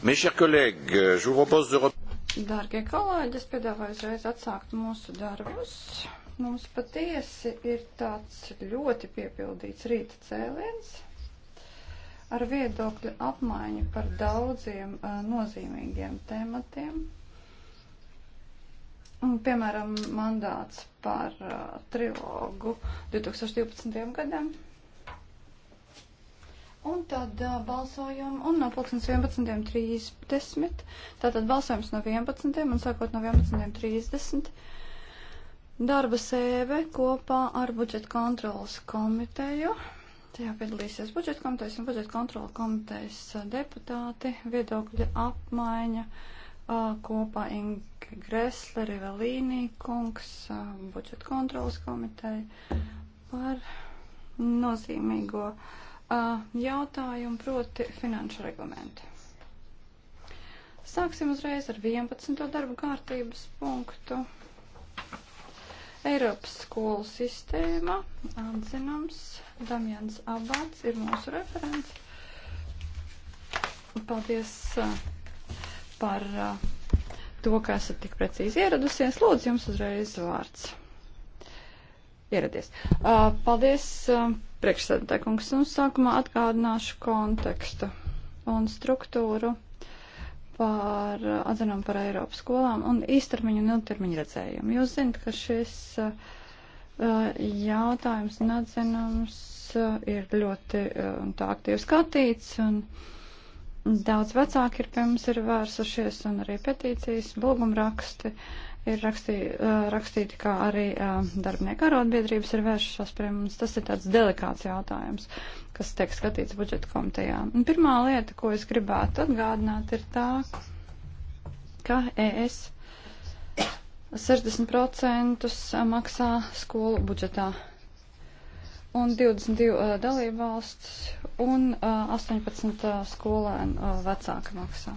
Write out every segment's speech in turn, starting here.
Mes chers collègues, je vous propose de... Dārgie kolēģi, es piedāvāju uzreiz atsākt mūsu darbus. Mums patiesi ir tāds ļoti piepildīts rīta cēliens ar viedokļu apmaiņu par daudziem uh, nozīmīgiem tematiem. Un, piemēram, mandāts par uh, trilogu 2012. gadam Un tad uh, balsojam, un no pulkstens 11.30, tātad balsojums no 11. un sākot no 11.30, darba sēve kopā ar budžeta kontrolas komiteju. Tajā piedalīsies budžeta komitejas un budžeta kontrola komitejas deputāti, viedokļa apmaiņa uh, kopā Inga Gresla, Rivelīnī, Kungs, uh, budžeta kontrolas komiteja par nozīmīgo uh, jautājumu, proti finanšu reglamentu. Sāksim uzreiz ar 11. darba kārtības punktu. Eiropas skolu sistēma atzinams. Damjans Abats ir mūsu referents. Paldies par to, ka esat tik precīzi ieradusies. Lūdzu, jums uzreiz vārds ieradies. Paldies, priekšsēdētāji kungs, un sākumā atgādināšu kontekstu un struktūru par atzinumu par Eiropas skolām un īstermiņu un ilgtermiņu redzējumu. Jūs zinat, ka šis jautājums un atzinums ir ļoti tā aktīvi skatīts, un daudz vecāki ir pie mums ir vērsušies, un arī petīcijas, lūgumraksti. raksti ir rakstī, rakstīti, kā arī darbinieku arotbiedrības ir vēršas pie mums. Tas ir tāds delikāts jautājums, kas tiek skatīts budžeta komitejā. Un pirmā lieta, ko es gribētu atgādināt, ir tā, ka e ES 60% maksā skolu budžetā un 22 uh, dalībvalsts un uh, 18 uh, skolēnu uh, vecāka maksā.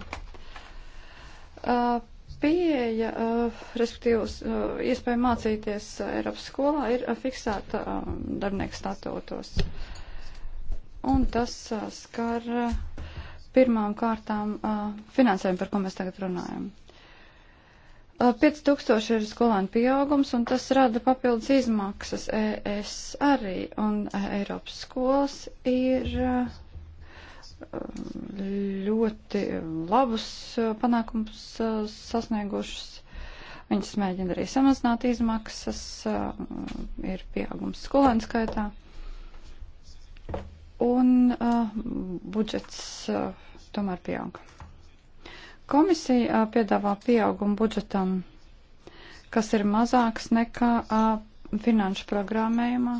Uh, pieeja, eh, respektīvi eh, iespēja mācīties eh, Eiropas skolā, ir fiksēta darbinieku statūtos. Un tas skar pirmām kārtām finansējumu, par ko mēs tagad runājam. 5000 ir skolēnu pieaugums, un tas rada papildus izmaksas ES arī, un Eiropas skolas ir uh, ļoti labus eh, panākumus eh, sasniegušas. Viņas mēģina arī samazināt izmaksas, eh, ir pieaugums skolēnu skaitā. Un uh, budžets uh, tomēr pieaug. Komisija uh, piedāvā pieaugumu budžetam, kas ir mazāks nekā uh, finanšu programmējumā.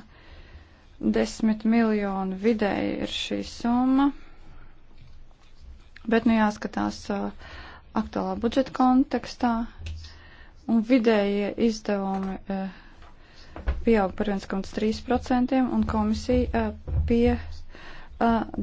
Desmit miljonu vidēji ir šī summa. Uh, Bet nu jāskatās uh, aktuālā budžeta kontekstā. Un vidējie izdevumi uh, pieaug par 1,3% un komisija uh, pie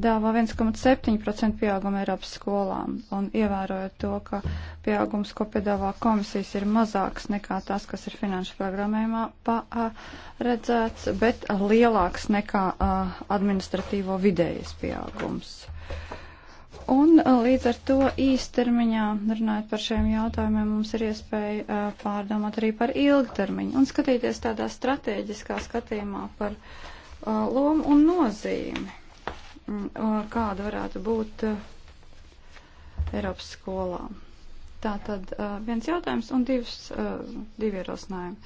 dāvā 1,7% pieaugumu Eiropas skolām. Un ievērojot to, ka pieaugums, ko piedāvā komisijas, ir mazāks nekā tas, kas ir finanšu programmējumā paredzēts, bet lielāks nekā administratīvo vidējas pieaugums. Uh, Un uh, līdz ar to īstermiņā, runājot par šiem jautājumiem, mums ir iespēja uh, pārdomāt arī par ilgtermiņu un skatīties tādā strateģiskā skatījumā par uh, lomu un nozīmi, mm, kāda varētu būt Eiropas skolām. Tā tad viens jautājums un divs, divi ierosinājumi.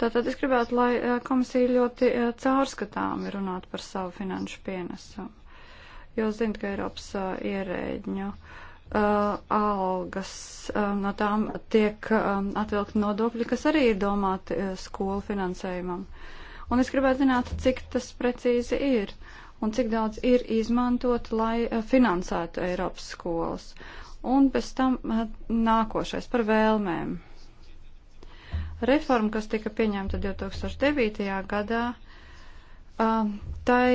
Tātad es gribētu, lai komisija ļoti caurskatāmi runātu par savu finanšu pienesumu. Jūs zinat, ka Eiropas uh, ierēģņu uh, algas uh, no tām tiek um, atvilkt nodokļi, kas arī ir domāti uh, skolu finansējumam. Un es gribētu zināt, cik tas precīzi ir un cik daudz ir izmantot, lai uh, finansētu Eiropas skolas. Un bez tam uh, nākošais par vēlmēm reforma, kas tika pieņemta 2009. gadā, tai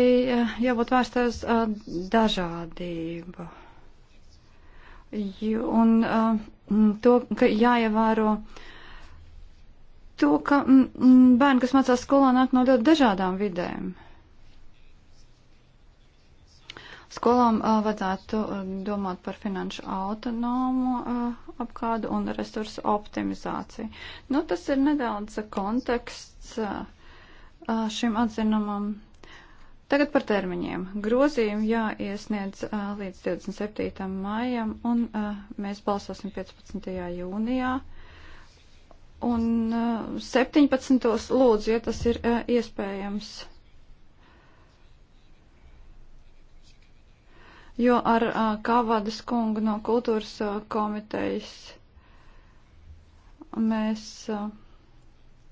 jābūt vērstai uz dažādību. Un to, ka jāievēro to, ka bērni, kas mācās skolā, nāk no ļoti dažādām vidēm. Skolām uh, vajadzētu domāt par finanšu autonomu uh, apkādu un resursu optimizāciju. Nu, tas ir nedaudz konteksts. Uh, šim atzinumam. Tagad par termiņiem. Grozījumi jāiesniedz uh, līdz 27. maijam, un uh, mēs balsosim 15. jūnijā. Un uh, 17. lūdzu, ja tas ir uh, iespējams. Jo ar uh, Kavadas kungu no kultūras uh, komitejas mēs. Uh,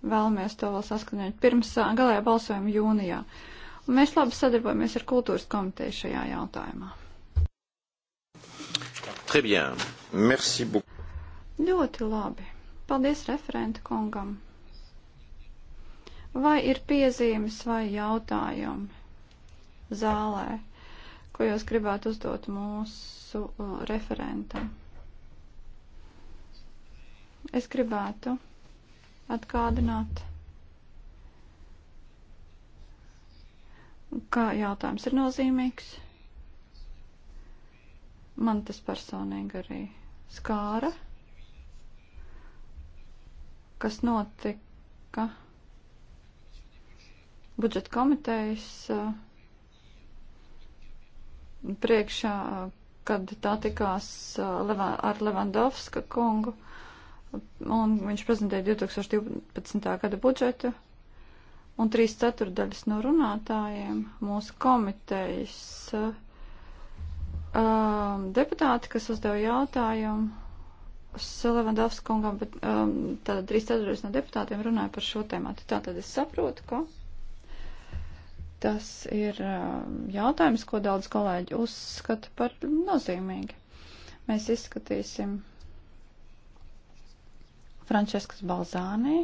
vēlamies to vēl saskaņot pirms galējā balsojuma jūnijā. Un mēs labi sadarbojamies ar kultūras komiteju šajā jautājumā. Très bien. Merci beaucoup. Ļoti labi. Paldies referenta kungam. Vai ir piezīmes vai jautājumi zālē, ko jūs gribētu uzdot mūsu referentam? Es gribētu atgādināt, ka jautājums ir nozīmīgs. Man tas personīgi arī skāra, kas notika budžeta komitejas uh, priekšā, uh, kad tā tikās uh, ar Levandovska kungu. Uh, un viņš prezentēja 2012. gada budžetu, un trīs ceturdaļas no runātājiem mūsu komitejas uh, deputāti, kas uzdeva jautājumu Levandovska kungam, bet um, tātad trīs ceturdaļas no deputātiem runāja par šo tēmātu. Tātad es saprotu, ka tas ir uh, jautājums, ko daudz kolēģi uzskata par nozīmīgi. Mēs izskatīsim Frančiskas Balzānī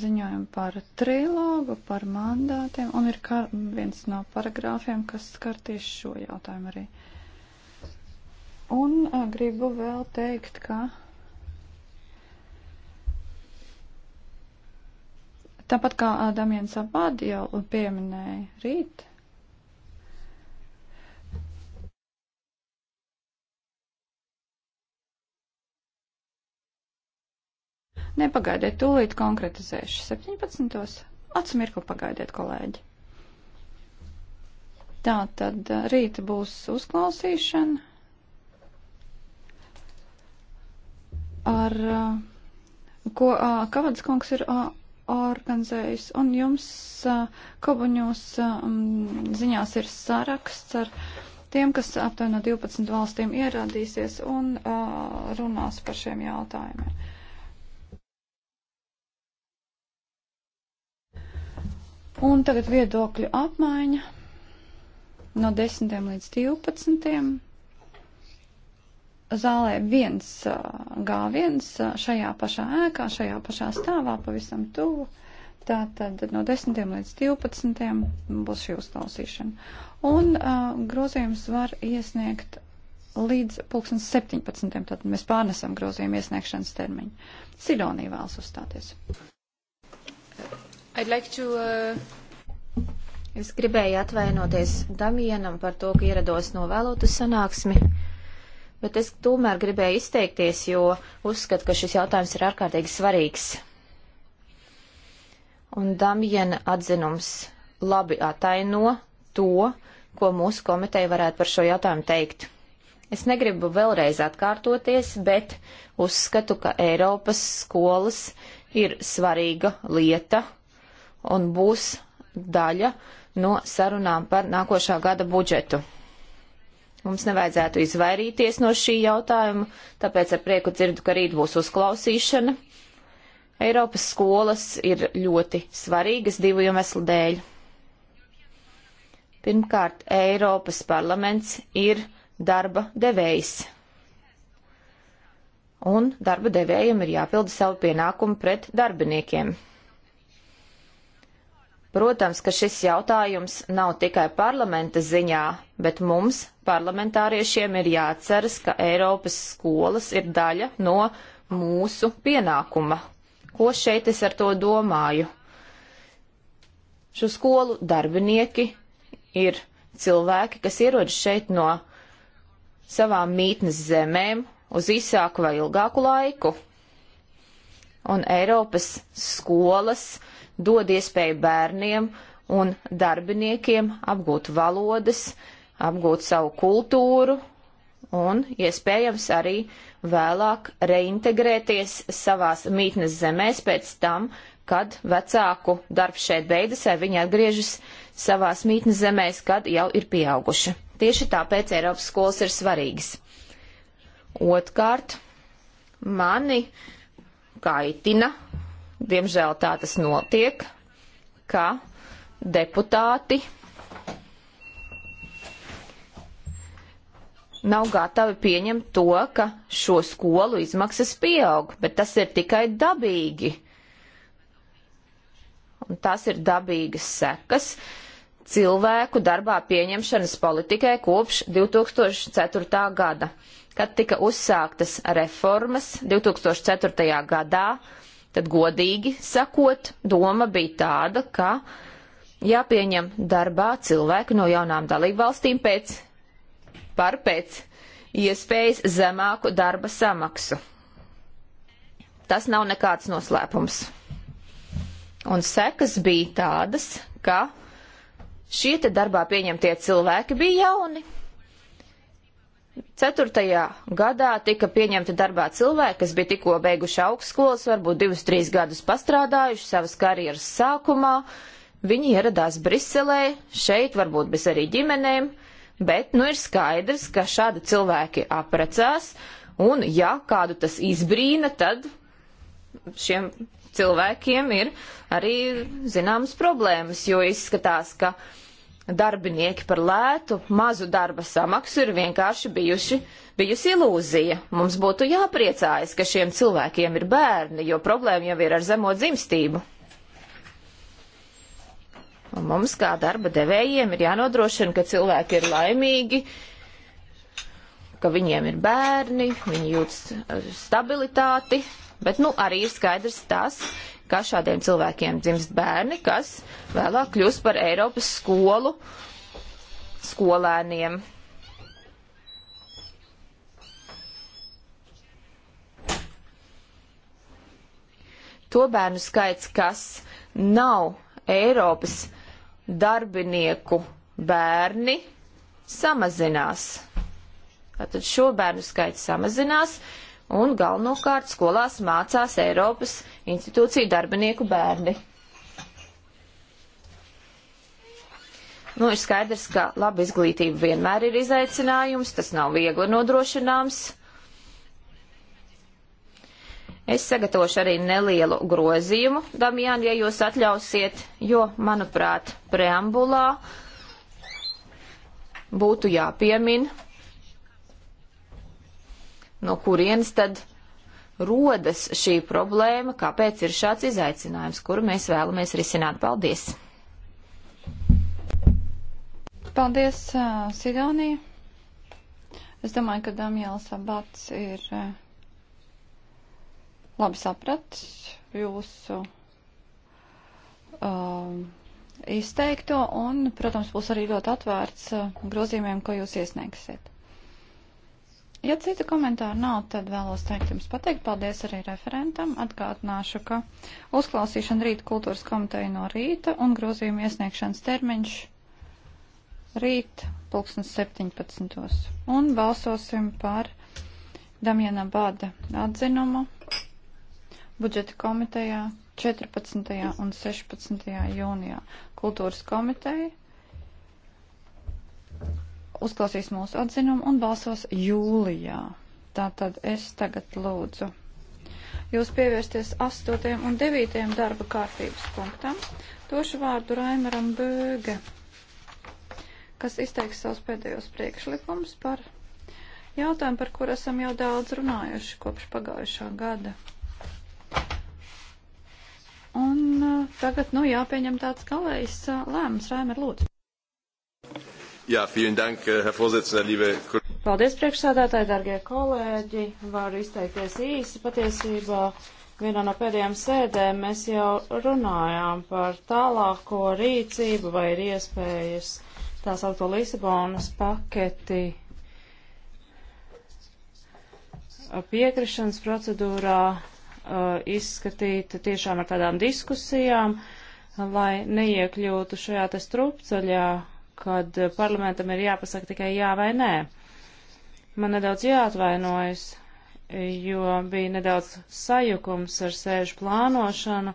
ziņojumu par trilogu, par mandātiem, un ir viens no paragrāfiem, kas skar tieši šo jautājumu arī. Un a, gribu vēl teikt, ka tāpat kā Damiens Abadi jau pieminēja rīt, Nepagaidiet, tūlīt konkretizēšu. 17. Atsmirkli pagaidiet, kolēģi. Tā tad rīta būs uzklausīšana ar, ko Kavads kungs ir organizējis, un jums Kobuņos ziņās ir saraksts ar tiem, kas aptuveni no 12 valstīm ieradīsies un runās par šiem jautājumiem. Un tagad viedokļu apmaiņa no 10. līdz 12. Zālē 1G1 šajā pašā ēkā, šajā pašā stāvā, pavisam tuvu. Tātad no 10. līdz 12. būs šī uzklausīšana. Un uh, grozījums var iesniegt līdz 2017. Tātad mēs pārnesam grozījumu iesniegšanas termiņu. Sidonija vēlas uzstāties. I'd like to, uh... Es gribēju atvainoties Damienam par to, ka ierados novēlotu sanāksmi, bet es tomēr gribēju izteikties, jo uzskatu, ka šis jautājums ir ārkārtīgi svarīgs. Un Damiena atzinums labi ataino to, ko mūsu komiteja varētu par šo jautājumu teikt. Es negribu vēlreiz atkārtoties, bet uzskatu, ka Eiropas skolas ir svarīga lieta un būs daļa no sarunām par nākošā gada budžetu. Mums nevajadzētu izvairīties no šī jautājuma, tāpēc ar prieku dzirdu, ka rīt būs uzklausīšana. Eiropas skolas ir ļoti svarīgas divu iemeslu dēļ. Pirmkārt, Eiropas parlaments ir darba devējs. Un darba devējiem ir jāpilda savu pienākumu pret darbiniekiem. Protams, ka šis jautājums nav tikai parlamenta ziņā, bet mums, parlamentāriešiem, ir jāatceras, ka Eiropas skolas ir daļa no mūsu pienākuma. Ko šeit es ar to domāju? Šo skolu darbinieki ir cilvēki, kas ierodas šeit no savām mītnes zemēm uz īsāku vai ilgāku laiku. Un Eiropas skolas uh, dod iespēju bērniem un darbiniekiem apgūt valodas, apgūt savu kultūru un iespējams arī vēlāk reintegrēties savās mītnes zemēs pēc tam, kad vecāku darbs šeit beidzas, vai viņi atgriežas savās mītnes zemēs, kad jau ir pieauguši. Tieši tāpēc Eiropas skolas ir svarīgas. Otkārt, mani kaitina diemžēl tā tas notiek, ka deputāti nav gatavi pieņemt to, ka šo skolu izmaksas pieaug, bet tas ir tikai dabīgi. Un tas ir dabīgas sekas cilvēku darbā pieņemšanas politikai kopš 2004. gada, kad tika uzsāktas reformas 2004. gadā Tad godīgi sakot, doma bija tāda, ka jāpieņem darbā cilvēki no jaunām dalībvalstīm pēc par pēc iespējas zemāku darba samaksu. Tas nav nekāds noslēpums. Un sekas bija tādas, ka šie te darbā pieņemtie cilvēki bija jauni, Ceturtajā gadā tika pieņemti darbā cilvēki, kas bija tikko beiguši augstskolas, varbūt divus, trīs gadus pastrādājuši savas karjeras sākumā. Viņi ieradās Briselē, šeit varbūt bez arī ģimenēm, bet nu ir skaidrs, ka šādi cilvēki aprecās, un ja kādu tas izbrīna, tad šiem cilvēkiem ir arī zināmas problēmas, jo izskatās, ka uh, darbinieki par lētu, mazu darba samaksu ir vienkārši bijuši, bijusi ilūzija. Mums būtu jāpriecājas, ka šiem cilvēkiem ir bērni, jo problēma jau ir ar zemo dzimstību. Un mums, kā darba devējiem, ir jānodrošina, ka cilvēki ir laimīgi, ka viņiem ir bērni, viņi jūt stabilitāti, bet nu, arī ir skaidrs tas, ka šādiem cilvēkiem dzimst bērni, kas vēlāk kļūs par Eiropas skolu skolēniem. to bērnu skaits, kas nav Eiropas darbinieku bērni, samazinās. Tātad šo bērnu skaits samazinās, un galvenokārt skolās mācās Eiropas institūciju darbinieku bērni. Nu, ir skaidrs, ka laba izglītība vienmēr ir izaicinājums, tas nav viegli nodrošināms. Es sagatavošu arī nelielu grozījumu, Damjān, ja jūs atļausiet, jo, manuprāt, preambulā būtu jāpiemina no kurienes tad rodas šī problēma, kāpēc ir šāds izaicinājums, kuru mēs vēlamies risināt. Paldies! Paldies, Sidonija! Es domāju, ka Damjēls Abats ir labi sapratis jūsu um, izteikto un, protams, būs arī ļoti atvērts grozījumiem, ko jūs iesniegsiet. Ja citu komentāru nav, tad vēlos teikt jums pateikt paldies arī referentam. Atgādināšu, ka uzklausīšana rīta kultūras komiteja no rīta un grozījuma iesniegšanas termiņš rīt pulksnes 17. Un balsosim par Damjana Bāda atzinumu budžeta komitejā 14. un 16. jūnijā. Kultūras komiteja uzklausīs mūsu atzinumu un balsos jūlijā. Tātad es tagad lūdzu jūs pievērsties 8. un 9. darba kārtības punktam. Došu vārdu Raimaram Bēge, kas izteiks savus pēdējos priekšlikumus par jautājumu, par kur esam jau daudz runājuši kopš pagājušā gada. Un uh, tagad, nu, jāpieņem tāds galējs uh, lēmums. Raimer, lūdzu. Jā, vielen dank, äh, Herr Vorsitzender, liebe Paldies, priekšsādātāji, dargie kolēģi. Varu izteikties īsi patiesībā. Vienā no pēdējām sēdēm mēs jau runājām par tālāko rīcību vai ir iespējas tā saucamo Lisabonas paketi piekrišanas procedūrā uh, izskatīt tiešām ar tādām diskusijām, lai neiekļūtu šajā te strupceļā kad parlamentam ir jāpasaka tikai jā vai nē. Man nedaudz jāatvainojas, jo bija nedaudz sajukums ar sēžu plānošanu,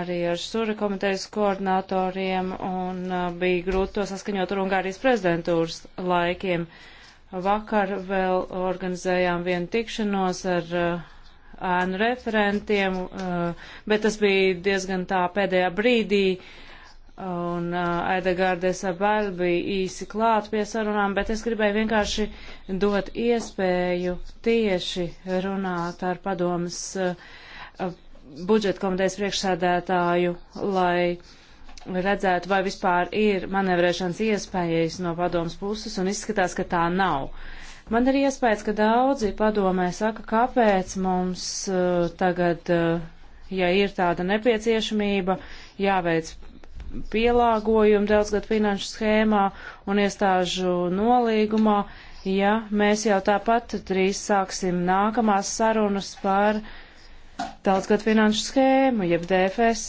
arī ar sura komitejas koordinatoriem, un uh, bija grūti to saskaņot ar Ungārijas prezidentūras laikiem. Vakar vēl organizējām vienu tikšanos ar uh, ēnu referentiem, uh, bet tas bija diezgan tā pēdējā brīdī, un uh, Aidegārde Sabal bija īsi klāt pie sarunām, bet es gribēju vienkārši dot iespēju tieši runāt ar padomas uh, budžeta komitejas priekšsēdētāju, lai redzētu, vai vispār ir manevrēšanas iespējas no padomas puses, un izskatās, ka tā nav. Man ir iespējas, ka daudzi padomē saka, kāpēc mums uh, tagad, uh, ja ir tāda nepieciešamība, jāveic pielāgojumi daudzgad finanšu schēmā un iestāžu nolīgumā, ja mēs jau tāpat drīz sāksim nākamās sarunas par daudzgad finanšu schēmu, jeb DFS.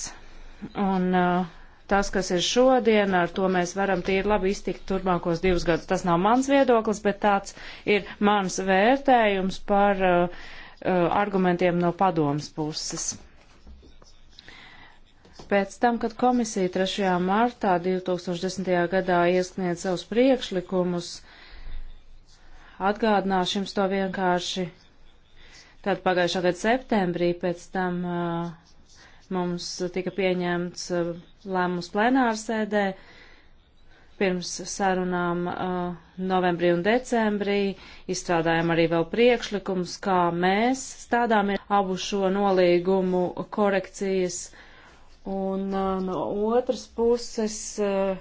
Un uh, tas, kas ir šodien, ar to mēs varam tīri labi iztikt turpmākos divus gadus. Tas nav mans viedoklis, bet tāds ir mans vērtējums par uh, uh argumentiem no padomas puses pēc tam, kad komisija 3. martā 2010. gadā iesniedz savus priekšlikumus, atgādināšu jums to vienkārši. Tad pagājušā gada septembrī pēc tam uh, mums tika pieņemts uh, lēmums plenārsēdē pirms sarunām uh, novembrī un decembrī. Izstrādājam arī vēl priekšlikums, kā mēs stādām abu šo nolīgumu korekcijas uh, Un uh, no otras puses, uh,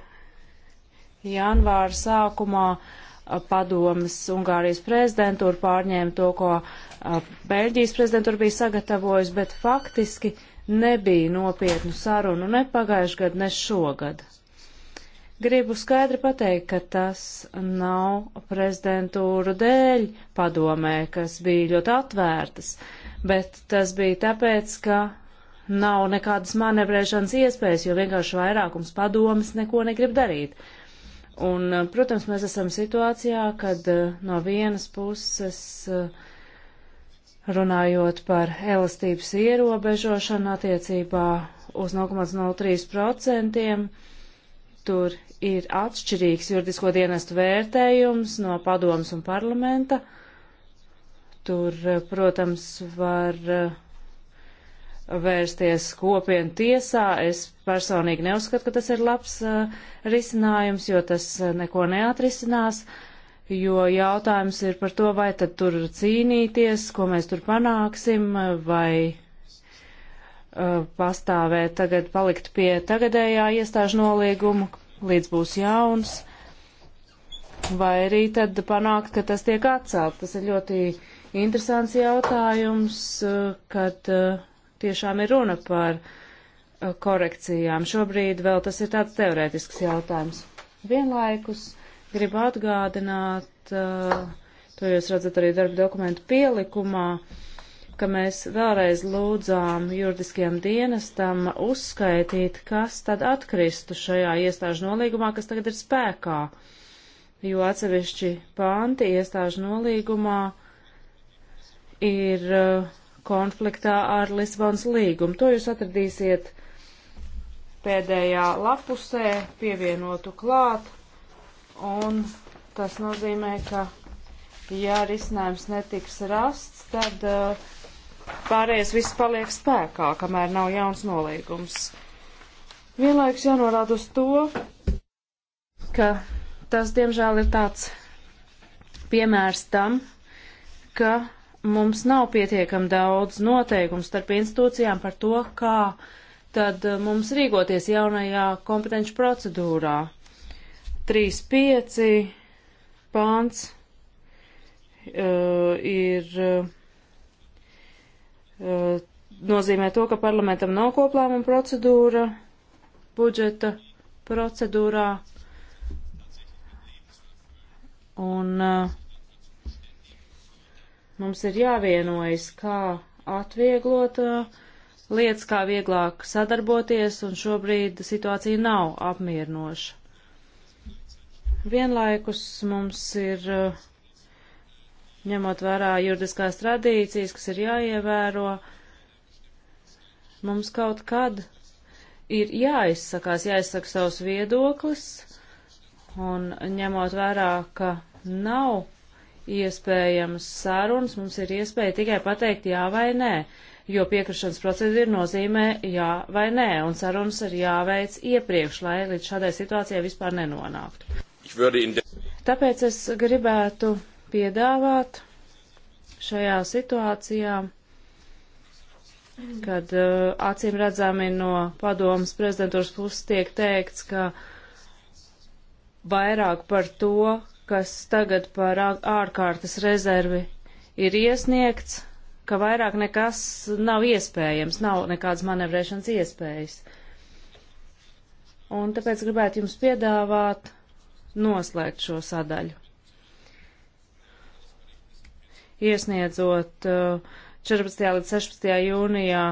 janvāra sākumā uh, padomas Ungārijas prezidentūra pārņēma to, ko Beļģijas prezidentūra bija sagatavojusi, bet faktiski nebija nopietnu sarunu ne pagājušajā gadā, ne šogad. Gribu skaidri pateikt, ka tas nav prezidentūra dēļ padomē, kas bija ļoti atvērtas, bet tas bija tāpēc, ka nav nekādas manevrēšanas iespējas, jo vienkārši vairākums padomas neko negrib darīt. Un, eh, protams, mēs esam situācijā, kad eh, no vienas puses eh, runājot par elastības ierobežošanu attiecībā uz 0,03%, tur ir atšķirīgs juridisko dienestu vērtējums no padomas un parlamenta. Tur, protams, var vērsties kopienu tiesā. Es personīgi neuzskatu, ka tas ir labs uh, risinājums, jo tas eh, neko neatrisinās, jo jautājums ir par to, vai tad tur cīnīties, ko mēs tur panāksim, vai uh, pastāvēt tagad, palikt pie tagadējā iestāžu noliegumu, līdz būs jauns, vai arī tad panākt, ka tas tiek atcelt. Tas ir ļoti interesants jautājums, kad uh, tiešām ir runa par uh, korekcijām. Šobrīd vēl tas ir tāds teorētisks jautājums. Vienlaikus gribu atgādināt, uh, to jūs redzat arī darba dokumentu pielikumā, ka mēs vēlreiz lūdzām juridiskajam dienestam uzskaitīt, kas tad atkristu šajā iestāžu nolīgumā, kas tagad ir spēkā, jo atsevišķi pānti iestāžu nolīgumā ir uh, konfliktā ar Lisbonas līgumu. To jūs atradīsiet pēdējā lapusē pievienotu klāt, un tas nozīmē, ka, ja risinājums netiks rasts, tad uh, pārējais viss paliek spēkā, kamēr nav jauns nolīgums. Vienlaiks jānorāda uz to, ka tas, diemžēl, ir tāds piemērs tam, ka mums nav pietiekam daudz noteikumu starp institūcijām par to, kā tad eh, mums rīkoties jaunajā kompetenci procedūrā. 3.5. pāns uh, ir uh, nozīmē to, ka parlamentam nav koplēmuma procedūra budžeta procedūrā. Un uh, Mums ir jāvienojas, kā atvieglot uh, lietas, kā vieglāk sadarboties, un šobrīd situācija nav apmierinoša. Vienlaikus mums ir, uh, ņemot vērā juridiskās tradīcijas, kas ir jāievēro, mums kaut kad ir jāizsakās, jāizsaka savs viedoklis, un ņemot vērā, ka nav iespējamas sarunas, mums ir iespēja tikai pateikt jā vai nē, jo piekrišanas procedūra nozīmē jā vai nē, un sarunas ir jāveic iepriekš, lai līdz šādai situācijai vispār nenonāktu. Tāpēc es gribētu piedāvāt šajā situācijā kad uh, acīm redzami no padomas prezidentūras puses tiek teikts, ka vairāk par to, kas tagad par ārkārtas rezervi ir iesniegts, ka vairāk nekas nav iespējams, nav nekādas manevrēšanas iespējas. Un tāpēc gribētu jums piedāvāt noslēgt šo sadaļu. Iesniedzot 14. līdz 16. jūnijā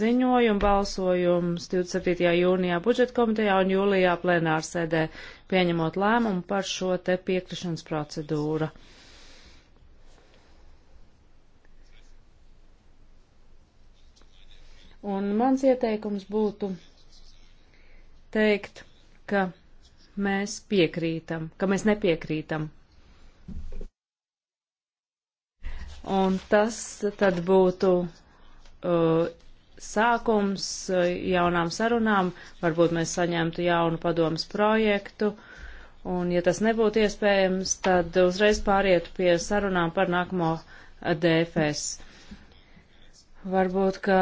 ziņojumu, balsojums 27. jūnijā budžeta komitejā un jūlijā plenārsēdē pieņemot lēmumu par šo te piekrišanas procedūru. Un mans ieteikums būtu teikt, ka mēs piekrītam, ka mēs nepiekrītam. Un tas tad būtu uh, sākums jaunām sarunām, varbūt mēs saņemtu jaunu padomas projektu, un ja tas nebūtu iespējams, tad uzreiz pārietu pie sarunām par nākamo DFS. Varbūt, ka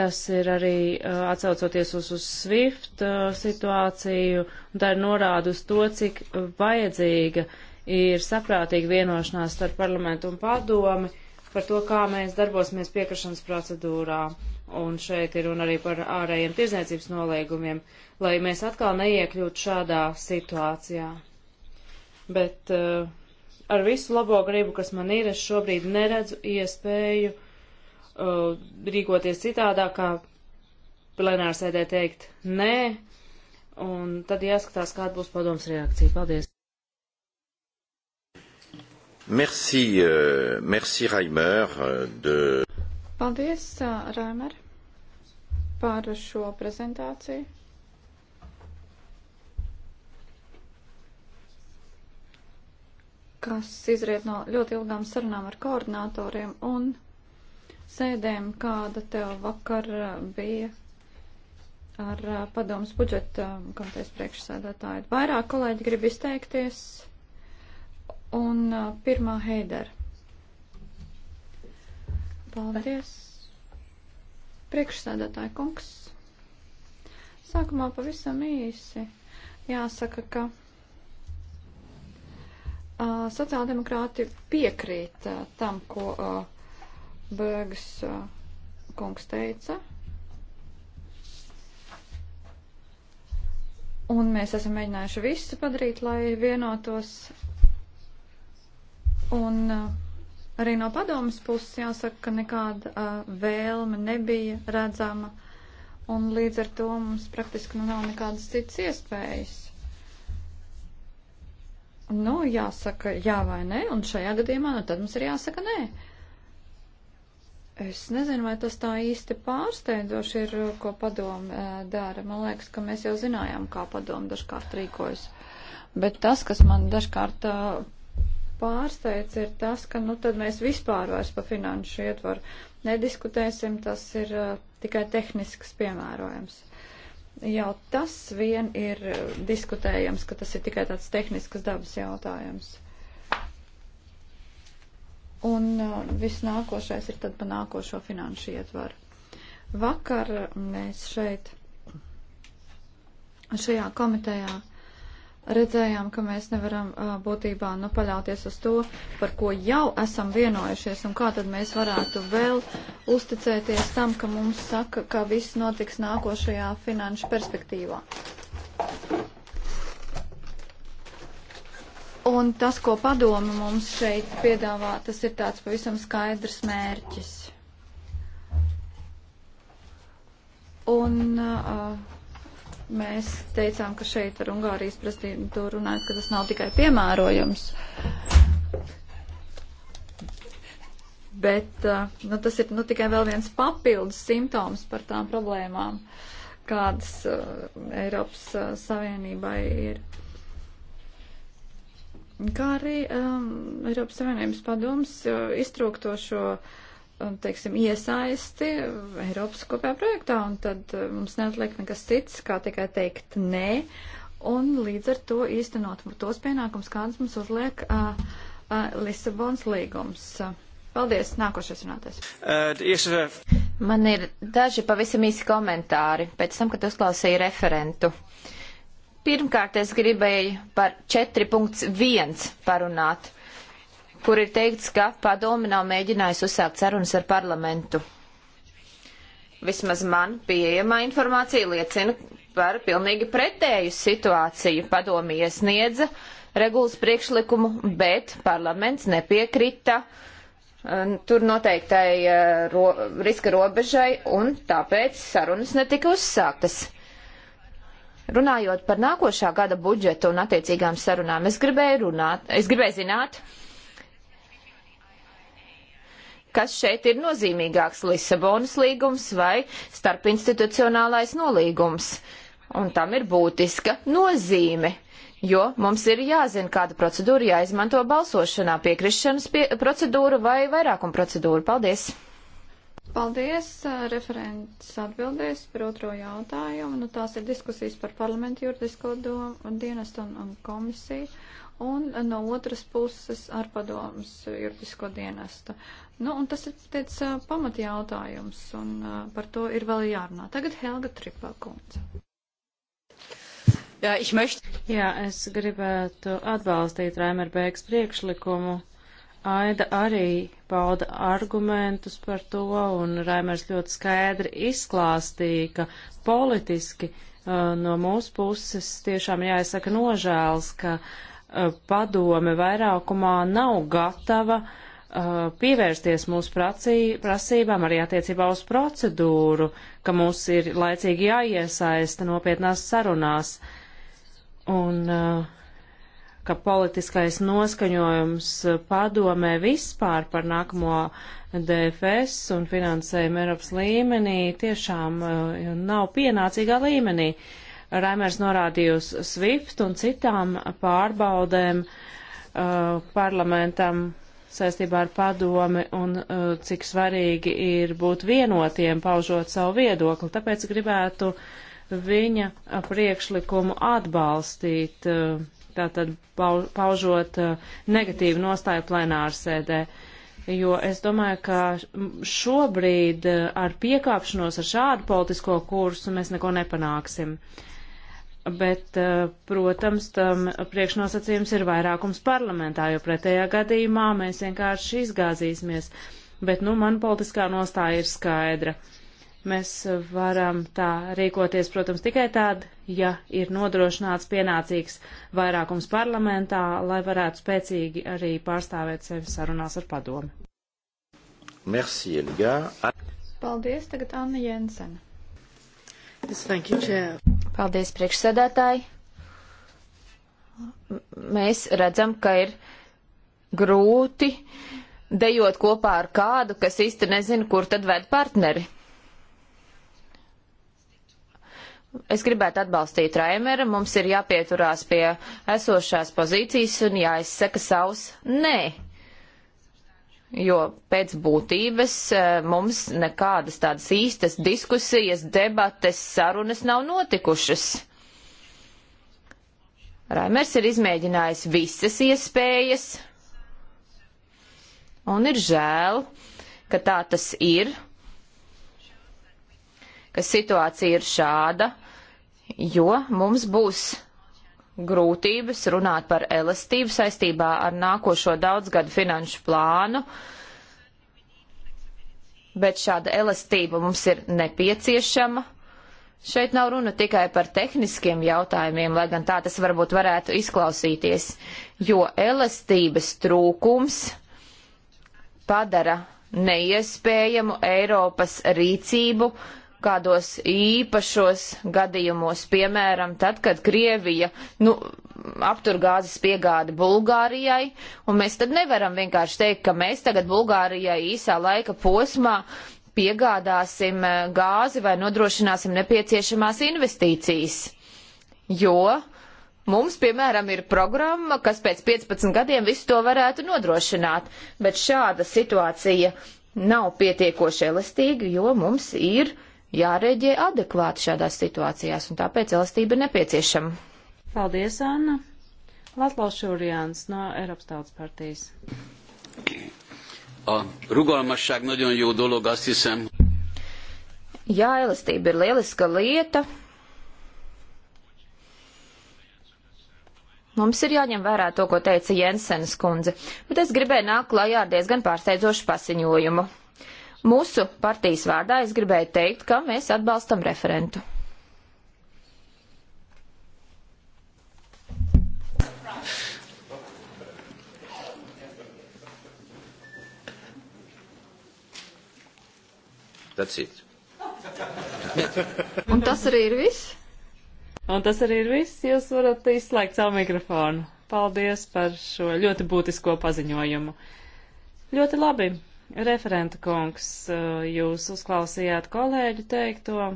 tas ir arī uh, atsaucoties uz, uz SWIFT uh, situāciju, un tā ir norāda uz to, cik vajadzīga ir saprātīga vienošanās starp parlamentu un padomi par to, kā mēs darbosimies piekrišanas procedūrā. Un šeit ir runa arī par ārējiem tirzniecības noliegumiem, lai mēs atkal neiekļūtu šādā situācijā. Bet uh, ar visu labo gribu, kas man ir, es šobrīd neredzu iespēju uh, rīkoties citādāk, kā plenārsēdē teikt nē, un tad jāskatās, kāda būs padoms reakcija. Paldies! Merci, uh, merci Raimer. Euh, de... Paldies, uh, Raimer, par šo prezentāciju. kas izriet no ļoti ilgām sarunām ar koordinatoriem un sēdēm, kāda tev vakar uh, bija ar uh, padomus budžeta komitejas priekšsēdētāju. Vairāk kolēģi grib izteikties. Un uh, pirmā Heidera. Paldies. Priekšsēdētāji kungs. Sākumā pavisam īsi jāsaka, ka uh, sociāldemokrāti piekrīt uh, tam, ko uh, Bēgas uh, kungs teica. Un mēs esam mēģinājuši visu padarīt, lai vienotos Un eh, arī no padomas puses jāsaka, ka nekāda eh, vēlme nebija redzama, un līdz ar to mums praktiski nu nav nekādas citas iespējas. Nu, jāsaka jā vai nē, un šajā gadījumā, nu tad mums ir jāsaka nē. Es nezinu, vai tas tā īsti pārsteidzoši ir, eh, ko padoma dara. Man liekas, ka mēs jau zinājām, kā padoma dažkārt rīkojas. Bet tas, kas man dažkārt pārsteidz, ir tas, ka nu tad mēs vispār vairs pa finanšu ietvaru nediskutēsim, tas ir uh, tikai tehnisks piemērojums. Jau tas vien ir diskutējams, ka tas ir tikai tāds tehnisks dabas jautājums. Un uh, viss nākošais ir tad pa nākošo finanšu ietvaru. Vakar mēs šeit, šajā komitejā, uh, redzējām, ka mēs nevaram uh, būtībā nu, paļauties uz to, par ko jau esam vienojušies, un kā tad mēs varētu vēl uzticēties tam, ka mums saka, ka viss notiks nākošajā finanšu perspektīvā. Un tas, ko padomu mums šeit piedāvā, tas ir tāds pavisam skaidrs mērķis. Un uh, Mēs teicām, ka šeit ar Ungārijas prezidentu runājot, ka tas nav tikai piemērojums. Bet uh, nu, tas ir nu, tikai vēl viens papildus simptoms par tām problēmām, kādas uh, Eiropas uh, Savienībai ir. Kā arī um, Eiropas Savienības padoms uh, iztrūktošo uh, teiksim, iesaisti Eiropas kopējā projektā, un tad eh, mums neatliek nekas cits, kā tikai teikt nē, un līdz ar to īstenot tos pienākums, kādas mums uzliek uh, eh, uh, eh, Lisabons līgums. Paldies, nākošais runātais. Uh, Man ir daži pavisam īsi komentāri, pēc tam, kad uzklausīju referentu. Pirmkārt, es gribēju par 4.1 parunāt kur ir teikts, ka padomi nav mēģinājusi uzsākt sarunas ar parlamentu. Vismaz man pieejamā informācija liecina par pilnīgi pretēju situāciju. Padomi iesniedza regulas priekšlikumu, bet parlaments nepiekrita eh, tur noteiktai eh, ro riska robežai un tāpēc sarunas netika uzsāktas. Runājot par nākošā gada budžetu un attiecīgām sarunām, es gribēju, runāt, es gribēju zināt, kas šeit ir nozīmīgāks - Lisabonas līgums vai starpinstitucionālais nolīgums. Un tam ir būtiska nozīme, jo mums ir jāzina, kāda procedūra jāizmanto balsošanā - piekrišanas pie, procedūra vai vairākuma procedūra. Paldies! Paldies, referents atbildēs par otro jautājumu. Nu, tās ir diskusijas par parlamentu juridisko domu, dienestu un, un komisiju un no otras puses ar padomus juridisko dienestu. Nu, un tas ir tiec pamatjautājums, un par to ir vēl jārunā. Tagad Helga Tripakundze. Jā, ich möchte. Jā, es gribētu atbalstīt Raimer Bēgs priekšlikumu. Aida arī pauda argumentus par to, un Raimers ļoti skaidri izklāstīja, ka politiski uh, no mūsu puses tiešām jāizsaka nožēls, ka uh, Eh, padome vairākumā nav gatava eh, pievērsties mūsu pracī, prasībām arī attiecībā uz procedūru, ka mums ir laicīgi jāiesaista nopietnās sarunās un eh, ka politiskais noskaņojums padomē vispār par nākamo DFS un finansējumu Eiropas līmenī tiešām nav pienācīgā līmenī. Uh, Raimers norādīja uz SWIFT un citām pārbaudēm uh, parlamentam saistībā ar padomi un uh, cik svarīgi ir būt vienotiem, paužot savu viedokli. Tāpēc gribētu viņa priekšlikumu atbalstīt, uh, tātad paužot uh, negatīvu nostāju plenārsēdē. Jo es domāju, ka šobrīd uh, ar piekāpšanos ar šādu politisko kursu mēs neko nepanāksim. Uh, bet, eh, protams, tam priekšnosacījums ir vairākums parlamentā, jo pretējā gadījumā mēs vienkārši izgāzīsimies. Bet, nu, man politiskā nostāja ir skaidra. Mēs varam tā rīkoties, protams, tikai tad, ja ir nodrošināts pienācīgs vairākums parlamentā, lai varētu spēcīgi arī pārstāvēt sevi sarunās ar padomi. Merci, Elga. Paldies, tagad Anna Jensena. Paldies, priekšsēdētāji. Mēs redzam, ka ir grūti dejot kopā ar kādu, kas īsti nezina, kur tad ved partneri. Es gribētu atbalstīt Raimera, mums ir jāpieturās pie esošās pozīcijas un jāizsaka savs nē jo pēc būtības e, mums nekādas tādas īstas diskusijas, debates, sarunas nav notikušas. Raimers ir izmēģinājis visas iespējas, un ir žēl, ka tā tas ir, ka situācija ir šāda, jo mums būs grūtības runāt par elastību saistībā ar nākošo daudzgadu finanšu plānu, bet šāda elastība mums ir nepieciešama. Šeit nav runa tikai par tehniskiem jautājumiem, lai gan tā tas varbūt varētu izklausīties, jo elastības trūkums padara neiespējamu Eiropas rīcību, uh, kādos īpašos gadījumos, piemēram, tad, kad Krievija nu, aptur gāzes piegādi Bulgārijai, un mēs tad nevaram vienkārši teikt, ka mēs tagad Bulgārijai īsā laika posmā piegādāsim eh, gāzi vai nodrošināsim nepieciešamās investīcijas. Jo mums, piemēram, ir programma, kas pēc 15 gadiem visu to varētu nodrošināt, bet šāda situācija nav pietiekoši elastīga, jo mums ir uh, jārēģē adekvāti šādās situācijās, un tāpēc elastība ir nepieciešama. Paldies, Anna! Latlaus Súrjáns no Eiropas Tautas partijas. A rugalmasság nagyon jó dolog, azt hiszem. Jā, elastība ir lieliska lieta. Mums ir jāņem vērā to, ko teica Jensenas kundze, bet es gribēju nākt klajā ar diezgan pārsteidzošu pasiņojumu. Mūsu partijas vārdā es gribēju teikt, ka mēs atbalstam referentu. Un tas arī ir viss. Un tas arī ir viss. Jūs varat izslēgt savu mikrofonu. Paldies par šo ļoti būtisko paziņojumu. Ļoti labi. Referenta kungs, eh, jūs uzklausījāt kolēģi teikto.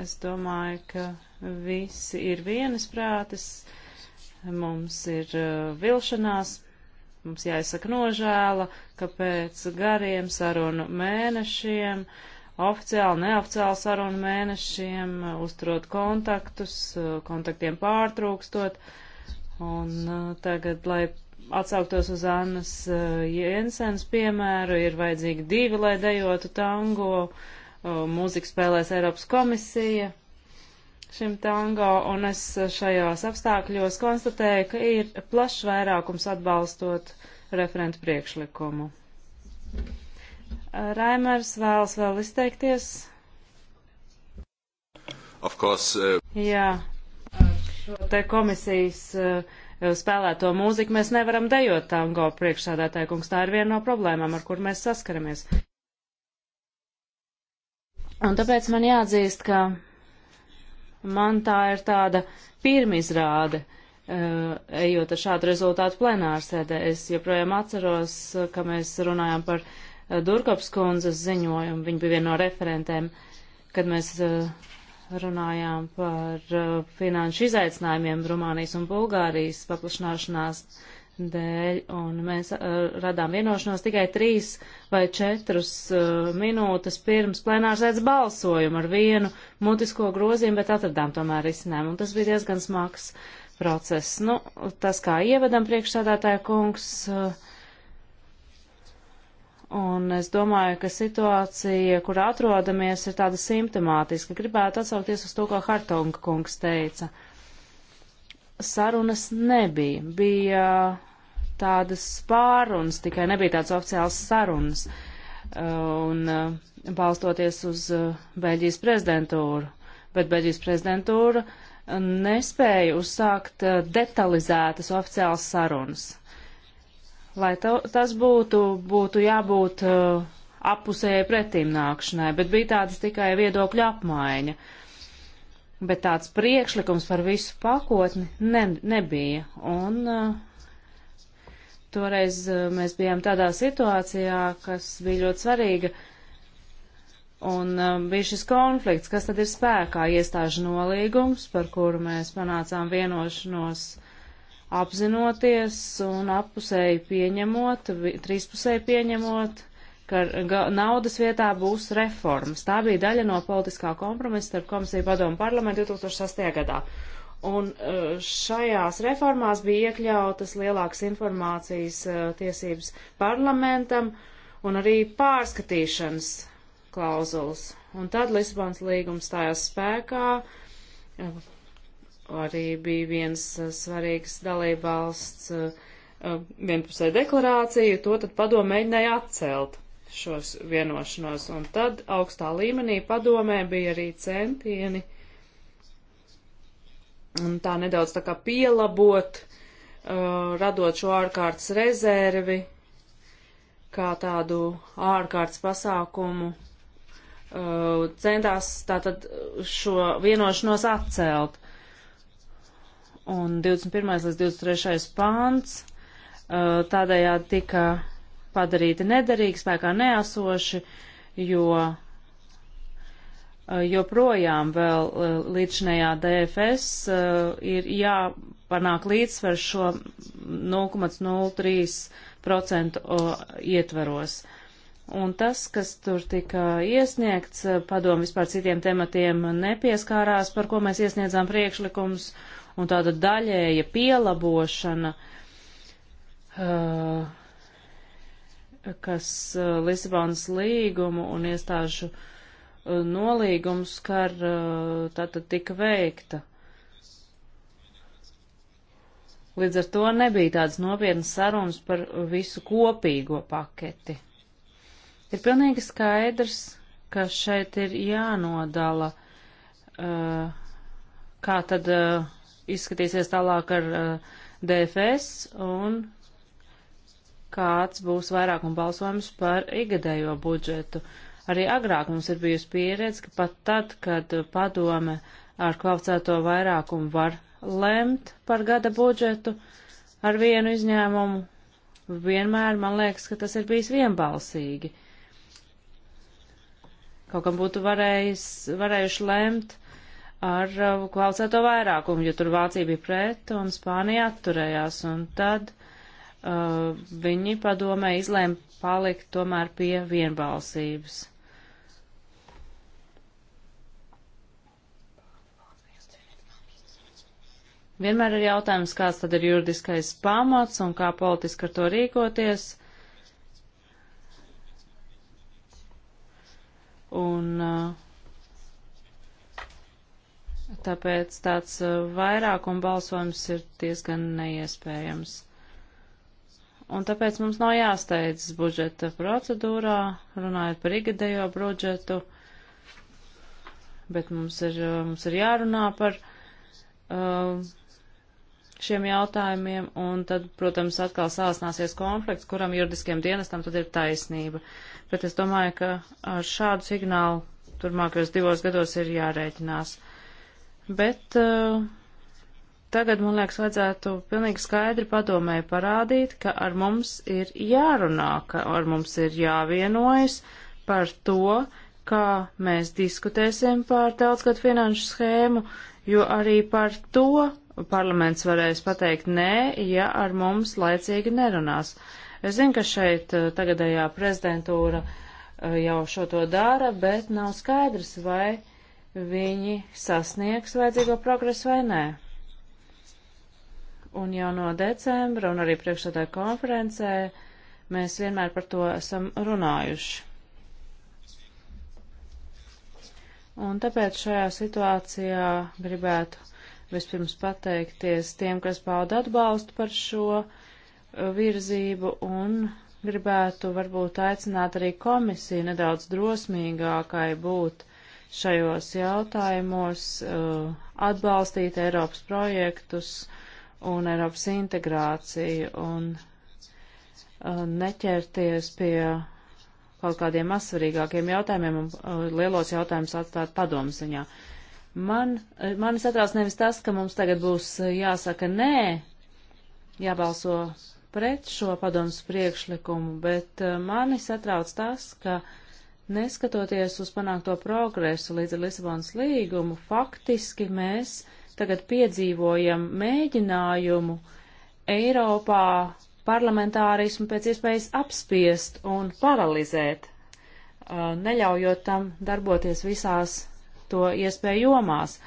Es domāju, ka visi ir vienisprātis. Mums ir eh, vilšanās, mums jāizsaka nožēla, ka pēc gariem sarunu mēnešiem, oficiāli, neoficiāli sarunu mēnešiem, eh, uzturot kontaktus, kontaktiem pārtrūkstot, un tagad, lai atsauktos uz Annas eh, Jensens piemēru, ir vajadzīgi divi, lai dejotu tango, eh, mūziku spēlēs Eiropas komisija šim tango, un es eh, šajos apstākļos konstatēju, ka ir plašs vairākums atbalstot referentu priekšlikumu. Raimers vēlas vēl izteikties. Of course. Uh... Jā, te komisijas uh, spēlēto mūziku, mēs nevaram dejot tango priekšsādātāju kungs. Tā ir viena no problēmām, ar kur mēs saskaramies. Un tāpēc man jāatzīst, ka man tā ir tāda pirmizrāde, eh, ejot ar šādu rezultātu plenārsēdē. Es joprojām atceros, ka mēs runājām par eh, Durkops kundzes ziņojumu, viņa bija viena no referentēm, kad mēs uh, runājām par uh, finanšu izaicinājumiem Rumānijas un Bulgārijas paplašanāšanās dēļ, un mēs uh, radām vienošanos tikai trīs vai četrus uh, minūtes pirms plenārsēdz balsojumu ar vienu mutisko grozījumu, bet atradām tomēr risinājumu, un tas bija diezgan smags process. Nu, tas kā ievedam priekšsādātāja kungs. Uh, Un es domāju, ka situācija, kur atrodamies, ir tāda simptomātiska. Gribētu atsaukties uz to, ko Hartonga kungs teica. Sarunas nebija. Bija tādas pārunas, tikai nebija tādas oficiālas sarunas. Un uh, balstoties uz uh, Beļģijas prezidentūru. Bet Beļģijas prezidentūra uh, nespēja uzsākt detalizētas oficiālas sarunas Lai to, tas būtu, būtu jābūt uh, apusējai pretimnākšanai, bet bija tāds tikai viedokļu apmaiņa. Bet tāds priekšlikums par visu pakotni ne, nebija. Un uh, toreiz uh, mēs bijām tādā situācijā, kas bija ļoti svarīga. Un um, bija šis konflikts, kas tad ir spēkā iestāžu nolīgums, par kuru mēs panācām vienošanos apzinoties un appusēji pieņemot, trīspusēji pieņemot, ka naudas vietā būs reformas. Tā bija daļa no politiskā kompromisa starp komisiju padomu parlamentu 2008. gadā. Un e, šajās reformās bija iekļautas lielākas informācijas e, tiesības parlamentam un arī pārskatīšanas klauzulas. Un tad Lisabons līgums stājās spēkā, arī bija viens eh, svarīgs dalībvalsts eh, vienpusē deklarācija, to tad padomu mēģināja atcelt šos vienošanos. Un tad augstā līmenī padomē bija arī centieni un tā nedaudz tā kā pielabot, eh, radot šo ārkārtas rezervi kā tādu ārkārtas pasākumu centās tātad šo vienošanos atcelt. Uh, un 21. līdz 23. pāns tādējādi tika padarīti nederīgi, spēkā neesoši, jo joprojām vēl līdzinējā DFS ir jāpanāk līdzsver šo 0,03% ietvaros. Un tas, kas tur tika iesniegts, padomu vispār citiem tematiem nepieskārās, par ko mēs iesniedzām priekšlikumus, uh, un tāda daļēja pielabošana, uh, kas uh, Lisabonas līgumu un iestāžu uh, nolīgums skar, tātad tika veikta. Līdz ar to nebija tādas nopietnas sarunas par visu kopīgo paketi. Ir pilnīgi skaidrs, ka šeit ir jānodala, kā tad izskatīsies tālāk ar uh, eh, DFS un kāds būs vairākuma balsojums par igadējo budžetu. Arī agrāk mums ir bijusi pieredze, ka pat tad, kad padome ar kvalificēto vairākumu var lemt par gada budžetu ar vienu izņēmumu, vienmēr man liekas, ka tas ir bijis vienbalsīgi. Kaut kam būtu varējis, varējuši lemt ar uh, kvalificēto vairākumu, jo tur Vācija bija pret un Spānija atturējās. Un tad uh, viņi padomē izlēma palikt tomēr pie vienbalsības. Vienmēr ir jautājums, kāds tad ir juridiskais pamats un kā politiski ar to rīkoties. Un uh, tāpēc tāds uh, vairākuma balsojums ir diezgan neiespējams. Un tāpēc mums nav jāsteidzas budžeta procedūrā, runājot par igadējo budžetu, bet mums ir, uh, mums ir jārunā par uh, šiem jautājumiem, un tad, protams, atkal sāsnāsies konflikts, kuram juridiskiem dienestam tad ir taisnība. Bet es domāju, ka ar šādu signālu turmākajos divos gados ir jārēķinās. Bet uh, tagad, man liekas, vajadzētu pilnīgi skaidri padomēji parādīt, ka ar mums ir jārunā, ka ar mums ir jāvienojas par to, kā mēs diskutēsim par daudzgadu finanšu schēmu, jo arī par to parlaments varēs pateikt nē, ja ar mums laicīgi nerunās. Es zinu, ka šeit uh, tagadējā prezidentūra uh, jau šo to dara, bet nav skaidrs, vai viņi sasniegs vajadzīgo progresu vai nē. Un jau no decembra un arī priekšsēdā konferencē mēs vienmēr par to esam runājuši. Un tāpēc šajā situācijā gribētu vispirms pateikties tiem, kas pauda atbalstu par šo uh, virzību un gribētu varbūt aicināt arī komisiju nedaudz drosmīgākai būt šajos jautājumos, uh, atbalstīt Eiropas projektus un Eiropas integrāciju un uh, neķerties pie kaut kādiem mazsvarīgākiem jautājumiem un uh, lielos jautājumus atstāt padomu ziņā. Man, mani satrauc nevis tas, ka mums tagad būs jāsaka nē, jābalso pret šo padomus priekšlikumu, bet mani satrauc tas, ka uh, Neskatoties uz panākto progresu līdz Lisabonas līgumu, faktiski mēs tagad piedzīvojam mēģinājumu Eiropā parlamentārismu pēc iespējas apspiest un paralizēt, uh, neļaujot tam darboties visās to iespēju jomās.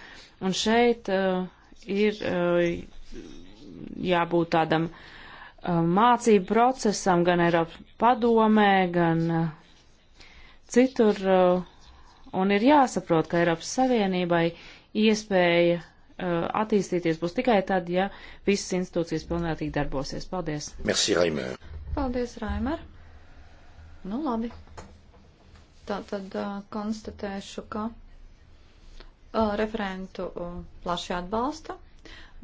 Un šeit uh, ir uh, jābūt tādam mācību procesam gan Eiropas padomē, gan citur, uh, un ir jāsaprot, ka Eiropas Savienībai iespēja uh, attīstīties būs tikai tad, ja visas institūcijas pilnvērtīgi darbosies. Paldies! Merci, Raimer! Paldies, Raimer! Nu, labi. Tā tad uh, konstatēšu, ka uh, referentu uh, plaši atbalsta.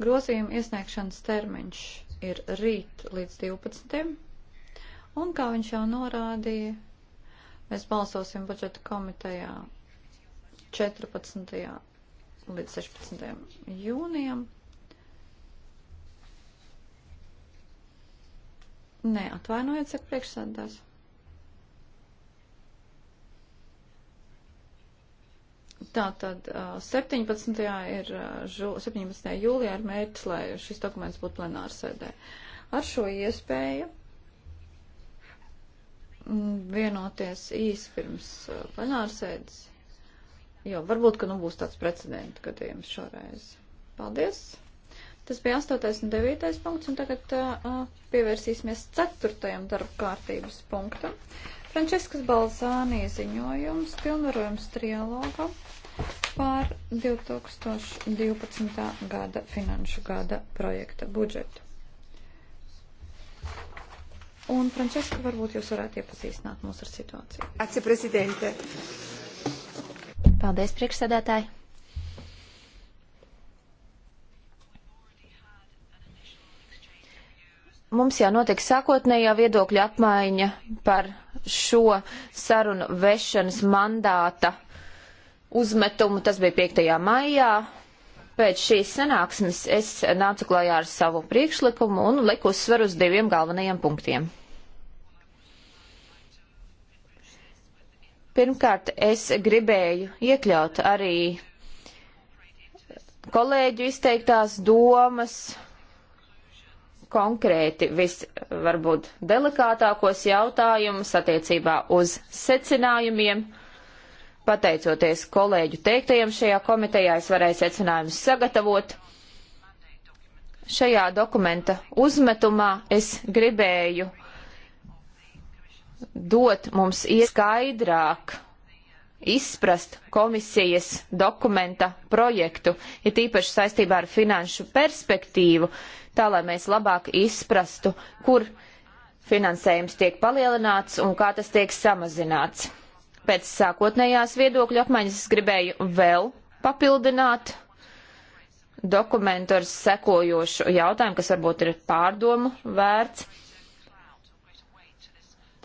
Grozījuma iesniegšanas termiņš ir rīt līdz 12. Un, kā viņš jau norādīja, Mēs balsosim budžeta komitejā 14. līdz 16. jūnijam. Nē, atvainojiet, saka priekšsēdās. Tātad 17. ir 17. jūlijā ir mērķis, lai šis dokuments būtu plenārsēdē. Ar šo iespēju Mm, vienoties īsi pirms uh, plenārsēdes, jo varbūt, ka nu būs tāds precedenta gadījums šoreiz. Paldies! Tas bija 8. un 9. punkts, un tagad uh, uh pievērsīsimies 4. darba kārtības punktam. Frančiskas Balzānī ziņojums, pilnvarojums trialoga par 2012. gada finanšu gada projekta budžetu. Un, Frančiska, varbūt jūs varētu iepazīstināt mūs ar situāciju. Atse prezidente. Paldies, priekšsēdētāji. Mums jau notiek sākotnējā viedokļa apmaiņa par šo sarunu vešanas mandāta uzmetumu. Tas bija 5. maijā pēc šīs sanāksmes es nācu klajā ar savu priekšlikumu un liku uzsveru uz diviem galvenajiem punktiem. Pirmkārt, es gribēju iekļaut arī kolēģu izteiktās domas konkrēti vis varbūt delikātākos jautājumus attiecībā uz secinājumiem Pateicoties kolēģu teiktajiem šajā komitejā, es varēju secinājumus sagatavot. Šajā dokumenta uzmetumā es gribēju dot mums ieskaidrāk izprast komisijas dokumenta projektu, ir tīpaši saistībā ar finanšu perspektīvu, tā lai mēs labāk izprastu, kur finansējums tiek palielināts un kā tas tiek samazināts pēc sākotnējās viedokļa apmaiņas es gribēju vēl papildināt dokumentu ar sekojošu jautājumu, kas varbūt ir pārdomu vērts.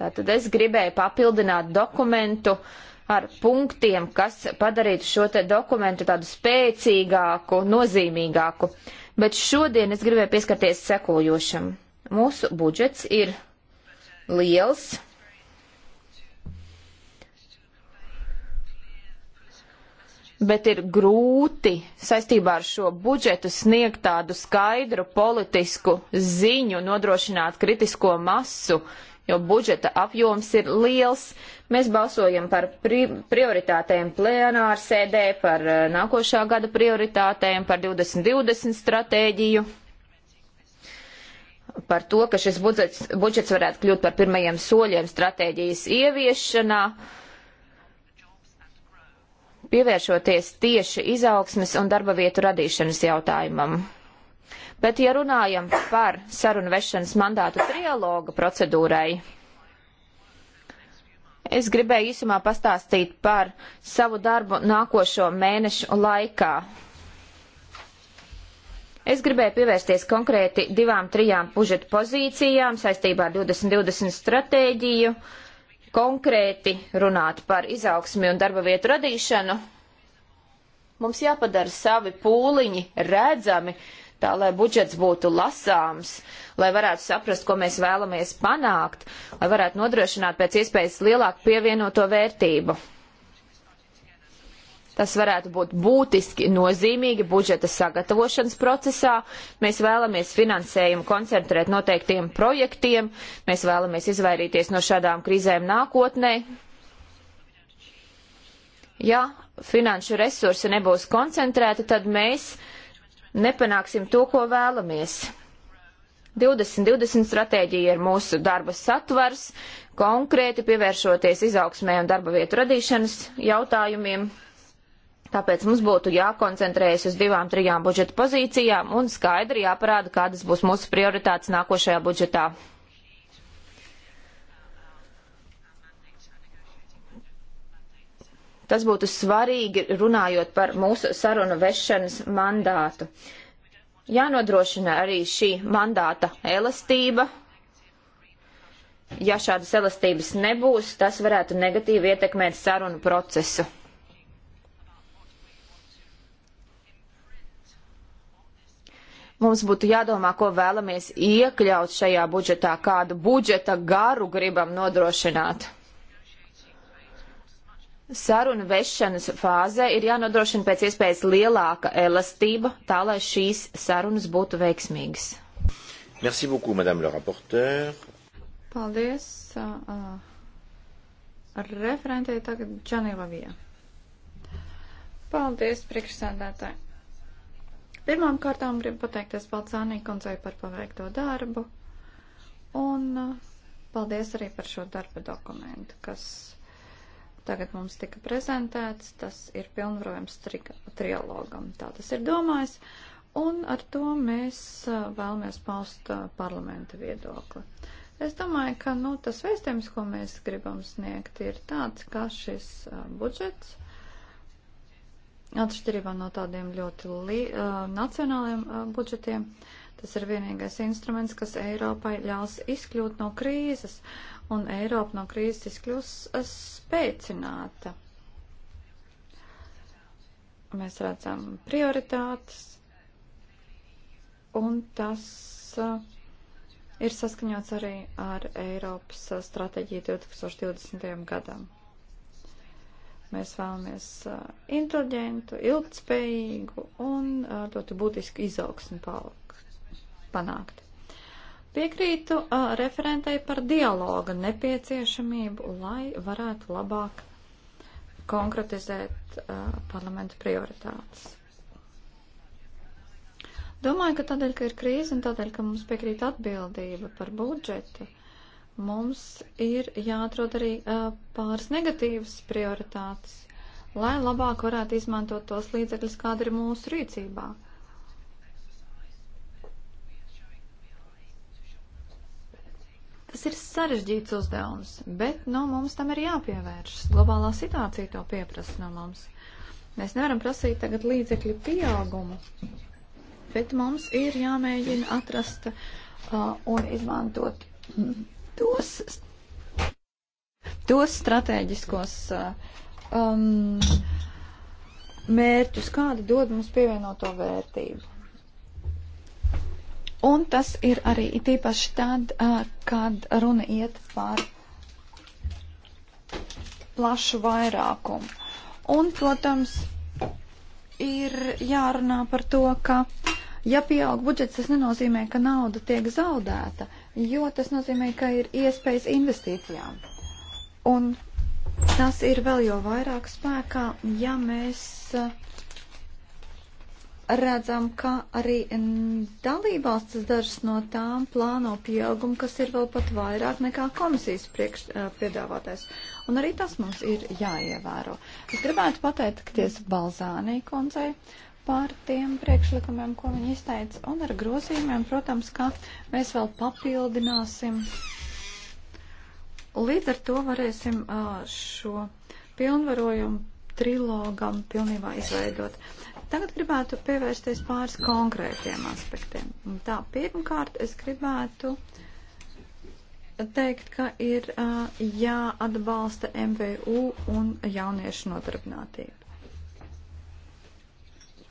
Tātad es gribēju papildināt dokumentu ar punktiem, kas padarītu šo te dokumentu tādu spēcīgāku, nozīmīgāku. Bet šodien es gribēju pieskarties sekojošam. Mūsu budžets ir liels, bet ir grūti saistībā ar šo budžetu sniegt tādu skaidru politisku ziņu, nodrošināt kritisko masu, jo budžeta apjoms ir liels. Mēs balsojam par pri prioritātēm plēnāru sēdē, par eh, nākošā gada prioritātēm, par 2020 stratēģiju, par to, ka šis budžets, budžets varētu kļūt par pirmajiem soļiem stratēģijas ieviešanā. Uh, pievēršoties tieši izaugsmes un darba vietu radīšanas jautājumam. Bet, ja runājam par sarunu vešanas mandātu trialoga procedūrai, es gribēju īsumā pastāstīt par savu darbu nākošo mēnešu laikā. Es gribēju pievērsties konkrēti divām, trijām budžeta pozīcijām saistībā ar 2020 stratēģiju, uh, konkrēti runāt par izaugsmi un darba vietu radīšanu, mums jāpadara savi pūliņi redzami, tā lai budžets būtu lasāms, lai varētu saprast, ko mēs vēlamies panākt, lai varētu nodrošināt pēc iespējas lielāku pievienoto vērtību. Tas varētu būt būtiski nozīmīgi budžeta sagatavošanas procesā. Mēs vēlamies finansējumu koncentrēt noteiktiem projektiem, mēs vēlamies izvairīties no šādām krīzēm nākotnē. Ja finanšu resursi nebūs koncentrēti, tad mēs nepanāksim to, ko vēlamies. 2020 stratēģija ir mūsu darba satvars, konkrēti pievēršoties izaugsmē un darba vietu radīšanas jautājumiem. Tāpēc mums būtu jākoncentrējas uz divām, trijām budžeta pozīcijām un skaidri jāparāda, kādas būs mūsu prioritātes nākošajā budžetā. Tas būtu svarīgi runājot par mūsu sarunu vešanas mandātu. Jānodrošina arī šī mandāta elastība. Ja šādas elastības nebūs, tas varētu negatīvi ietekmēt sarunu procesu. Mums būtu jādomā, ko vēlamies iekļaut šajā budžetā, kādu budžeta garu gribam nodrošināt. Sarunu vešanas fāzē ir jānodrošina pēc iespējas lielāka elastība, tā lai šīs sarunas būtu veiksmīgas. Merci beaucoup, madame la rapporteure. Paldies. Uh, referentei tagad Džanila Vija. Paldies, priekšsādātāji. Pirmām kārtām gribu pateikties Balcānī kundzei par paveikto darbu un uh, paldies arī par šo darba dokumentu, kas tagad mums tika prezentēts. Tas ir pilnvarojums trialogam. Tā tas ir domājis. Un ar to mēs uh, vēlamies paust uh, parlamenta viedokli. Es domāju, ka nu, tas vēstījums, ko mēs gribam sniegt, ir tāds, ka šis budžets Atšķirībā no tādiem ļoti li, uh, nacionāliem uh, budžetiem, tas ir vienīgais instruments, kas Eiropai ļaus izkļūt no krīzes, un Eiropa no krīzes izkļūs uh, spēcināta. Mēs redzam prioritātes, un tas uh, ir saskaņots arī ar Eiropas stratēģiju 2020. gadam. Mēs vēlamies uh, inteliģentu, ilgtspējīgu un uh, ļoti būtisku izaugsmu panākt. Piekrītu uh, referentei par dialoga nepieciešamību, lai varētu labāk konkretizēt uh, parlamenta prioritātes. Domāju, ka tādēļ, ka ir krīze un tādēļ, ka mums piekrīt atbildība par budžetu. Uh, mums ir jāatrod arī pāris negatīvas prioritātes, lai labāk varētu izmantot tos līdzekļus, kāda ir mūsu rīcībā. Tas ir sarežģīts uzdevums, bet no nu, mums tam ir jāpievēršas. Globālā situācija to pieprasa no mums. Mēs nevaram prasīt tagad līdzekļu pieaugumu, bet mums ir jāmēģina atrast uh, un izmantot tos, tos strateģiskos uh, um, mērķus, kādi dod mums pievienoto vērtību. Un tas ir arī tīpaši tad, uh, kad runa iet par plašu vairākumu. Un, protams, ir jārunā par to, ka, ja pieaug budžets, tas nenozīmē, ka nauda tiek zaudēta. Uh, jo tas nozīmē, ka ir iespējas investīcijām. Un tas ir vēl jau vairāk spēkā, ja mēs eh, redzam, ka arī dalībvalstis dažas no tām plāno pieaugumu, kas ir vēl pat vairāk nekā komisijas priekš, eh, piedāvātais. Un arī tas mums ir jāievēro. Es gribētu pateikties Balzānī kundzei par tiem priekšlikumiem, ko viņi izteica, un ar grozījumiem, protams, ka mēs vēl papildināsim. Līdz ar to varēsim šo pilnvarojumu trilogam pilnībā izveidot. Tagad gribētu pievērsties pāris konkrētiem aspektiem. Tā, pirmkārt, es gribētu teikt, ka ir jāatbalsta MVU un jauniešu nodarbinātība.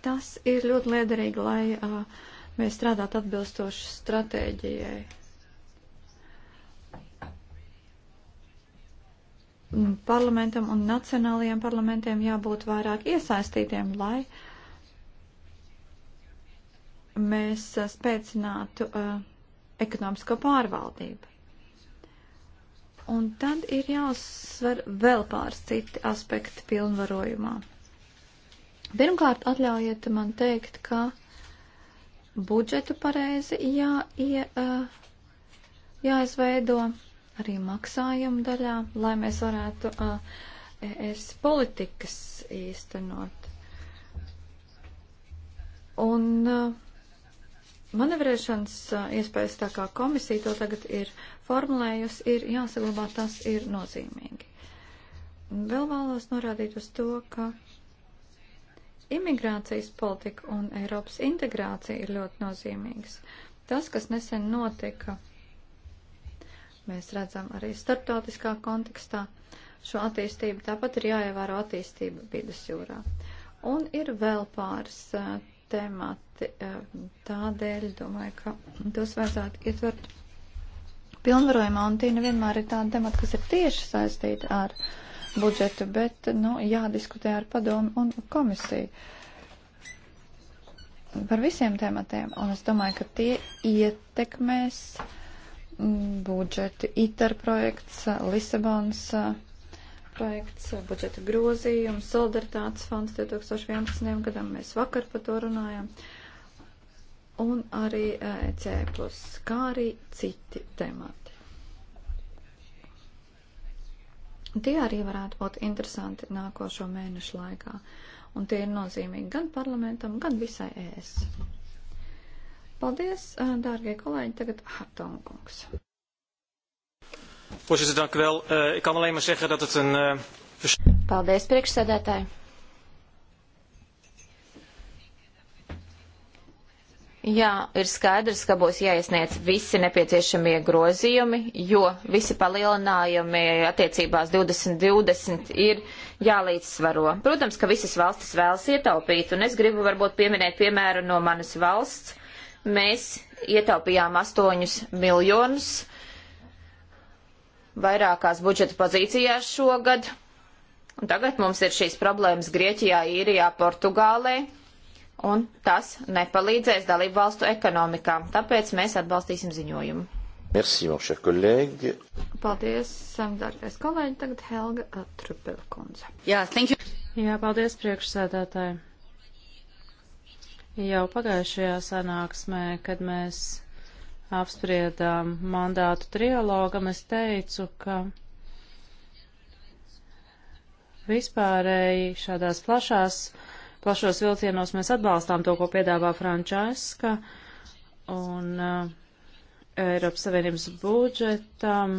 Tas ir ļoti liederīgi, lai uh, mēs strādātu atbilstoši stratēģijai. Parlamentam un nacionālajiem parlamentiem jābūt vairāk iesaistītiem, lai mēs spēcinātu uh, ekonomisko pārvaldību. Un tad ir jāuzsver vēl pāris citi aspekti pilnvarojumā. Pirmkārt, atļaujiet man teikt, ka budžetu pareizi jā, jā, jāizveido arī maksājumu daļā, lai mēs varētu uh, es politikas īstenot. Un uh, manevrēšanas uh, iespējas tā kā komisija to tagad ir formulējusi, ir jāsaglabā, tas ir nozīmīgi. Un vēl vēlos norādīt uz to, ka uh, Imigrācijas politika un Eiropas integrācija ir ļoti nozīmīgas. Tas, kas nesen notika, mēs redzam arī starptautiskā kontekstā šo attīstību, tāpat ir jāievēro attīstība vidusjūrā. Un ir vēl pāris uh, temati uh, tādēļ, domāju, ka tos vajadzētu ietvert pilnvarojumā, un tie nevienmēr ir tādi temati, kas ir tieši saistīti ar uh, budžetu, bet nu, jādiskutē ar padomu un komisiju par visiem tematiem. Un es domāju, ka tie ietekmēs mm, budžetu ITER projekts, Lisabons eh, projekts, budžeta grozījums, solidaritātes fonds 2011. gadam. Mēs vakar par to runājām. Un arī EC eh, e plus, kā arī citi temati. Tie arī varētu būt interesanti nākošo mēnešu laikā. Un tie ir nozīmīgi gan parlamentam, gan visai ES. Paldies, dārgie kolēģi, tagad Hartonkungs. Voorzitter, dank u wel. Uh, ik kan alleen maar zeggen dat het een. Uh... Paldies, priekšsēdētāji. Jā, ir skaidrs, ka būs jāiesniedz visi nepieciešamie grozījumi, jo visi palielinājumi attiecībās 2020 ir jālīdzsvaro. Protams, ka visas valstis vēlas ietaupīt, un es gribu varbūt pieminēt piemēru no manas valsts. Mēs ietaupījām 8 miljonus vairākās budžeta pozīcijās šogad, un tagad mums ir šīs problēmas Grieķijā, Īrijā, Portugālē un tas nepalīdzēs dalību valstu ekonomikām. Tāpēc mēs atbalstīsim ziņojumu. Merci, mon cher collègue. Paldies, um, dārgais kolēģi. Tagad Helga uh, Trupelkundze. Jā, yeah, thank you. Jā, paldies priekšsēdētāji. Jau pagājušajā sanāksmē, kad mēs apspriedām mandātu trialogam, es teicu, ka vispārēji šādās plašās uh, plašos vilcienos mēs atbalstām to, ko piedāvā Frančeska, un uh, Eiropas Savienības budžetam,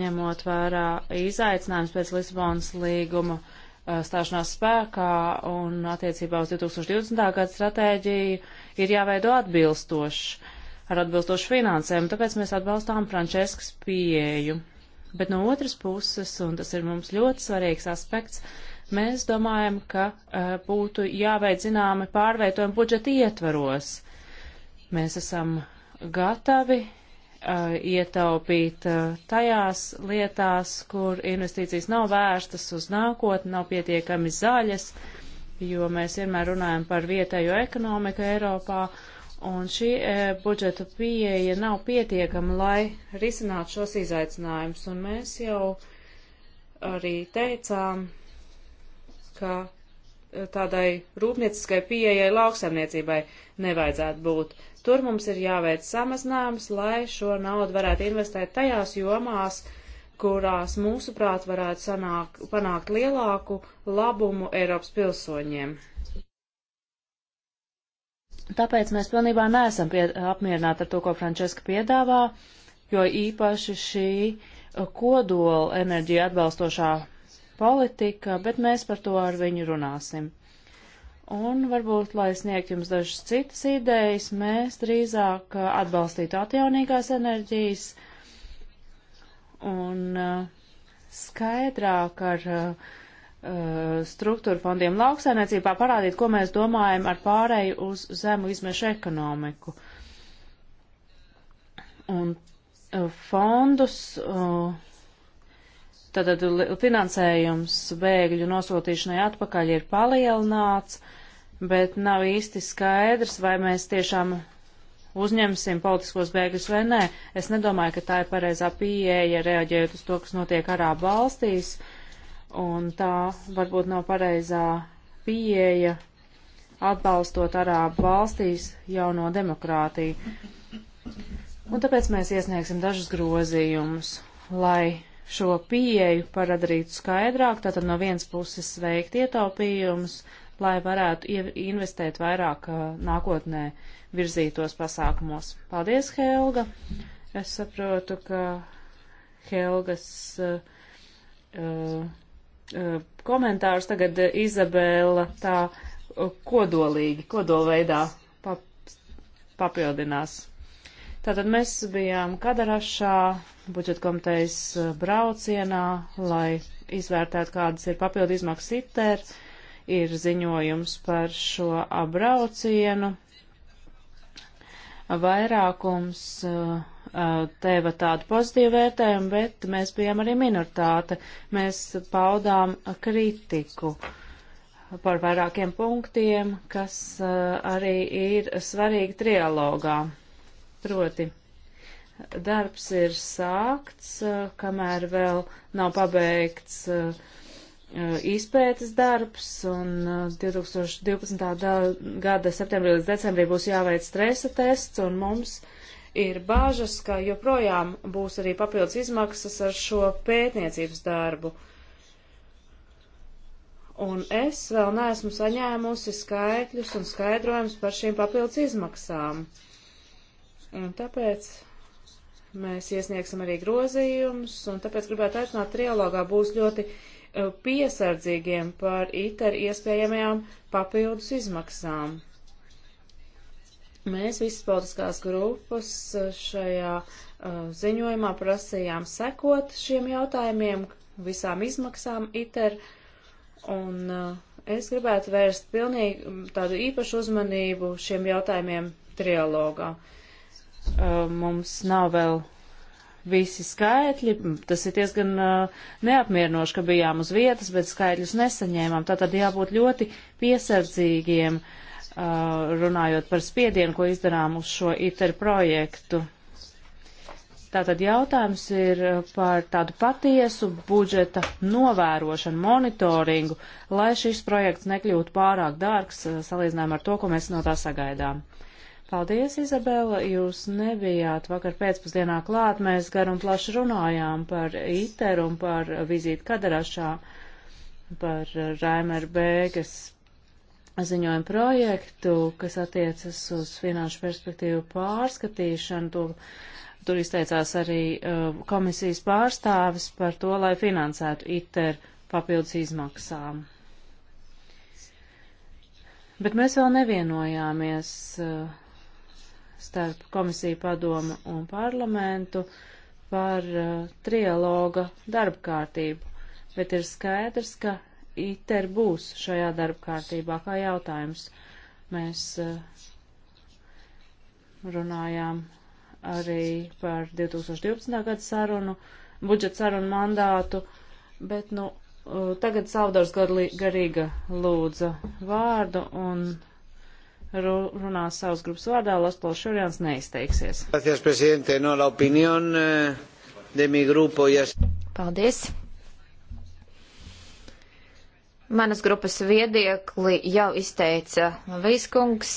ņemot vērā izaicinājums pēc Lisabonas līguma uh, stāšanās spēkā un attiecībā uz 2020. gada stratēģiju, ir jāveido atbilstoši ar atbilstošu finansēm, tāpēc mēs atbalstām Frančeskas pieeju. Bet no otras puses, un tas ir mums ļoti svarīgs aspekts, uh, Mēs domājam, ka uh, būtu jāveic zināmi pārvietojumi budžeta ietvaros. Mēs esam gatavi uh, ietaupīt uh, tajās lietās, kur investīcijas nav vērstas uz nākotni, nav pietiekami zaļas, jo mēs vienmēr runājam par vietējo ekonomiku Eiropā. Un šī e, budžeta pieeja nav pietiekama, lai risinātu šos izaicinājumus. Un mēs jau arī teicām, ka e, tādai rūpnieciskai pieejai lauksaimniecībai nevajadzētu būt. Tur mums ir jāveic samazinājums, lai šo naudu varētu investēt tajās jomās, kurās, mūsuprāt, varētu sanāk, panākt lielāku labumu Eiropas pilsoņiem. Tāpēc mēs pilnībā neesam pie, apmierināti ar to, ko Frančeska piedāvā, jo īpaši šī kodola enerģija atbalstošā politika, bet mēs par to ar viņu runāsim. Un varbūt, lai sniegtu jums dažas citas idejas, mēs drīzāk uh, atbalstītu atjaunīgās enerģijas un uh, skaidrāk ar uh, struktūra fondiem lauksainiecībā parādīt, ko mēs domājam ar pārēju uz zemu izmešu ekonomiku. Un fondus uh, Tātad finansējums bēgļu nosūtīšanai atpakaļ ir palielināts, bet nav īsti skaidrs, vai mēs tiešām uzņemsim politiskos bēgļus vai nē. Es nedomāju, ka tā ir pareizā pieeja reaģējot uz to, kas notiek Arābu valstīs, un tā varbūt nav pareizā pieeja atbalstot Arābu valstīs jauno demokrātiju. Un tāpēc mēs iesniegsim dažus grozījumus, lai šo pieeju paradarīt skaidrāk, tātad no vienas puses veikt ietaupījumus, lai varētu investēt vairāk uh, nākotnē virzītos pasākumos. Paldies, Helga! Es saprotu, ka Helgas uh, uh, uh komentārs tagad uh, Izabela tā kodolīgi, kodolveidā pap, papildinās. Tātad mēs bijām Kadarašā budžeta komitejas eh, braucienā, lai izvērtētu, kādas ir papildu izmaksas ITER. Ir ziņojums par šo braucienu. Vairākums uh, eh, eh, teva tādu pozitīvu vērtējumu, bet mēs bijām arī minoritāte. Mēs paudām kritiku par vairākiem punktiem, kas arī ir svarīgi trialogā. Proti, darbs ir sākts, kamēr vēl nav pabeigts izpētes darbs, un 2012. gada septembrī līdz decembrī būs jāveic stresa tests, un mums ir bāžas, ka joprojām būs arī papildus izmaksas ar šo pētniecības darbu. Un es vēl neesmu saņēmusi skaitļus un skaidrojums par šīm papildus izmaksām. Uh, Un tāpēc mēs iesniegsim arī grozījumus, un tāpēc gribētu aicināt trialogā būs ļoti uh, piesardzīgiem par ITER iespējamajām papildus izmaksām. Mēs visas politiskās grupas uh, šajā uh, ziņojumā prasījām sekot šiem jautājumiem, visām izmaksām ITER, un es gribētu vērst pilnīgi mm, tādu īpašu uzmanību šiem jautājumiem trialogā. Uh, Uh, mums nav vēl visi skaitļi. Tas ir diezgan uh, neapmierinoši, ka bijām uz vietas, bet skaitļus nesaņēmām. Tātad jābūt ļoti piesardzīgiem, uh, runājot par spiedienu, ko izdarām uz šo ITER projektu. Tātad jautājums ir uh, par tādu patiesu budžeta novērošanu, monitoringu, lai šis projekts nekļūtu pārāk dārgs uh, salīdzinājumā ar to, ko mēs no tā sagaidām. Paldies, Izabela, jūs nebijāt vakar pēcpusdienā klāt, mēs gar un plaši runājām par ITER un par vizīti Kadarašā, par Raimer Bēgas ziņojumu projektu, kas attiecas uz finanšu perspektīvu pārskatīšanu. To, tur izteicās arī uh, komisijas pārstāvis par to, lai finansētu ITER papildus izmaksām. Bet mēs vēl nevienojāmies. Uh, starp komisiju padomu un parlamentu par uh, trialoga darba kārtību, bet ir skaidrs, ka ITER būs šajā darba kārtībā kā jautājums. Mēs uh, runājām arī par 2012. gada sarunu, budžeta sarunu mandātu, bet, nu, uh, tagad Saudars Garīga lūdza vārdu, un runās savas grupas vārdā, Laslo Šurjans neizteiksies. Eh, Paldies. Manas grupas viedokli jau izteica Vīskungs.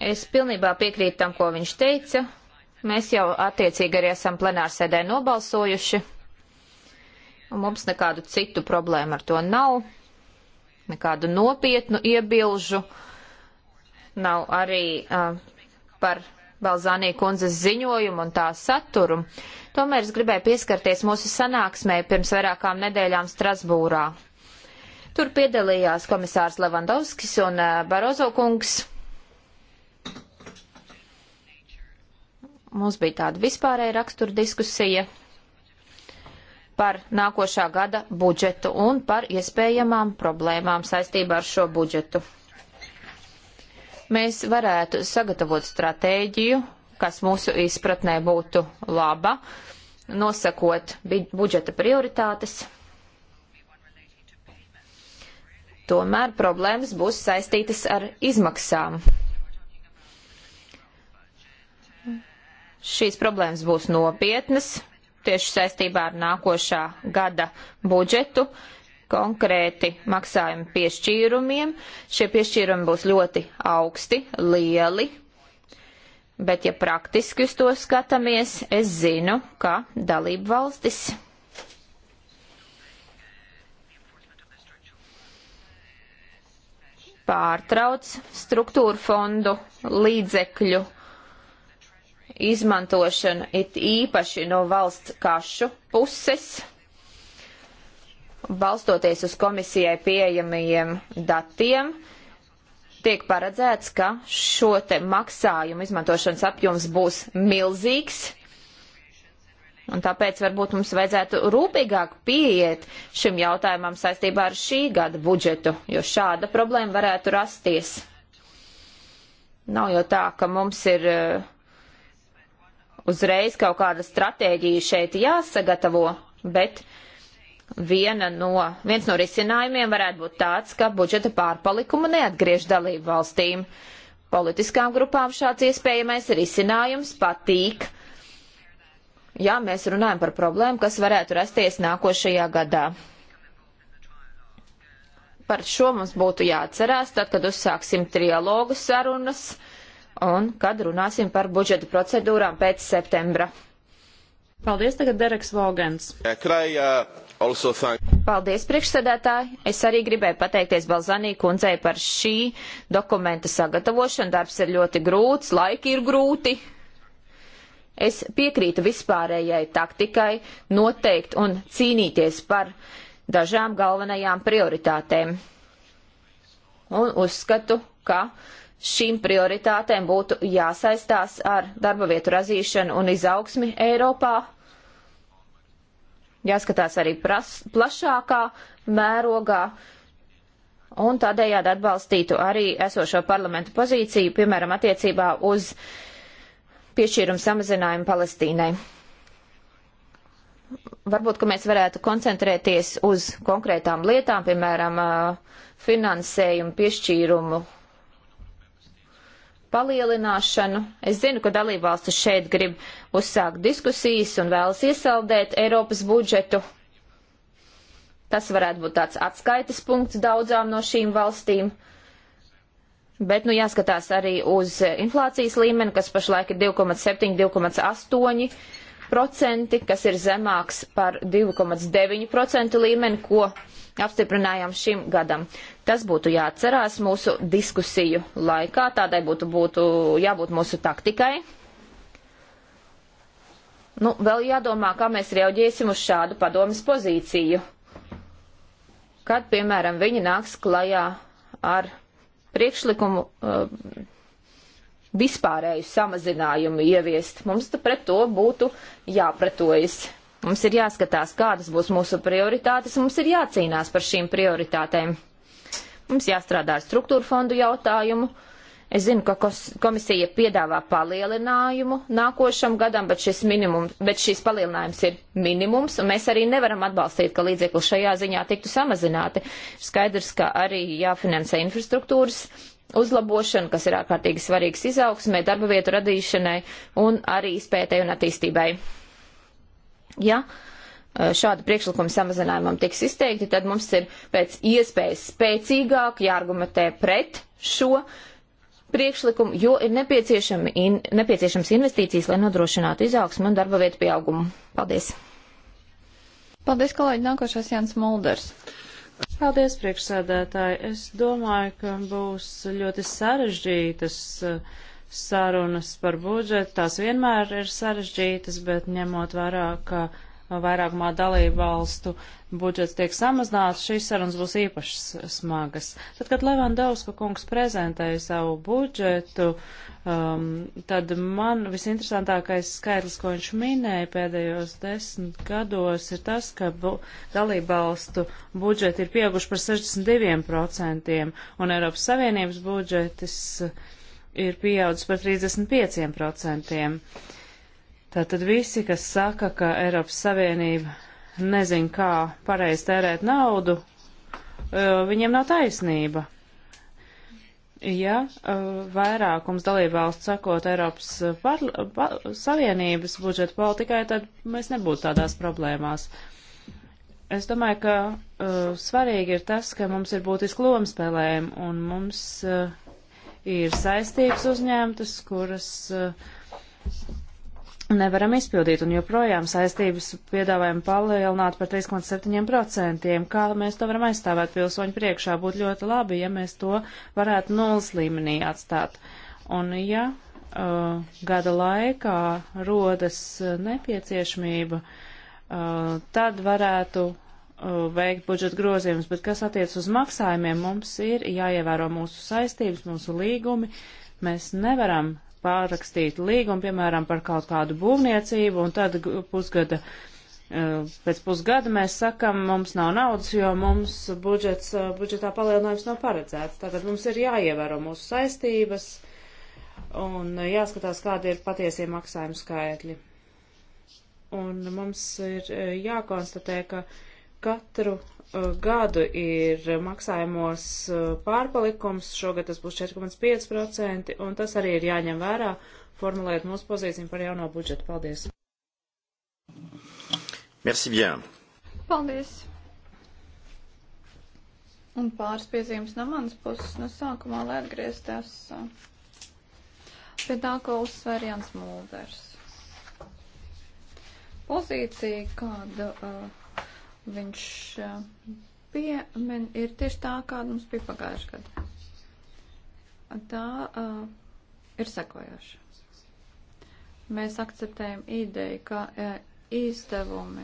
Es pilnībā piekrītu tam, ko viņš teica. Mēs jau attiecīgi arī esam plenārsēdē nobalsojuši. Un mums nekādu citu problēmu ar to nav nekādu nopietnu iebilžu. Nav arī uh, par Balzānī kundzes ziņojumu un tā saturu. Tomēr es gribēju pieskarties mūsu sanāksmē pirms vairākām nedēļām Strasbūrā. Tur piedalījās komisārs Levandovskis un uh, Barozo kungs. Mums bija tāda vispārēja rakstura diskusija, par nākošā gada budžetu un par iespējamām problēmām saistībā ar šo budžetu. Mēs varētu sagatavot stratēģiju, kas mūsu izpratnē būtu laba, nosakot budžeta prioritātes. Tomēr problēmas būs saistītas ar izmaksām. Šīs problēmas būs nopietnas, tieši saistībā ar nākošā gada budžetu, konkrēti maksājumi piešķīrumiem. Šie piešķīrumi būs ļoti augsti, lieli, bet ja praktiski uz to skatāmies, es zinu, ka dalību valstis. pārtrauc struktūra fondu līdzekļu izmantošana it īpaši no valsts kašu puses, balstoties uz komisijai pieejamajiem datiem, tiek paredzēts, ka šo te maksājumu izmantošanas apjoms būs milzīgs. Un tāpēc varbūt mums vajadzētu rūpīgāk pieiet šim jautājumam saistībā ar šī gada budžetu, jo šāda problēma varētu rasties. Nav jau tā, ka mums ir uh, uzreiz kaut kāda stratēģija šeit jāsagatavo, bet viena no, viens no risinājumiem varētu būt tāds, ka budžeta pārpalikumu neatgriež dalību valstīm. Politiskām grupām šāds iespējamais risinājums patīk. Jā, mēs runājam par problēmu, kas varētu rasties nākošajā gadā. Par šo mums būtu jāatcerās, tad, kad uzsāksim trialogu sarunas. Uh, un kad runāsim par budžeta procedūrām pēc septembra. Paldies, tagad Dereks Vogens. Uh, uh, Paldies, priekšsēdētāji. Es arī gribēju pateikties Balzanī kundzei par šī dokumenta sagatavošanu. Darbs ir ļoti grūts, laiki ir grūti. Es piekrītu vispārējai taktikai noteikt un cīnīties par dažām galvenajām prioritātēm. Un uzskatu, ka uh, šīm prioritātēm būtu jāsaistās ar darba vietu razīšanu un izaugsmi Eiropā. Jāskatās arī pras, plašākā mērogā un tādējādi atbalstītu arī esošo parlamentu pozīciju, piemēram, attiecībā uz piešķīrumu samazinājumu Palestīnai. Varbūt, ka mēs varētu koncentrēties uz konkrētām lietām, piemēram, finansējumu piešķīrumu palielināšanu. Es zinu, ka dalībvalstis šeit grib uzsākt diskusijas un vēlas iesaldēt Eiropas budžetu. Tas varētu būt tāds atskaites punkts daudzām no šīm valstīm. Bet, nu, jāskatās arī uz inflācijas līmeni, kas pašlaik ir 2,7-2,8 procenti, kas ir zemāks par 2,9 procentu līmeni, ko apstiprinājām šim gadam. Tas būtu jāatcerās mūsu diskusiju laikā, tādai būtu, būtu jābūt mūsu taktikai. Nu, vēl jādomā, kā mēs reaģēsim uz šādu padomas pozīciju. Kad, piemēram, viņi nāks klajā ar priekšlikumu uh, vispārēju samazinājumu ieviest, mums pret to būtu jāpretojas. Mums ir jāskatās, kādas būs mūsu prioritātes, un mums ir jācīnās par šīm prioritātēm. Mums jāstrādā ar struktūra fondu jautājumu. Es zinu, ka komisija piedāvā palielinājumu nākošam gadam, bet šis, minimums, bet šis palielinājums ir minimums, un mēs arī nevaram atbalstīt, ka līdzekļi šajā ziņā tiktu samazināti. Skaidrs, ka arī jāfinansē infrastruktūras uzlabošana, kas ir ārkārtīgi svarīgs izaugsmē, darba vietu radīšanai un arī izpētēji un attīstībai. Ja eh, šādi priekšlikumi samazinājumam tiks izteikti, tad mums ir pēc iespējas spēcīgāk jāargumentē pret šo priekšlikumu, jo ir in, nepieciešams investīcijas, lai nodrošinātu izaugsmu un darba vietu pieaugumu. Paldies! Paldies, kolēģi! Nākošais Jānis Mulders. Paldies, priekšsēdētāji! Es domāju, ka būs ļoti sarežģītas. Uh, Sarunas par budžetu tās vienmēr ir sarežģītas, bet ņemot vērā, ka vairākumā dalību valstu budžets tiek samazināts, šīs sarunas būs īpaši smagas. Tad, kad Levandovska kungs prezentēja savu budžetu, um, tad man visinteresantākais skaitlis, ko viņš minēja pēdējos desmit gados, ir tas, ka bu dalību valstu budžeti ir pieauguši par 62%, un Eiropas Savienības budžetis uh, ir pieaudzis par 35%. Tātad visi, kas saka, ka Eiropas Savienība nezin, kā pareizi tērēt naudu, e, viņiem nav taisnība. Ja e, vairākums dalībvalsts sakot Eiropas par, par, Savienības budžeta politikai, tad mēs nebūtu tādās problēmās. Es domāju, ka uh, svarīgi ir tas, ka mums ir būtiski loma spēlējumi un mums uh, ir saistības uzņemtas, kuras uh, nevaram izpildīt, un joprojām saistības piedāvājam palielināt par 3,7%. Kā mēs to varam aizstāvēt pilsoņu priekšā? Būtu ļoti labi, ja mēs to varētu nulles līmenī atstāt. Un ja uh, gada laikā rodas uh, nepieciešamība, uh, tad varētu Uh, veikt budžeta grozījumus, bet kas attiec uz maksājumiem, mums ir jāievēro mūsu saistības, mūsu līgumi. Mēs nevaram pārrakstīt līgumu, piemēram, par kaut kādu būvniecību, un tad pusgada, uh, pēc pusgada mēs sakam, mums nav naudas, jo mums budžets, uh, budžetā palielinājums nav paredzēts. Tātad mums ir jāievēro mūsu saistības un jāskatās, kādi ir patiesie maksājumu skaitļi. Un mums ir jākonstatē, ka uh, katru uh, gadu ir maksājumos uh, pārpalikums, šogad tas būs 4,5%, un tas arī ir jāņem vērā, formulējot mūsu pozīciju par jauno budžetu. Paldies! Merci bien! Paldies! Un pāris piezīmes no manas puses no nu, sākumā, lai atgriezties uh, pie tā, ko uzsver Jans Mulders. Pozīcija, kāda uh, viņš piemin, ir tieši tā, kāda mums bija pagājušajā gadā. Tā uh, ir sekojoša. Mēs akceptējam ideju, ka uh, izdevumi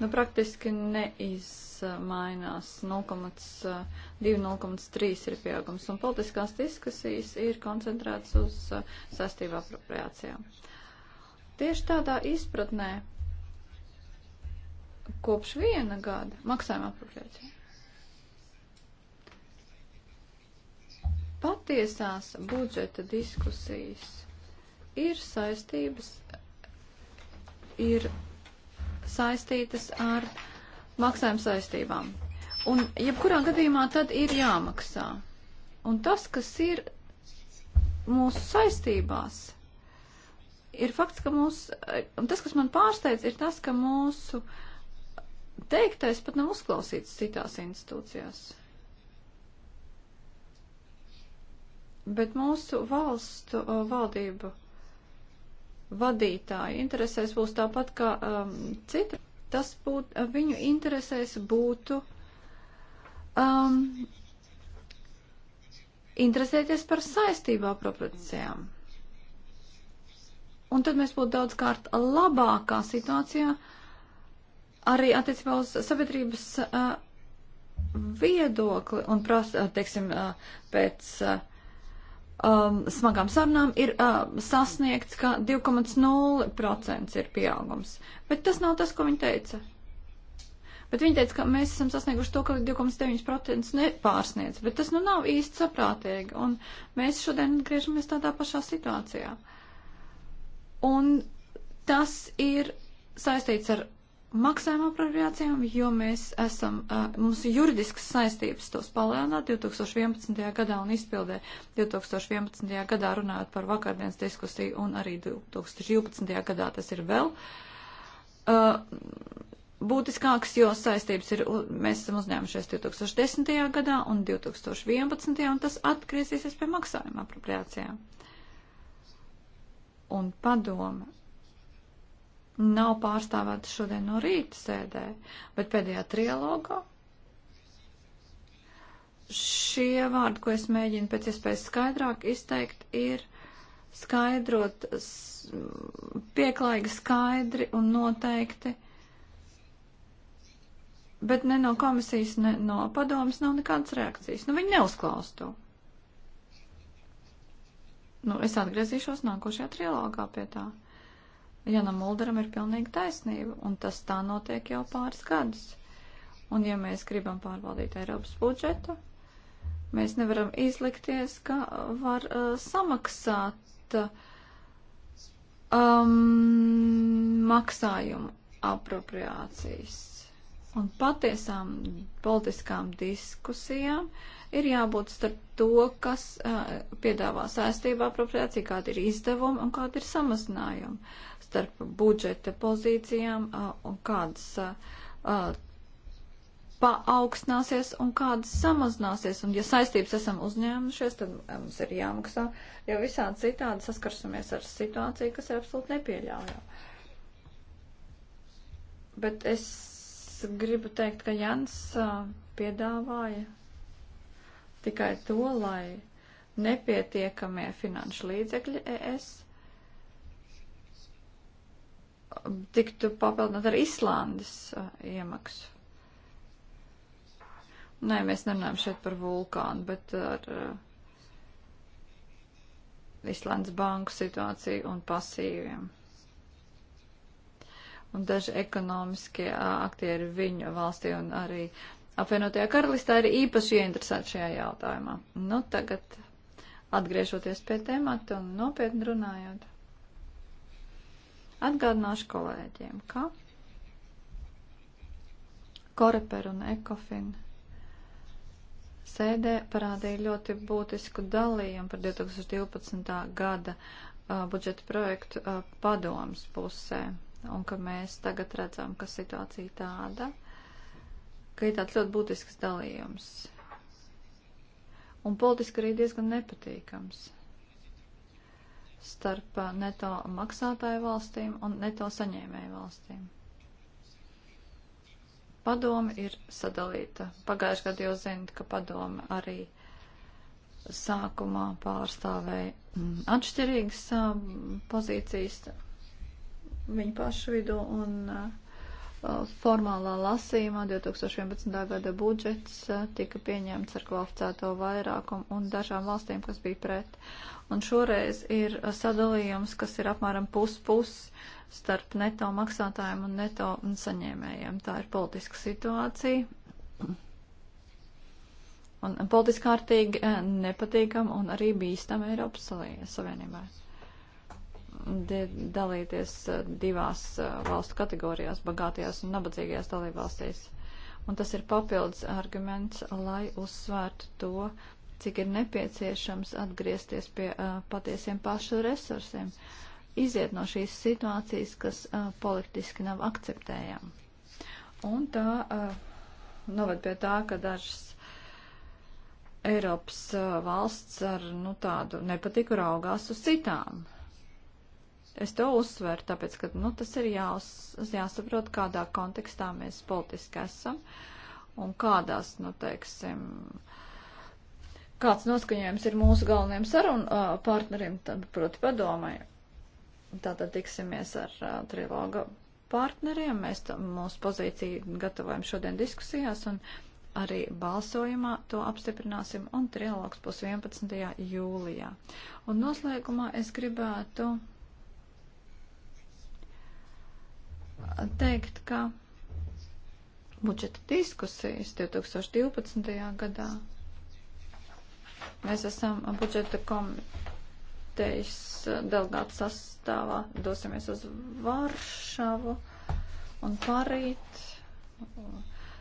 nu, praktiski neizmainās. 0,2-0,3 ir pieaugums, un politiskās diskusijas ir koncentrētas uz uh, saistību apropriācijām. Tieši tādā izpratnē kopš viena gada maksājuma apropriācija. Patiesās budžeta diskusijas ir saistības, ir saistītas ar maksājuma saistībām. Un jebkurā gadījumā tad ir jāmaksā. Un tas, kas ir mūsu saistībās, ir fakts, ka mūsu, un tas, kas man pārsteidz, ir tas, ka mūsu uh, teiktais pat nav uzklausīts citās institūcijās. Bet mūsu valstu valdību vadītāji interesēs būs tāpat kā um, cita. Tas būt, viņu interesēs būtu um, interesēties par saistībā proporcijām. Un tad mēs būtu daudz kārt labākā situācijā uh, arī attiecībā uz sabiedrības uh, viedokli un, pras, teiksim, uh, pēc uh, um, smagām sarunām ir uh, sasniegts, ka 2,0% ir pieaugums. Bet tas nav tas, ko viņi teica. Bet viņi teica, ka mēs esam sasnieguši to, ka 2,9% nepārsniedz, bet tas nu nav īsti saprātīgi, un mēs šodien atgriežamies tādā pašā situācijā. Un tas ir saistīts ar maksājuma apropriācijām, jo mēs esam, mums ir juridiskas saistības tos palēnāt 2011. gadā un izpildē 2011. gadā runājot par vakardienas diskusiju un arī 2012. gadā tas ir vēl būtiskāks, jo saistības ir, mēs esam uzņēmušies 2010. gadā un 2011. un tas atgriezīsies pie maksājuma apropriācijām. Un padome nav pārstāvēta šodien no rīta sēdē, bet pēdējā trialogā šie vārdi, ko es mēģinu pēc iespējas skaidrāk izteikt, ir skaidrot pieklājīgi skaidri un noteikti, bet ne no komisijas, ne no padomas nav nekādas reakcijas. Nu, viņi neuzklaus to. Nu, es atgriezīšos nākošajā trilogā pie tā. Uh, Janam Mulderam ir pilnīgi taisnība, un tas tā notiek jau pāris gadus. Un ja mēs gribam pārvaldīt Eiropas budžetu, mēs nevaram izlikties, ka var uh, samaksāt um, maksājumu apropriācijas. Un patiesām politiskām diskusijām ir jābūt starp to, kas uh, piedāvā saistību apropriāciju, kāda ir izdevuma un kāda ir samazinājuma starp budžeta pozīcijām un kādas paaugstināsies un kādas samazināsies. Un ja saistības esam uzņēmušies, tad mums ir jāmaksā, jo visādi citādi saskarsimies ar situāciju, kas ir absolūti nepieļaujama. Bet es gribu teikt, ka Jans piedāvāja tikai to, lai nepietiekamie finanšu līdzekļi ES tiktu papildināt ar Islandes eh, iemaksu. Nē, mēs nerunājam šeit par vulkānu, bet ar eh, Islandes banku situāciju un pasīviem. Un daži ekonomiskie eh, aktieri viņu valstī un arī apvienotajā karalistā ir īpaši ieinteresēti šajā jautājumā. Nu, tagad atgriežoties pie temata un nopietni runājot. Atgādināšu kolēģiem, ka Koreper un Ekofin sēdē parādīja ļoti būtisku dalījumu par 2012. gada uh, budžeta projektu uh, padomas pusē. Un ka mēs tagad redzam, ka situācija tāda, ka ir tāds ļoti būtisks dalījums. Un politiski arī diezgan nepatīkams starp eh, neto maksātāju valstīm un neto saņēmēju valstīm. Padoma ir sadalīta. Pagājušajā gadā jau zinat, ka padoma arī sākumā pārstāvēja mm, atšķirīgas eh, pozīcijas viņu pašu vidu un uh, Uh, formālā lasījumā 2011. gada budžets uh, tika pieņemts ar kvalificēto vairākumu un dažām valstīm, kas bija pret. Un šoreiz ir uh, sadalījums, kas ir apmēram pus-pus starp neto maksātājiem un neto saņēmējiem. Tā ir politiska situācija. Un politiski kārtīgi nepatīkam un arī bīstam Eiropas Savienībai dalīties eh, divās eh, valstu kategorijās - bagātajās un nabadzīgajās dalībvalstīs. Un tas ir papildus arguments, lai uzsvērtu to, cik ir nepieciešams atgriezties pie uh, patiesiem pašu resursiem, iziet no šīs situācijas, kas uh, politiski nav akceptējama. Un tā uh, noved pie tā, ka dažas Eiropas uh, valsts ar nu, tādu nepatiku raugās uz citām. Uh, Es to uzsveru, tāpēc, ka nu, tas ir jās, jāsaprot, kādā kontekstā mēs politiski esam un kādās, nu, teiksim, kāds noskaņojums ir mūsu galvenajiem sarunu uh, partneriem, tad, proti, padomai. Tātad tiksimies ar uh, triloga partneriem. Mēs tā, mūsu pozīciju gatavojam šodien diskusijās un arī balsojumā to apstiprināsim un trilogs būs 11. jūlijā. Un noslēgumā es gribētu teikt, ka budžeta diskusijas 2012. gadā mēs esam budžeta komitejas delegāta sastāvā, dosimies uz Varšavu un parīt.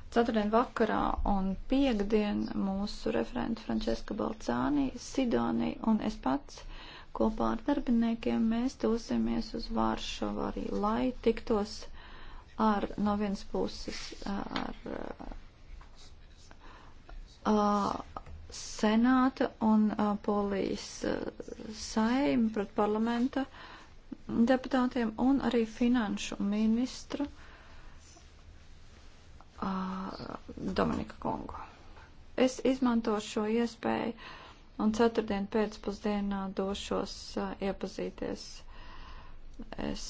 Ceturtdien vakarā un piekdien mūsu referenti Frančeska Balcāni, Sidonija un es pats Kopā ar darbiniekiem mēs dosimies uz Vāršavu arī, lai tiktos ar no vienas puses ar uh, senāta un uh, polijas uh, saima pret parlamenta deputātiem un arī finanšu ministru uh, Dominika Kongu. Es izmantošu šo iespēju uh, Un ceturtdien pēcpusdienā došos uh, iepazīties. Es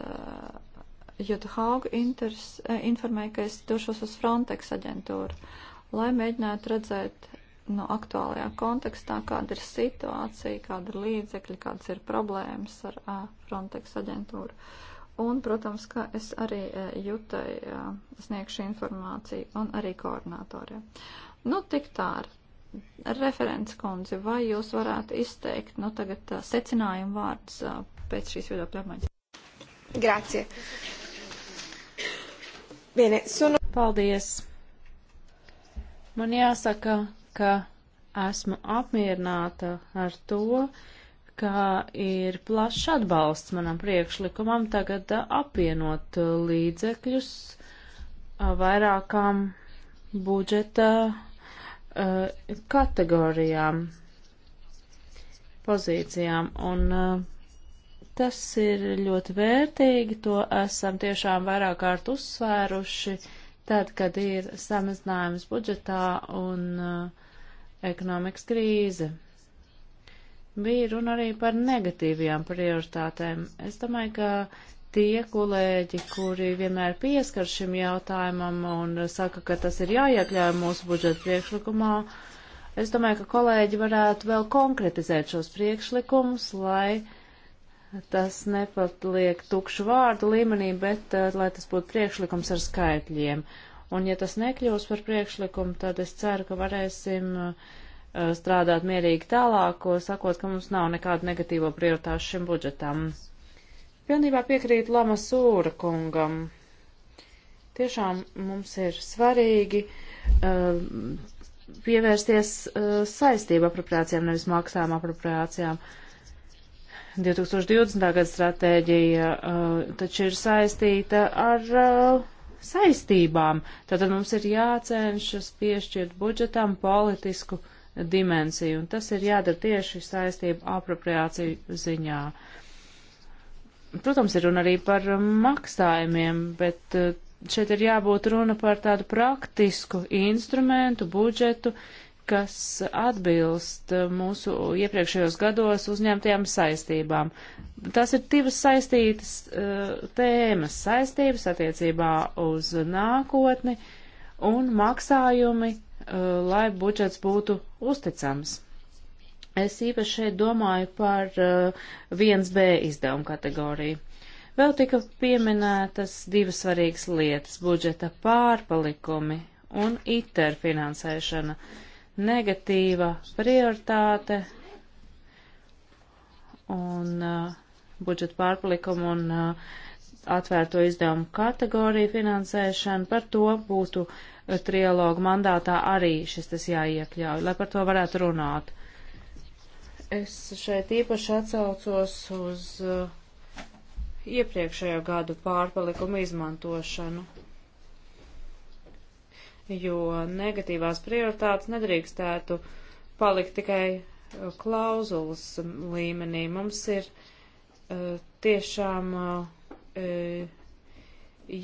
uh, Juta Haugu inters, uh, informēju, ka es došos uz Frontex aģentūru, lai mēģinātu redzēt no nu, aktuālajā kontekstā, kāda ir situācija, kāda ir līdzekļa, kādas ir problēmas ar uh, Frontex aģentūru. Un, protams, ka es arī uh, jutai uh, sniegšu informāciju un arī koordinatoriem. Nu, tik tālu. Referents kundze, vai jūs varētu izteikt, nu tagad uh, secinājumu vārdus uh, pēc šīs viedokļa apmaiņas? Grācie. Bene, sunu. Paldies. Man jāsaka, ka esmu apmierināta ar to, ka ir plašs atbalsts manam priekšlikumam tagad apvienot līdzekļus vairākām budžeta uh, kategorijām, pozīcijām, un uh, tas ir ļoti vērtīgi, to esam tiešām vairāk kārt uzsvēruši, tad, kad ir samazinājums budžetā un uh, ekonomikas krīze bija runa arī par negatīvajām prioritātēm. Es domāju, ka tie kolēģi, kuri vienmēr pieskar šim jautājumam un saka, ka tas ir jāiekļauj mūsu budžeta priekšlikumā, es domāju, ka kolēģi varētu vēl konkretizēt šos priekšlikumus, lai tas nepatliek tukšu vārdu līmenī, bet eh, lai tas būtu priekšlikums ar skaitļiem. Un ja tas nekļūs par priekšlikumu, tad es ceru, ka varēsim eh, strādāt mierīgi tālāk, sakot, ka mums nav nekāda negatīva prioritāša šim budžetam. Pilnībā piekrītu Lama Sūra kungam. Tiešām mums ir svarīgi uh, pievērsties uh, saistību apropriācijām, nevis maksām apropriācijām. 2020. gada stratēģija uh, taču ir saistīta ar uh, saistībām. Tātad mums ir jācenšas piešķirt budžetam politisku dimensiju, un tas ir jādara tieši saistību apropriāciju ziņā. Uh, Protams, ir runa arī par um, maksājumiem, bet uh, šeit ir jābūt runa par tādu praktisku instrumentu, budžetu, kas atbilst uh, mūsu iepriekšējos gados uzņemtajām saistībām. Tās ir divas saistītas uh, tēmas - saistības attiecībā uz nākotni un maksājumi, lai budžets būtu uzticams. Es īpaši šeit domāju par 1B uh, izdevumu kategoriju. Vēl tika pieminētas divas svarīgas lietas - budžeta pārpalikumi un ITER finansēšana, negatīva prioritāte un uh, budžeta pārpalikumu un uh, atvērto izdevumu kategoriju finansēšanu. Par to būtu uh, trialogu mandātā arī šis tas jāiekļauj, lai par to varētu runāt. Es šeit īpaši atsaucos uz uh, iepriekšējo gadu pārpalikumu izmantošanu, jo negatīvās prioritātes nedrīkstētu palikt tikai uh, klauzulas līmenī. Mums ir uh, tiešām e,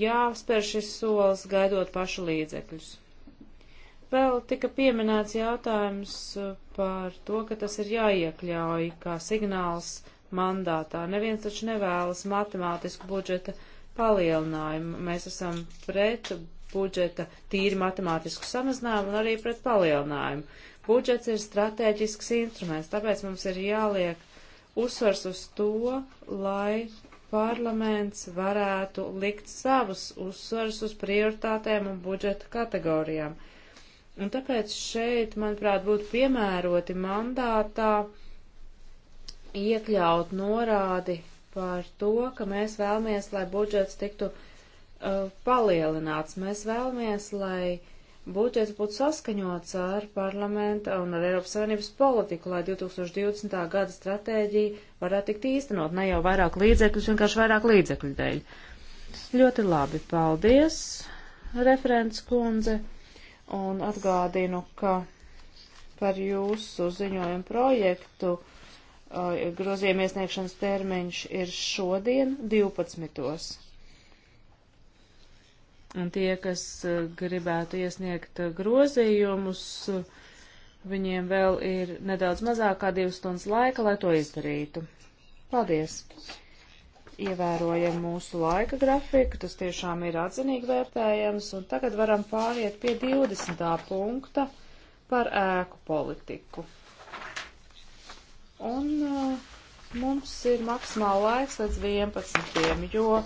jāspēr šis solis, gaidot pašu līdzekļus. Vēl tika pieminēts jautājums uh, par to, ka tas ir jāiekļauj kā signāls mandātā. Neviens taču nevēlas matemātisku budžeta palielinājumu. Mēs esam pret budžeta tīri matemātisku samazinājumu un arī pret palielinājumu. Budžets ir strateģisks instruments, tāpēc mums ir jāliek uzsvars uz to, lai parlaments varētu likt savus uzsvars uz prioritātēm un budžeta kategorijām. Uh, Un tāpēc šeit, manuprāt, būtu piemēroti mandātā iekļaut norādi par to, ka mēs vēlamies, lai budžets tiktu uh, palielināts. Mēs vēlamies, lai budžets būtu saskaņots ar parlamenta un ar Eiropas Savienības politiku, lai 2020. gada stratēģija varētu tikt īstenot. Ne jau vairāk līdzekļus, vienkārši vairāk līdzekļu dēļ. Ļoti labi, paldies, referents kundze un atgādinu, ka par jūsu ziņojumu projektu uh, grozījuma iesniegšanas termiņš ir šodien 12. Un tie, kas uh, gribētu iesniegt uh, grozījumus, viņiem vēl ir nedaudz mazāk kā divas stundas laika, lai to izdarītu. Paldies! ievērojam mūsu laika grafiku, tas tiešām ir atzinīgi vērtējams, un tagad varam pāriet pie 20. punkta par ēku politiku. Un uh, mums ir maksimāli laiks līdz 11. jo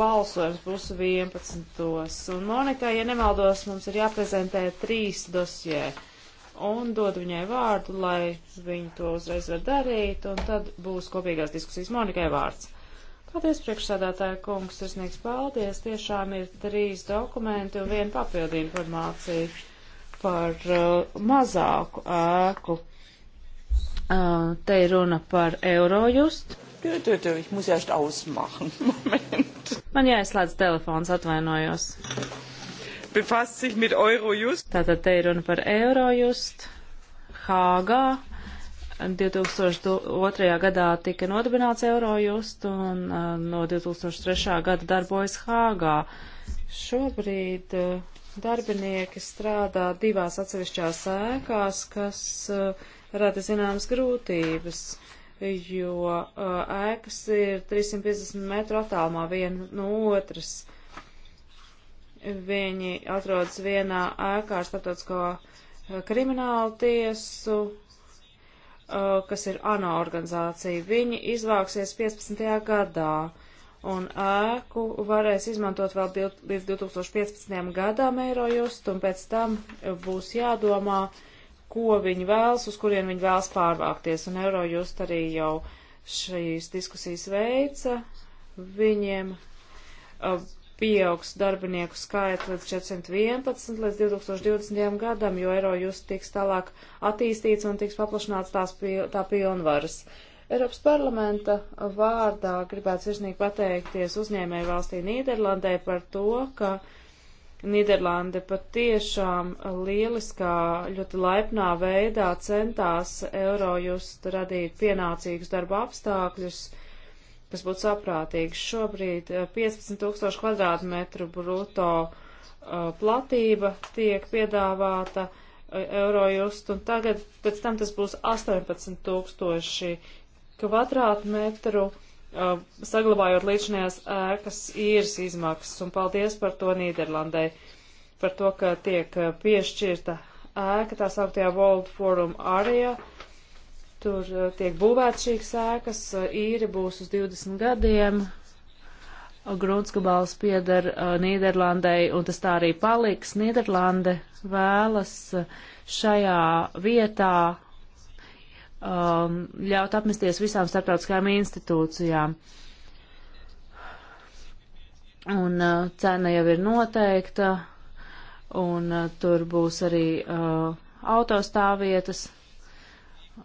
balsojums būs 11. Un Monika, ja nemaldos, mums ir jāprezentē trīs dosjē. Un dod viņai vārdu, lai viņa to uzreiz var darīt, un tad būs kopīgās diskusijas Monikai vārds. Paldies, priekšsādātāja kungs, sirsnīgs paldies. Tiešām ir trīs dokumenti un viena papildi informācija par uh, mazāku ēku. Uh, te ir runa par Eurojust. Tū, tū, tū, ich muss erst ausmachen. Moment. Man jāizslēdz telefons, atvainojos. Befasst sich mit Eurojust. Tātad te ir runa par Eurojust. Hāgā 2002. gadā tika nodibināts Eurojust un uh, no 2003. gada darbojas Hāgā. Šobrīd uh, darbinieki strādā divās atsevišķās ēkās, kas uh, rada zināmas grūtības, jo ēkas ir 350 metru attālumā viena no otras. Viņi atrodas vienā ēkā ar starptautisko kriminālu tiesu Uh, kas ir ANO organizācija. Viņi izvāksies 15. gadā, un ēku varēs izmantot vēl līdz 2015. gadam Eirojust, un pēc tam būs jādomā, ko viņi vēlas, uz kurien viņi vēlas pārvākties, un Eirojust arī jau šīs diskusijas veica. Viņiem uh, pieaugs darbinieku skaits līdz 411 līdz 2020. gadam, jo eiro jūs tiks tālāk attīstīts un tiks paplašināts tās pie, tā pilnvaras. Eiropas parlamenta vārdā gribētu sirsnīgi pateikties uzņēmēju valstī Nīderlandē par to, ka Nīderlande patiešām lieliskā, ļoti laipnā veidā centās Eurojust radīt pienācīgus darba apstākļus, uh, kas būtu saprātīgs. Šobrīd 15 eh, tūkstoši kvadrātmetru bruto eh, platība tiek piedāvāta eiro eh, just, un tagad pēc tam tas būs 18 tūkstoši kvadrātmetru, saglabājot līdzinājās ēkas īres izmaksas, un paldies par to Nīderlandai, par to, ka tiek piešķirta ēka, tā sauktajā World Forum arija, Tur eh, tiek būvēts šīs sēkas, eh, īri būs uz 20 gadiem, Grunskabals pieder eh, Nīderlandai, un tas tā arī paliks. Nīderlande vēlas šajā vietā um, ļaut apmesties visām starptautiskajām institūcijām. Un uh, cena jau ir noteikta, un uh, tur būs arī uh, autostāvvietas.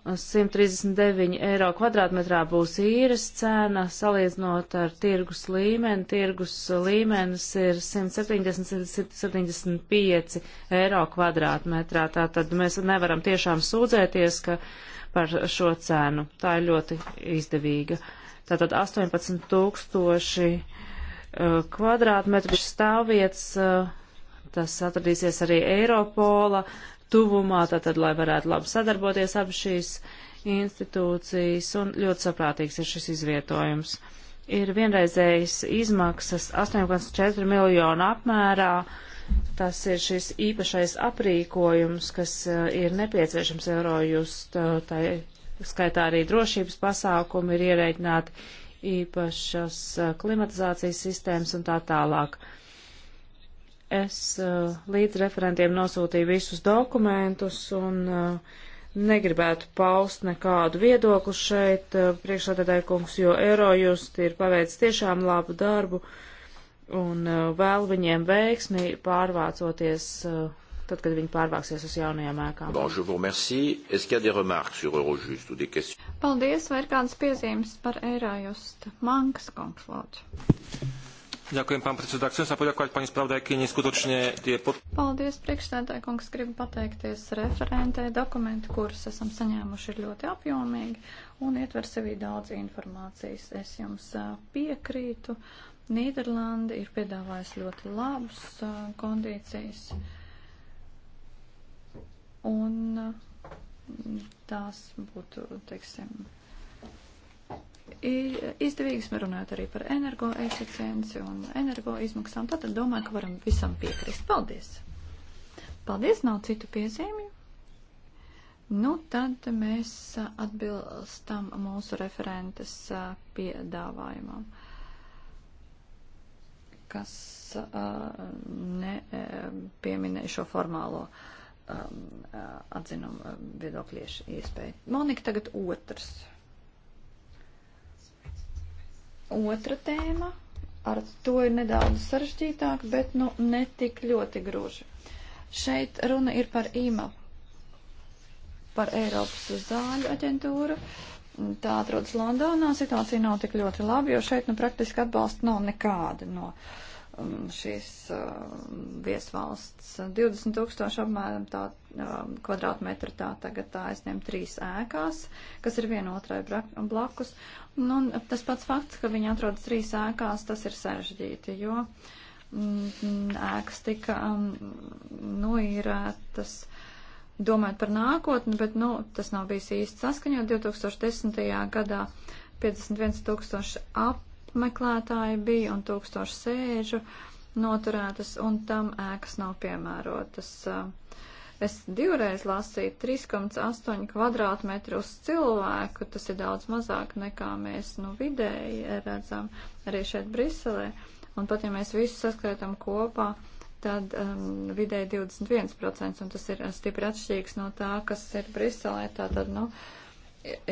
139 eiro kvadrātmetrā būs īres cena, salīdzinot ar tirgus līmeni. Tirgus līmenis ir 170-175 eiro kvadrātmetrā. Tātad mēs nevaram tiešām sūdzēties ka par šo cenu. Tā ir ļoti izdevīga. Tātad 18 tūkstoši e, kvadrātmetru stāvvietas, e, tas atradīsies arī Eiropola tuvumā, tātad, lai varētu labi sadarboties ap šīs institūcijas, un ļoti saprātīgs ir šis izvietojums. Ir vienreizējas izmaksas 8,4 miljonu apmērā, tas ir šis īpašais aprīkojums, kas eh, ir nepieciešams Eurojust, eh, tai skaitā arī drošības pasākumi ir ierēģināti īpašas eh, klimatizācijas sistēmas un tā tālāk. Uh, Es uh, līdz referentiem nosūtīju visus dokumentus un uh, negribētu paust nekādu viedokli šeit, uh, eh, priekšsādātāja kungs, jo Eurojust ir paveicis tiešām labu darbu un vēl viņiem veiksmi pārvācoties, tad, kad viņi pārvāksies uz jaunajām ēkām. Paldies, vai ir kādas piezīmes par Eurojust? Mankas kungs, lūdzu. Ďakujem, pán predseda. Chcem sa poďakovať pani spravodajkyni skutočne tie pod... Paldies, priekšsēdētāj, kungs, gribu pateikties referentē. Dokumenti, kurus esam saņēmuši, ir ļoti apjomīgi un ietver sevī daudz informācijas. Es jums piekrītu. Nīderlanda ir piedāvājusi ļoti labas kondīcijas. Un tās būtu, teiksim, izdevīgas, runājot arī par energoefficienci un energoizmaksām. Tātad domāju, ka varam visam piekrist. Paldies! Paldies, nav citu piezīmju. Nu, tad mēs atbilstam mūsu referentes piedāvājumam, kas ne e, pieminēja šo formālo atzinumu viedokļiešu iespēju. Monika, tagad otrs. Otra tēma, ar to ir nedaudz sarežģītāk, bet nu netik ļoti gruži. Šeit runa ir par IMA, par Eiropas zāļu aģentūru. Tā atrodas Londonā, situācija nav tik ļoti laba, jo šeit nu praktiski atbalsta nav nekāda no um, šīs uh, viesvalsts. 20 tūkstoši apmēram tā Um, kvadrātmetru tā tagad tā aizņem trīs ēkās, kas ir vienotrai blakus. Nu, tas pats fakts, ka viņi atrodas trīs ēkās, tas ir sarežģīti, jo mm, ēkas tika um, noīrētas. Nu, domājot par nākotni, bet nu, tas nav bijis īsti saskaņot. 2010. gadā 51 tūkstoši apmeklētāji bija un tūkstoši sēžu noturētas, un tam ēkas nav piemērotas. Uh, Es divreiz lasīju 3,8 kvadrātmetru uz cilvēku, tas ir daudz mazāk nekā mēs nu vidēji redzam arī šeit Briselē. Un pat ja mēs visus saskaitam kopā, tad um, vidēji 21%, un tas ir uh, stipri atšķirīgs no tā, kas ir Briselē, tā tad, nu,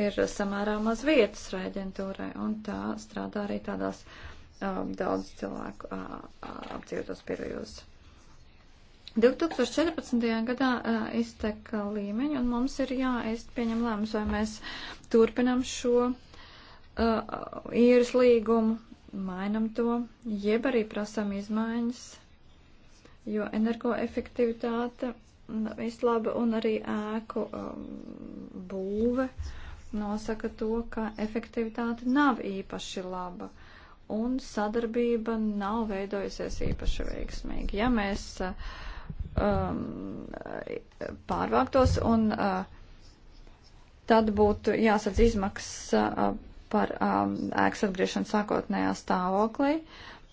ir samērā maz vietas reģentūrai, un tā strādā arī tādās um, daudz cilvēku uh, uh apdzīvotos pirvjos. 2014. gadā uh, izteka līmeņi, un mums ir jāpieņem lēmums, vai mēs turpinam šo uh, īres līgumu, mainam to, jeb arī prasam izmaiņas, jo energoefektivitāte izlaba un arī ēku um, būve nosaka to, ka efektivitāte nav īpaši laba un sadarbība nav veidojusies īpaši veiksmīgi. Ja mēs uh, um, pārvāktos, un uh, tad būtu jāsadz izmaksas uh, par um, ēkas atgriešanu sākotnējā stāvoklī.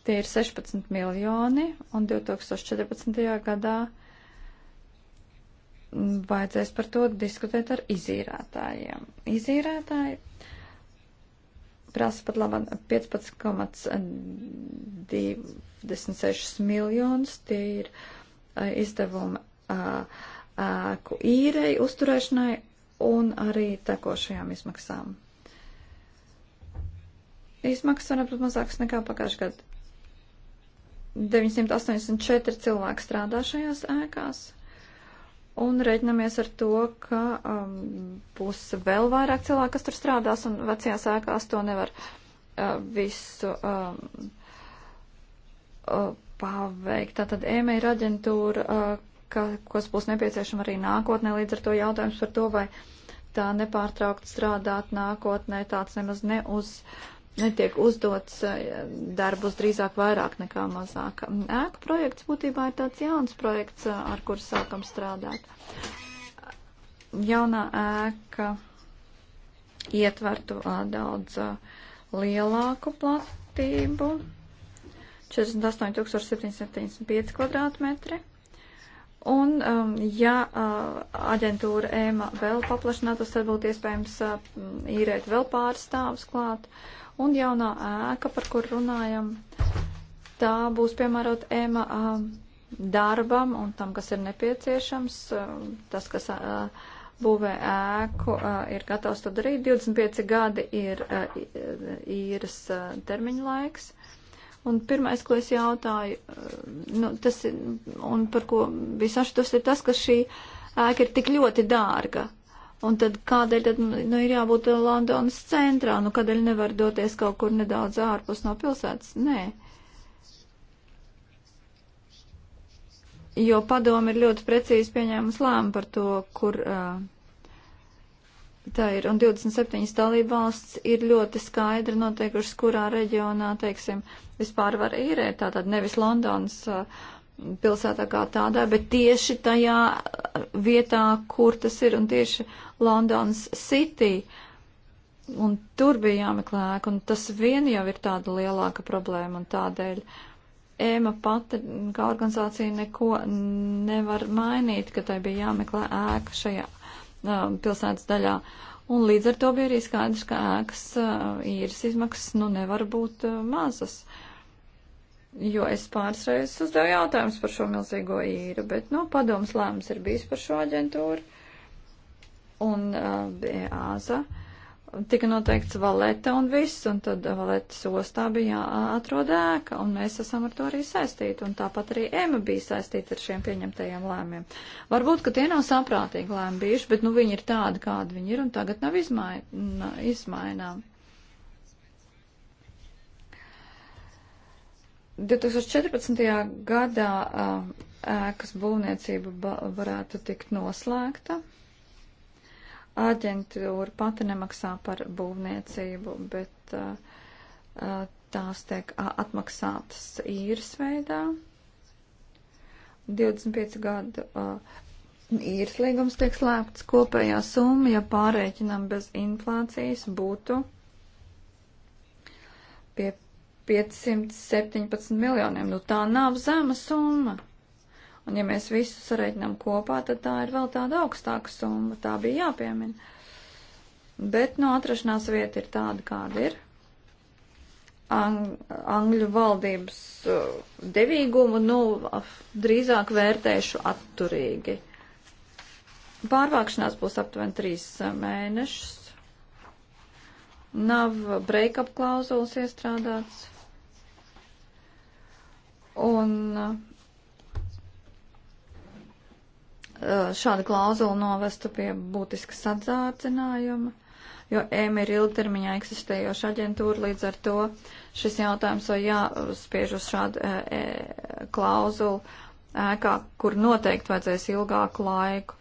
Tie ir 16 miljoni, un 2014. gadā vajadzēs par to diskutēt ar izīrētājiem. Izīrētāji prasa pat labam 15,26 miljonus. Tie ir uh, izdevumi ēku īrei, uzturēšanai un arī tekošajām izmaksām. Izmaksas var būt mazākas nekā pagājušajā gadā. 984 cilvēki strādā šajās ēkās. Un reiķinamies ar to, ka um, būs vēl vairāk cilvēku, kas tur strādās, un vecajās ēkās to nevar uh, visu um, uh, paveikt. Tātad EMA ir aģentūra, uh, ka, kas būs nepieciešama arī nākotnē, līdz ar to jautājums par to, vai tā nepārtraukt strādāt nākotnē, tāds nemaz neuz, netiek uzdots uh, darbus drīzāk vairāk nekā mazāk. Ēku projekts būtībā ir tāds jauns projekts, uh, ar kuru sākam strādāt. Jaunā ēka ietvertu daudz lielāku platību. 48,775 kvadrātmetri. Un, um, ja uh, aģentūra ēma vēl paplašinātos, tad būtu iespējams uh, īrēt vēl pārstāvs klāt. Un jaunā ēka, par kur runājam, tā būs piemērot ēma uh, darbam un tam, kas ir nepieciešams. Uh, tas, kas uh, būvē ēku, ir gatavs to darīt. 25 gadi ir īras termiņa laiks. Un pirmais, ko es jautāju, eh, nu, tas ir, un par ko bija sašutus, ir tas, ka šī ēka ir tik ļoti dārga. Un tad kādēļ tad, nu, ir jābūt Londonas centrā, nu, kādēļ nevar doties kaut kur nedaudz ārpus no pilsētas? Nē. Jo padomi ir ļoti precīzi pieņēmusi lēmu par to, kur uh, Tā ir, un 27 dalība valsts ir ļoti skaidri noteikušas, kurā reģionā, teiksim, vispār var īrēt, tātad nevis Londonas uh, pilsētā kā tādā, bet tieši tajā vietā, kur tas ir, un tieši Londonas City. Un tur bija jāmeklē ēka, un tas vien jau ir tāda lielāka problēma, un tādēļ ēma pati kā organizācija neko nevar mainīt, ka tai bija jāmeklē ēka šajā um, pilsētas daļā. Un līdz ar to bija arī skaidrs, ka ēkas uh, īres izmaksas nu nevar būt uh, mazas. Jo es pāris reizes uzdevu jautājumus par šo milzīgo īru, bet, nu, padoms lēmums ir bijis par šo aģentūru un uh, Āza. Uh, tika noteikts valeta un viss, un tad valetas ostā bija jāatrod ēka, un mēs esam ar to arī saistīti, un tāpat arī ēma bija saistīta ar šiem pieņemtajiem lēmiem. Varbūt, ka tie nav saprātīgi lēmi bijuši, bet nu viņi ir tādi, kādi viņi ir, un tagad nav izmai, izmainām. 2014. gadā ēkas būvniecība varētu tikt noslēgta aģentūra pati nemaksā par būvniecību, bet uh, uh tās tiek uh, atmaksātas īres veidā. 25 gadu uh, īres līgums tiek slēgts. Kopējā summa, ja pārreikinām bez inflācijas, būtu pie 517 miljoniem. Nu tā nav zema summa. Un ja mēs visu sareiķinām kopā, tad tā ir vēl tāda augstāka summa, tā bija jāpiemina. Bet, nu, no atrašanās vieta ir tāda, kāda ir. Ang Angļu valdības uh, devīgumu, nu, drīzāk vērtēšu atturīgi. Pārvākšanās būs aptuveni trīs uh, mēnešus. Nav break-up klauzulas iestrādāts. Un uh, Eh, šāda klauzula novestu pie būtiska sadzācinājuma, jo EM ir ilgtermiņā eksistējoša aģentūra, līdz ar to šis jautājums vai jāspiež uz šādu e, klauzulu ēkā, kur noteikti vajadzēs ilgāku laiku.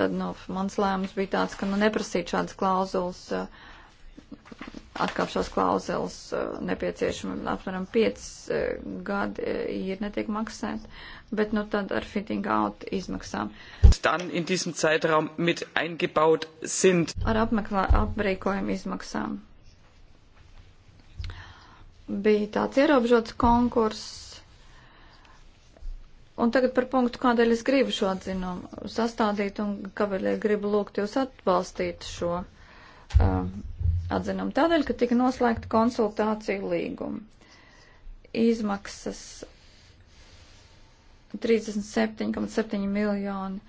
Tad, nu, mans lēmums bija tāds, ka, nu, neprasīt šādas klauzulas. Uh, atkāpšos klauzulas eh, nepieciešami apmēram 5 eh, gadi eh, ir netiek maksāt, bet nu tad ar fitting out izmaksām. Dann in diesem Zeitraum mit eingebaut sind. Ar apmeklē, aprīkojumu izmaksām. Bija tāds ierobežots konkurss. Un tagad par punktu, kādēļ es gribu šo atzinumu sastādīt un kāpēc gribu lūgt jūs atbalstīt šo. Uh, um, atzinumu tādēļ, ka tika noslēgta konsultāciju līguma. Izmaksas 37,7 miljoni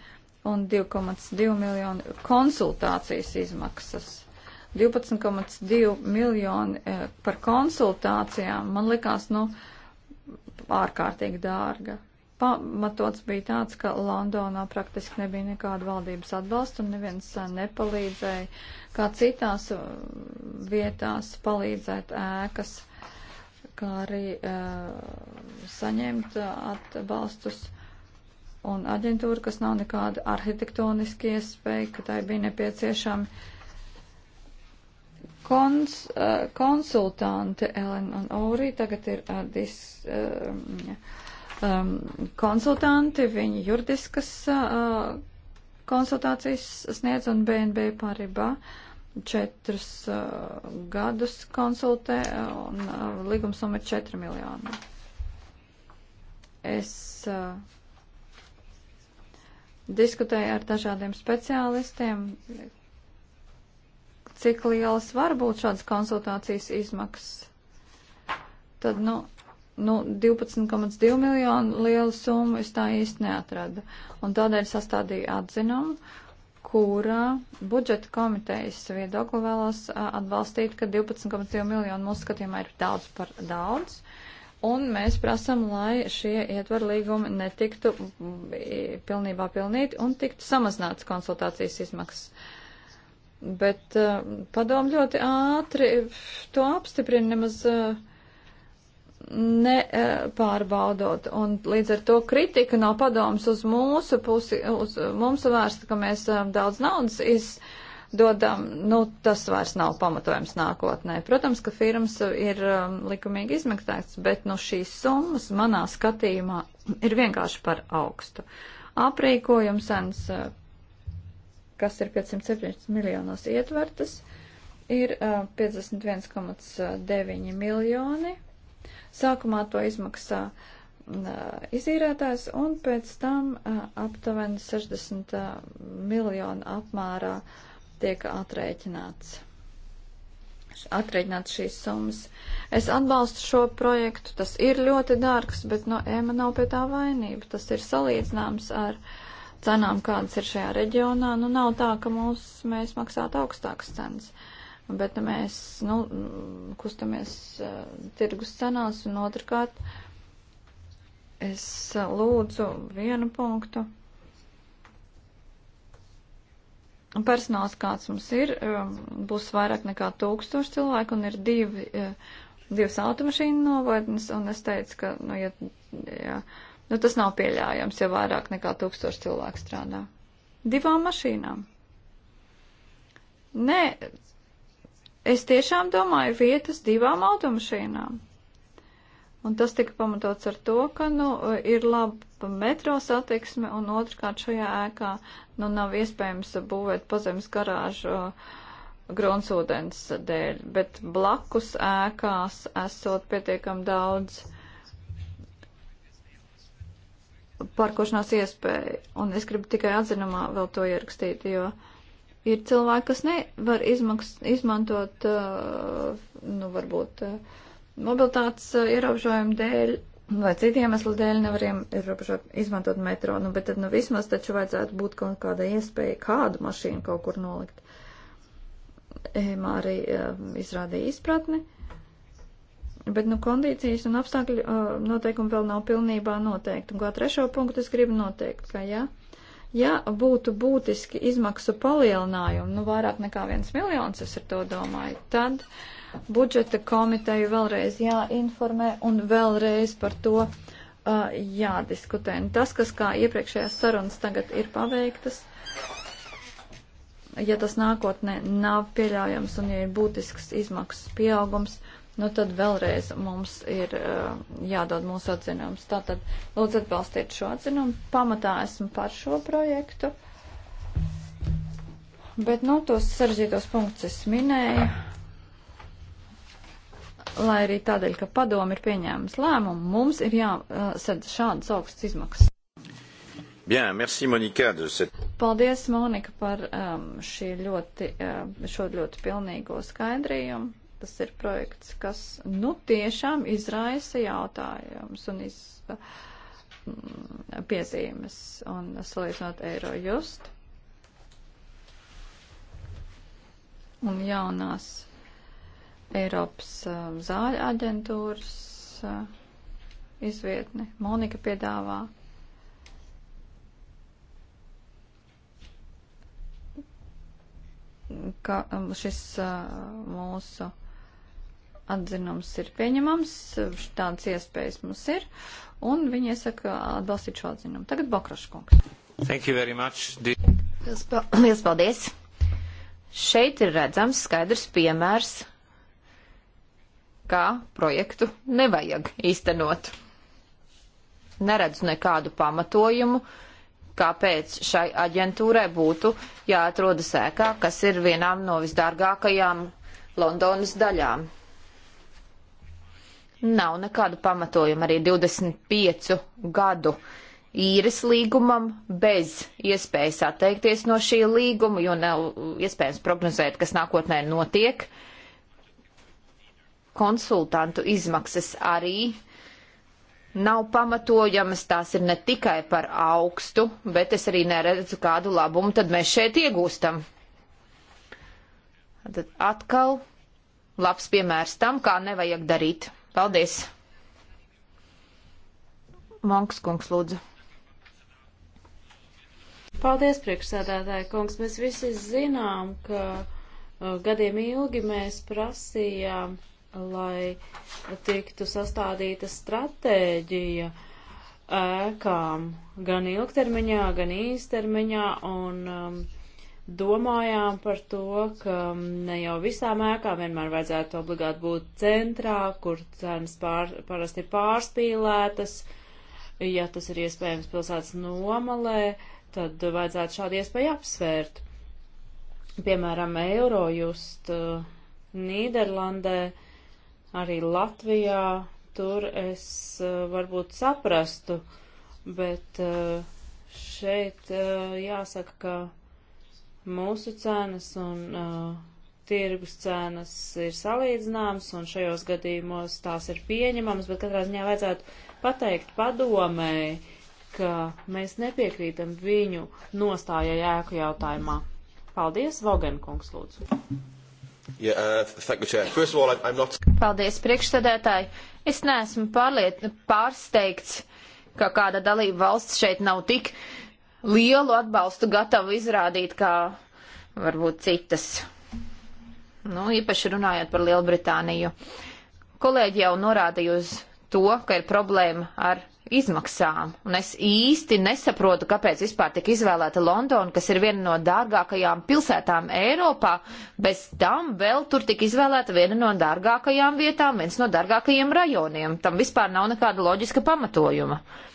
un 2,2 miljoni konsultācijas izmaksas. 12,2 miljoni eh, par konsultācijām man likās, nu, ārkārtīgi dārga pamatots bija tāds, ka Londonā praktiski nebija nekāda valdības atbalsta un neviens uh, nepalīdzēja, kā citās uh, vietās palīdzēt ēkas, kā arī uh, saņemt uh, atbalstus. Un aģentūra, kas nav nekāda arhitektoniski iespēja, ka tai bija nepieciešami kons, uh, konsultanti Elena un Aurī, tagad ir uh, dis. Uh, um, konsultanti, viņi juridiskas uh, konsultācijas sniedz un BNB pārībā četrus uh, gadus konsultē uh, un uh, līgums numur 4 miljoni. Es uh, diskutēju ar dažādiem speciālistiem, cik lielas var būt šādas konsultācijas izmaksas. Tad, nu, nu, 12,2 miljonu lielu summu es tā īsti neatradu. Un tādēļ sastādīju atzinumu, kurā budžeta komitejas viedokli vēlos atbalstīt, ka 12,2 miljonu mūsu skatījumā ir daudz par daudz. Un mēs prasam, lai šie ietvaru līgumi netiktu pilnībā pilnīti un tiktu samazināts konsultācijas izmaksas. Bet uh, padomu ļoti ātri to apstiprina nemaz. Uh, nepārbaudot. Un līdz ar to kritika no padomas uz mūsu pusi, uz mums vērsta, ka mēs um, daudz naudas izdodam, nu tas vairs nav pamatojums nākotnē. Protams, ka firmas ir um, likumīgi izmaksāts, bet nu šīs summas manā skatījumā ir vienkārši par augstu. Aprīkojums sens, uh, kas ir 570 miljonos ietvertas, ir 51,9 uh, uh, miljoni Sākumā to izmaksā mm, izīrētājs un pēc tam aptuveni 60 miljonu apmērā tiek atrēķināts. Atrēķināt šīs summas. Es atbalstu šo projektu, tas ir ļoti dārgs, bet no nu, ēma nav pie tā vainība. Tas ir salīdzināms ar cenām, kādas ir šajā reģionā. Nu, nav tā, ka mūs, mēs maksātu augstākas cenas. Uh, bet mēs nu, kustamies uh, tirgus cenās un otrkārt es uh, lūdzu vienu punktu. Personāls, kāds mums ir, um, būs vairāk nekā tūkstoši cilvēku un ir divi, uh, divas automašīnu novadnes un es teicu, ka nu, ja, ja, nu, tas nav pieļājams, ja vairāk nekā tūkstoši cilvēku strādā. Divām mašīnām. Nē, es tiešām domāju vietas divām automašīnām. Un tas tika pamatots ar to, ka, nu, ir laba metro satiksme un otrkārt šajā ēkā, nu, nav iespējams būvēt pazemes garāžu uh, gruntsūdens dēļ, bet blakus ēkās esot pietiekam daudz parkošanās iespēju. Un es gribu tikai atzinumā vēl to ierakstīt, jo. Uh, Ir cilvēki, kas nevar izmaks, izmantot, uh, nu, varbūt uh, mobilitātes uh, ierobežojumu dēļ vai citiem iemeslu dēļ nevariem ierobežot, izmantot metro, nu, bet tad, nu, vismaz taču vajadzētu būt kaut kāda iespēja kādu mašīnu kaut kur nolikt. Ēmā arī izrādīja izpratni. Bet, nu, kondīcijas un apstākļu noteikumi vēl nav pilnībā noteikti. Un kā trešo punktu es gribu noteikt, ka, jā. Ja, Ja būtu būtiski izmaksu palielinājumi, nu vairāk nekā viens miljons, es ar to domāju, tad budžeta komiteju vēlreiz jāinformē un vēlreiz par to uh, jādiskutē. Un tas, kas kā iepriekšējās sarunas tagad ir paveiktas, ja tas nākotnē nav pieļaujams un ja ir būtisks izmaksas pieaugums, uh, nu tad vēlreiz mums ir uh, jādod mūsu atzinums. Tātad lūdzu atbalstiet šo atzinumu. Pamatā esmu par šo projektu. Bet, nu, tos sarežģītos punktus es minēju, lai arī tādēļ, ka padomi ir pieņēmis lēmumu, mums ir jāsadz uh, eh, šādas augstas izmaksas. Bien, merci Monika. Cette... Paldies, Monika, par um, šī ļoti, uh, šo ļoti pilnīgo skaidrījumu tas ir projekts, kas nu tiešām izraisa jautājumus un iz, mm, piezīmes un salīdzinot eiro just. Un jaunās Eiropas um, zāļu aģentūras uh, izvietne Monika piedāvā. ka um, šis uh, mūsu atzinums ir pieņemams, tādas iespējas mums ir, un viņi iesaka atbalstīt šo atzinumu. Tagad Bokraškungs. Thank you very much. Liels pa paldies. Šeit ir redzams skaidrs piemērs, kā projektu nevajag īstenot. Neredzu nekādu pamatojumu, kāpēc šai aģentūrai būtu jāatrodas ēkā, kas ir vienām no visdārgākajām Londonas daļām. Nav nekādu pamatojumu arī 25 gadu īres līgumam bez iespējas atteikties no šī līguma, jo nav iespējams prognozēt, kas nākotnē notiek. Konsultantu izmaksas arī nav pamatojamas, tās ir ne tikai par augstu, bet es arī neredzu kādu labumu, tad mēs šeit iegūstam. Tad atkal labs piemērs tam, kā nevajag darīt. Paldies! Monks kungs lūdzu. Paldies, priekšsēdētāji kungs. Mēs visi zinām, ka uh, gadiem ilgi mēs prasījām, lai tiktu sastādīta stratēģija ēkām gan ilgtermiņā, gan īstermiņā, un um, domājām par to, ka ne jau visām ēkām vienmēr vajadzētu obligāti būt centrā, kur cenas pār, parasti ir pārspīlētas. Ja tas ir iespējams pilsētas nomalē, tad vajadzētu šādu iespēju apsvērt. Piemēram, Eurojust eh, Nīderlandē, arī Latvijā, tur es eh, varbūt saprastu, bet eh, šeit jāsaka, ka mūsu cenas un uh, tirgus cenas ir salīdzināmas, un šajos gadījumos tās ir pieņemamas, bet katrā ziņā vajadzētu pateikt padomēji, ka mēs nepiekrītam viņu nostājai ēku jautājumā. Paldies, Vogenkungs, lūdzu. Yeah, uh, you, all, I'm not... Paldies, priekšsēdētāji. Es neesmu pārliet, pārsteigts, ka kāda dalība valsts šeit nav tik uh, lielu atbalstu gatavu izrādīt kā varbūt citas. Nu, īpaši runājot par Lielbritāniju. Kolēģi jau norādīja uz to, ka ir problēma ar izmaksām, un es īsti nesaprotu, kāpēc vispār tika izvēlēta Londona, kas ir viena no dārgākajām pilsētām Eiropā, bez tam vēl tur tika izvēlēta viena no dārgākajām vietām, viens no dārgākajiem rajoniem. Tam vispār nav nekāda loģiska pamatojuma. Uh,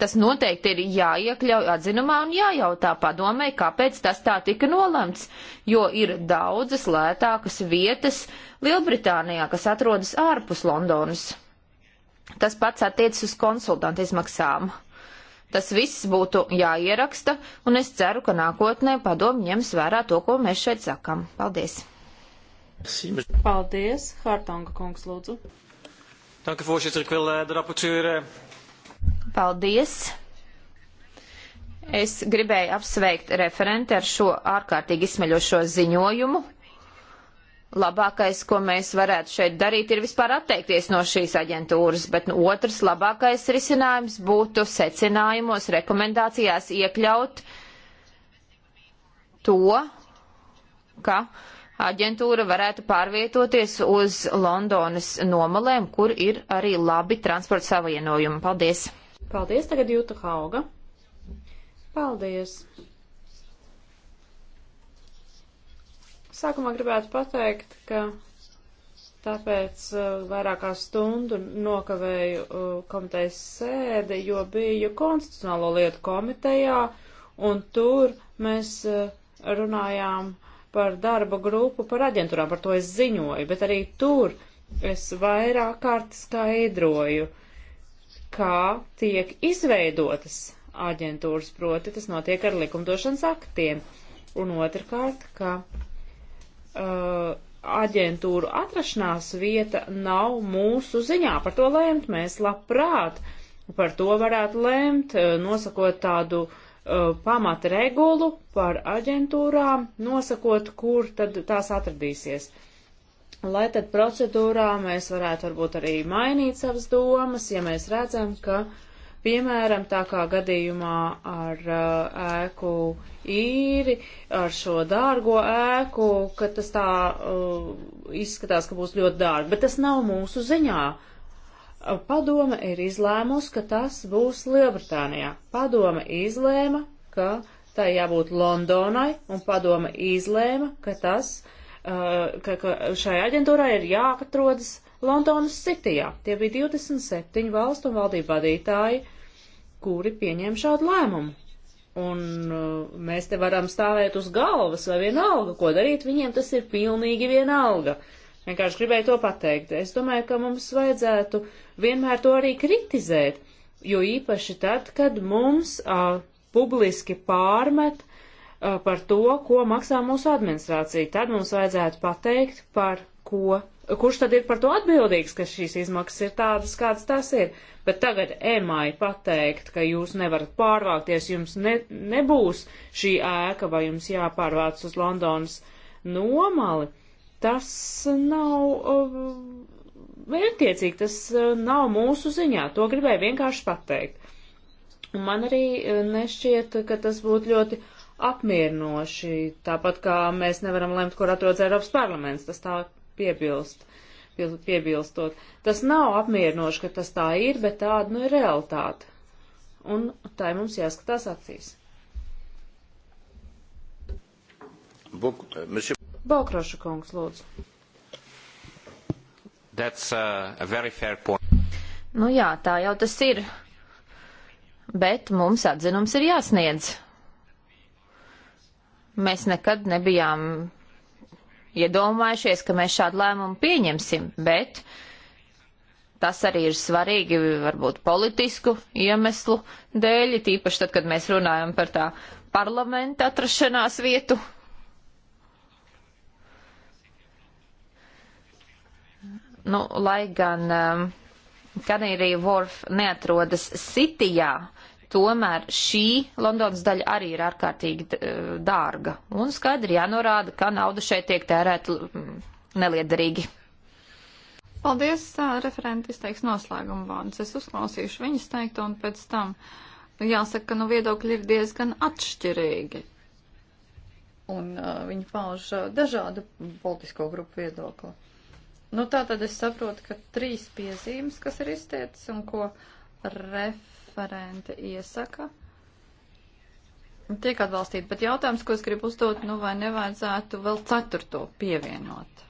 Tas noteikti ir jāiekļauj atzinumā un jājautā padomē, kāpēc tas tā tika nolemts, jo ir daudzas lētākas vietas Lielbritānijā, kas atrodas ārpus Londonas. Tas pats attiecas uz konsultantu izmaksām. Tas viss būtu jāieraksta, un es ceru, ka nākotnē padomu ņems vērā to, ko mēs šeit sakam. Paldies! Paldies, Hartonga kungs, lūdzu. Dank u voorzitter. Ik wil eh, de rapporteur eh, Paldies! Es gribēju apsveikt referenti ar šo ārkārtīgi izsmeļošo ziņojumu. Labākais, ko mēs varētu šeit darīt, ir vispār atteikties no šīs aģentūras, bet nu, otrs labākais risinājums būtu secinājumos, rekomendācijās iekļaut to, ka aģentūra varētu pārvietoties uz Londonas nomalēm, kur ir arī labi transporta savienojumi. Paldies! Paldies, tagad Jūta Hauga. Paldies. Sākumā gribētu pateikt, ka tāpēc uh, vairākās stundu nokavēju uh, komitejas sēdi, jo biju konstitucionālo lietu komitejā, un tur mēs uh, runājām par darba grupu, par aģentūrām, par to es ziņoju, bet arī tur es vairāk kārt skaidroju, uh, kā tiek izveidotas aģentūras, proti tas notiek ar likumdošanas aktiem. Un otrkārt, ka uh, aģentūru atrašanās vieta nav mūsu ziņā. Par to lēmt mēs labprāt. Par to varētu lēmt, uh, nosakot tādu uh, pamata regulu par aģentūrām, nosakot, kur tad tās atradīsies. Uh, lai tad procedūrā mēs varētu varbūt arī mainīt savas domas, ja mēs redzam, ka, piemēram, tā kā gadījumā ar uh, ēku īri, ar šo dārgo ēku, ka tas tā uh, izskatās, ka būs ļoti dārgi, bet tas nav mūsu ziņā. Uh, padome ir izlēmusi, ka tas būs Lielbritānijā. Padome izlēma, ka tā jābūt Londonai, un padome izlēma, ka tas uh, Uh, ka, ka šai aģentūrai ir jāatrodas Londonas Citijā. Tie bija 27 valstu un valdību vadītāji, kuri pieņēma šādu lēmumu. Un uh, mēs te varam stāvēt uz galvas vai vienalga, ko darīt, viņiem tas ir pilnīgi vienalga. Vienkārši gribēju to pateikt. Es domāju, ka mums vajadzētu vienmēr to arī kritizēt, jo īpaši tad, kad mums a, uh, publiski pārmet Uh, par to, ko maksā mūsu administrācija. Tad mums vajadzētu pateikt, par ko, kurš tad ir par to atbildīgs, ka šīs izmaksas ir tādas, kādas tās ir. Bet tagad emai pateikt, ka jūs nevarat pārvākties, jums ne, nebūs šī ēka vai jums jāpārvāc uz Londonas nomali, tas nav uh, vērtiecīgi, tas uh, nav mūsu ziņā. To gribēju vienkārši pateikt. Un man arī uh, nešķiet, ka tas būtu ļoti apmierinoši, tāpat kā mēs nevaram lemt, kur atrodas Eiropas parlaments, tas tā piebilst, piebilstot. Tas nav apmierinoši, ka tas tā ir, bet tāda nu ir realitāte. Un tā mums jāskatās acīs. Eh, Bokroša kungs, lūdzu. That's uh, a very fair point. Nu jā, tā jau tas ir. Bet mums atzinums ir jāsniedz. Mēs nekad nebijām iedomājušies, ka mēs šādu lēmumu pieņemsim, bet tas arī ir svarīgi varbūt politisku iemeslu dēļ, tīpaši tad, kad mēs runājam par tā parlamenta atrašanās vietu. Nu, lai gan um, Kanīrija Vorf neatrodas Sitijā, tomēr šī Londonas daļa arī ir ārkārtīgi e, dārga. Un skaidri jānorāda, ka nauda šeit tiek tērēta mm, neliederīgi. Paldies, referenti izteiks noslēgumu vārdus. Es uzklausīšu viņas teikto un pēc tam jāsaka, ka nu viedokļi ir diezgan atšķirīgi. Un uh, viņi pauž uh, dažādu politisko grupu viedokli. Nu tā tad es saprotu, ka trīs piezīmes, kas ir izteicis un ko referenti referente iesaka, tiek atbalstīta. Bet jautājums, ko es gribu uzdot, nu vai nevajadzētu vēl ceturto pievienot?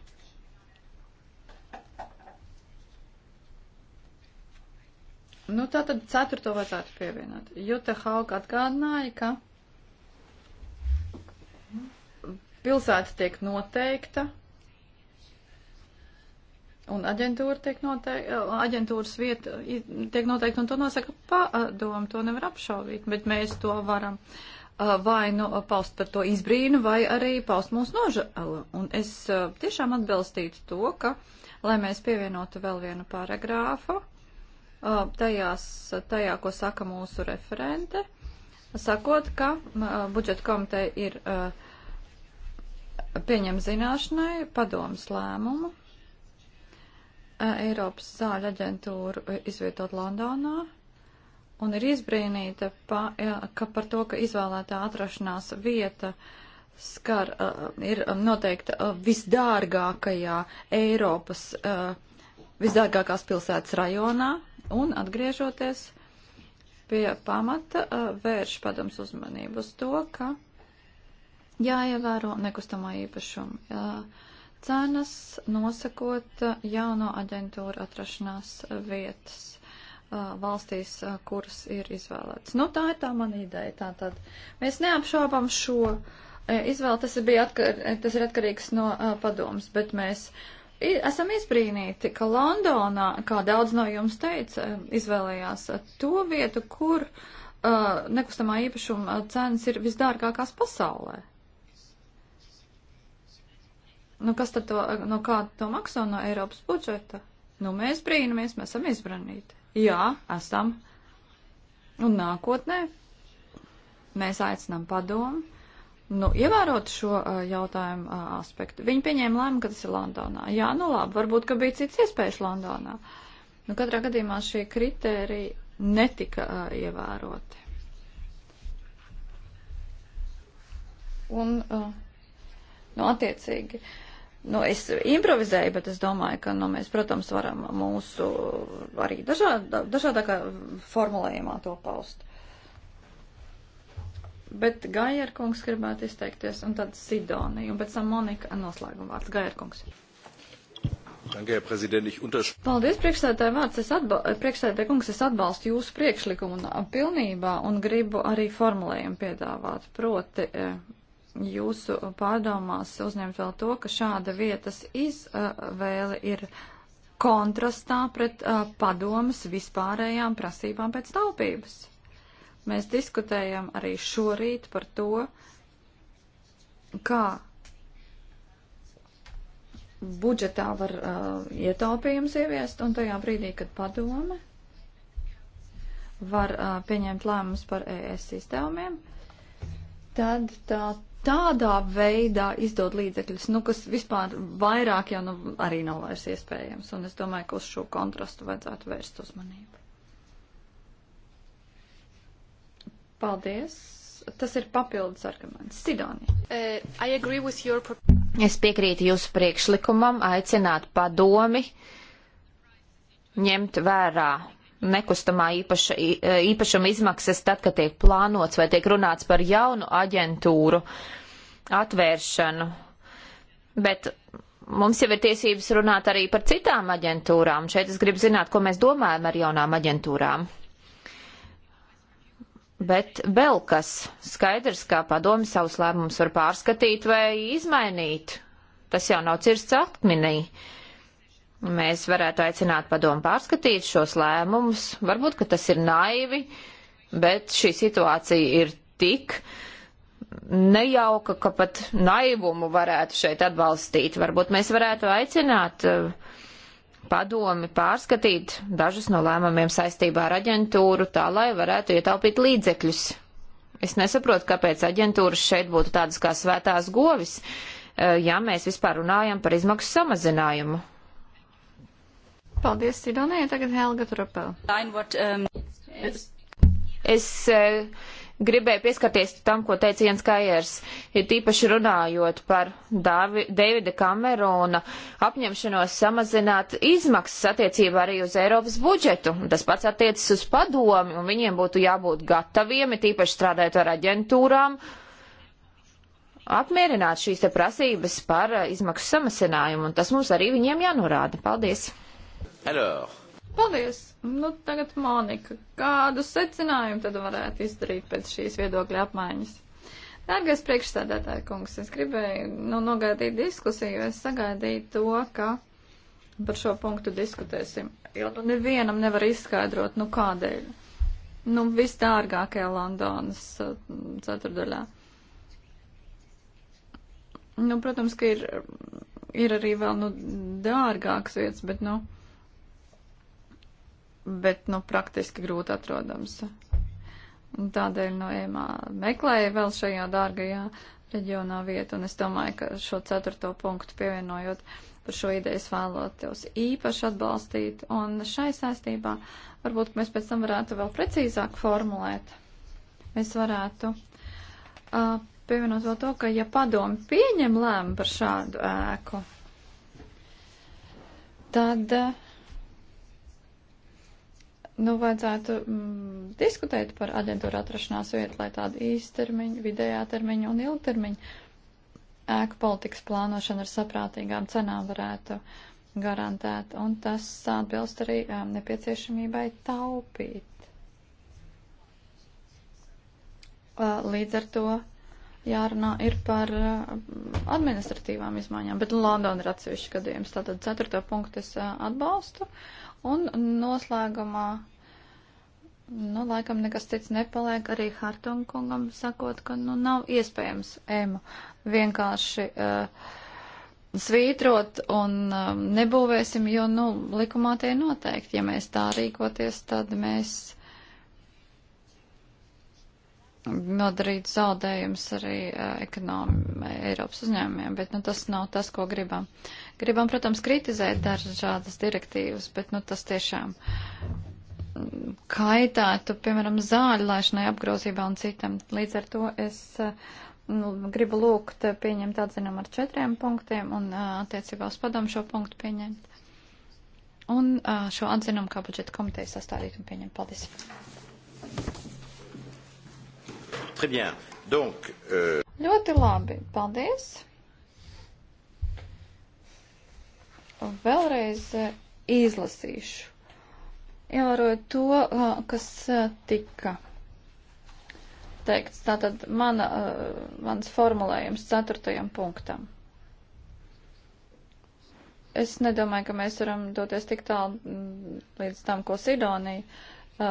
Nu, tā tad ceturto vajadzētu pievienot. Juta Hauka atgādināja, ka pilsēta tiek noteikta Un aģentūra tiek noteikta, eh, aģentūras vieta tiek noteikta, un to nosaka padomu, to nevar apšaubīt, bet mēs to varam eh, vai nu paust par to izbrīnu, vai arī paust mūsu nožēlu. Un es eh, tiešām atbalstītu to, ka, lai mēs pievienotu vēl vienu paragrāfu, tajās, tajā, ko saka mūsu referente, sakot, ka budžeta komiteja ir pieņem zināšanai padomas lēmumu Eiropas zāļu aģentūru e, izvietot Londonā, un ir izbrīnīta pa, e, ka par to, ka izvēlētā atrašanās vieta skar, e, ir noteikti visdārgākajā Eiropas, visdārgākās pilsētas rajonā, un atgriežoties pie pamata, vērš padoms uzmanību uz to, ka jāievēro nekustamā īpašuma. Jā, cenas, nosakot uh, jauno aģentūru atrašanās uh, vietas uh, valstīs, kuras ir izvēlētas. Nu, tā ir tā mana ideja. Tātad mēs neapšaubam šo izvēli, tas ir, atkar, tas ir atkarīgs no padomas, bet mēs esam izbrīnīti, ka Londonā, kā daudz no jums teica, um, izvēlējās to vietu, kur uh, nekustamā īpašuma cenas ir visdārgākās pasaulē. Nu, kas tad to, no kā to maksā no Eiropas budžeta? Nu, mēs brīnamies, mēs esam izbranīti. Jā, esam. Un nākotnē mēs aicinām padomu, nu, ievērot šo uh, jautājumu uh, aspektu. Viņi pieņēma lēmumu, ka tas ir Londonā. Jā, nu labi, varbūt, ka bija cits iespējas Londonā. Nu, katrā gadījumā šie kritēriji netika uh, ievēroti. Un, uh, nu, attiecīgi. Uh, Nu, es improvizēju, bet es domāju, ka nu, mēs, protams, varam mūsu arī dažādā, dažādākā formulējumā to paust. Bet Gajerkungs gribētu izteikties, un tad Sidonija, un pēc tam Monika noslēguma vārds. Gajerkungs. Paldies, priekšsēdētāji vārds. Es priekšsēdētāji kungs, es atbalstu jūsu priekšlikumu un pilnībā un gribu arī formulējumu piedāvāt. Proti, eh, jūsu pārdomās uzņemt vēl to, ka šāda vietas izvēle ir kontrastā pret uh, padomas vispārējām prasībām pēc taupības. Mēs diskutējam arī šorīt par to, kā budžetā var uh, ietaupījums ieviest, un tajā brīdī, kad padome var uh, pieņemt lēmumus par ES izdevumiem, tad tā tādā veidā izdod līdzekļus, nu, kas vispār vairāk jau nu, arī nav vairs iespējams. Un es domāju, ka uz šo kontrastu vajadzētu vērst uzmanību. Paldies. Tas ir papildus arguments. Sidonija. Uh, your... Es piekrītu jūsu priekšlikumam aicināt padomi ņemt vērā nekustamā īpaša, e, īpašuma izmaksas tad, kad tiek plānots vai tiek runāts par jaunu aģentūru atvēršanu. Bet mums jau ir tiesības runāt arī par citām aģentūrām. Šeit es gribu zināt, ko mēs domājam ar jaunām aģentūrām. Bet vēl kas skaidrs, kā padomi savus lēmumus var pārskatīt vai izmainīt. Tas jau nav cirsts akmenī. Uh, Mēs varētu aicināt padomu pārskatīt šos lēmumus. Varbūt, ka tas ir naivi, bet šī situācija ir tik nejauka, ka pat naivumu varētu šeit atbalstīt. Varbūt mēs varētu aicināt eh, padomi pārskatīt dažus no lēmumiem saistībā ar aģentūru, tā lai varētu ietaupīt līdzekļus. Es nesaprotu, kāpēc aģentūras šeit būtu tādas kā svētās govis, eh, ja mēs vispār runājam par izmaksu samazinājumu Paldies, Sidonija. Tagad Helga Trupel. Um, es, es eh, gribēju pieskarties tam, ko teica Jens Kajers, ir tīpaši runājot par Davi, Davida Kamerona apņemšanos samazināt izmaksas attiecībā arī uz Eiropas budžetu. Tas pats attiecas uz padomi, un viņiem būtu jābūt gataviem, ir tīpaši strādājot ar aģentūrām, apmierināt šīs te prasības par eh, izmaksu samazinājumu, un tas mums arī viņiem jānorāda. Paldies! Alors. Paldies! Nu, tagad Monika, kādu secinājumu tad varētu izdarīt pēc šīs viedokļa apmaiņas? Dārgais priekšsēdētāji kungs, es gribēju nu, nogaidīt diskusiju, jo es sagaidīju to, ka par šo punktu diskutēsim. Jo nu nevienam nevar izskaidrot, nu kādēļ. Nu, visdārgākajā Londonas uh, ceturdaļā. Nu, protams, ka ir, ir arī vēl, nu, dārgāks vietas, bet, nu. No, bet, nu, praktiski grūti atrodams. Un tādēļ, nu, Ēmā meklēja vēl šajā dārgajā reģionā vietu, un es domāju, ka šo ceturto punktu pievienojot par šo ideju es vēlotos īpaši atbalstīt, un šai saistībā varbūt mēs pēc tam varētu vēl precīzāk formulēt. Mēs varētu uh, pievienot vēl to, ka ja padomi pieņem lēmu par šādu ēku, tad. Uh, Nu, vajadzētu mm, diskutēt par aģentūru atrašanās vietu, lai tāda īstermiņa, vidējā termiņa un ilgtermiņa ēku politikas plānošana ar saprātīgām cenām varētu garantēt, un tas atbilst arī um, nepieciešamībai taupīt. Uh, līdz ar to jārunā ir par uh, administratīvām izmaiņām, bet Londona ir atsevišķi gadījums. Tātad ceturto punktu es uh, atbalstu, un noslēgumā nu, laikam nekas cits nepaliek. Arī Hartungam sakot, ka nu, nav iespējams ēmu vienkārši uh, svītrot un um, nebūvēsim, jo nu, likumā tie noteikti. Ja mēs tā rīkoties, tad mēs nodarītu zaudējumus arī uh, ekonomi, Eiropas uzņēmumiem, bet nu, tas nav tas, ko gribam. Gribam, protams, kritizēt dažādas direktīvas, bet nu, tas tiešām kaitētu, piemēram, zāļu laišanai apgrozībā un citam. Līdz ar to es eh, nu, gribu lūgt eh, pieņemt atzinumu ar četriem punktiem un eh, attiecībā uz padomu šo punktu pieņemt. Un šo atzinumu kā budžeta komiteja sastādīt un pieņemt. Paldies. Très bien. Donc, euh... Ļoti labi. Paldies. Vēlreiz izlasīšu ievēroju to, kas tika teikts. Tātad mana, mans formulējums ceturtajam punktam. Es nedomāju, ka mēs varam doties tik tālu mm, līdz tam, ko Sidonija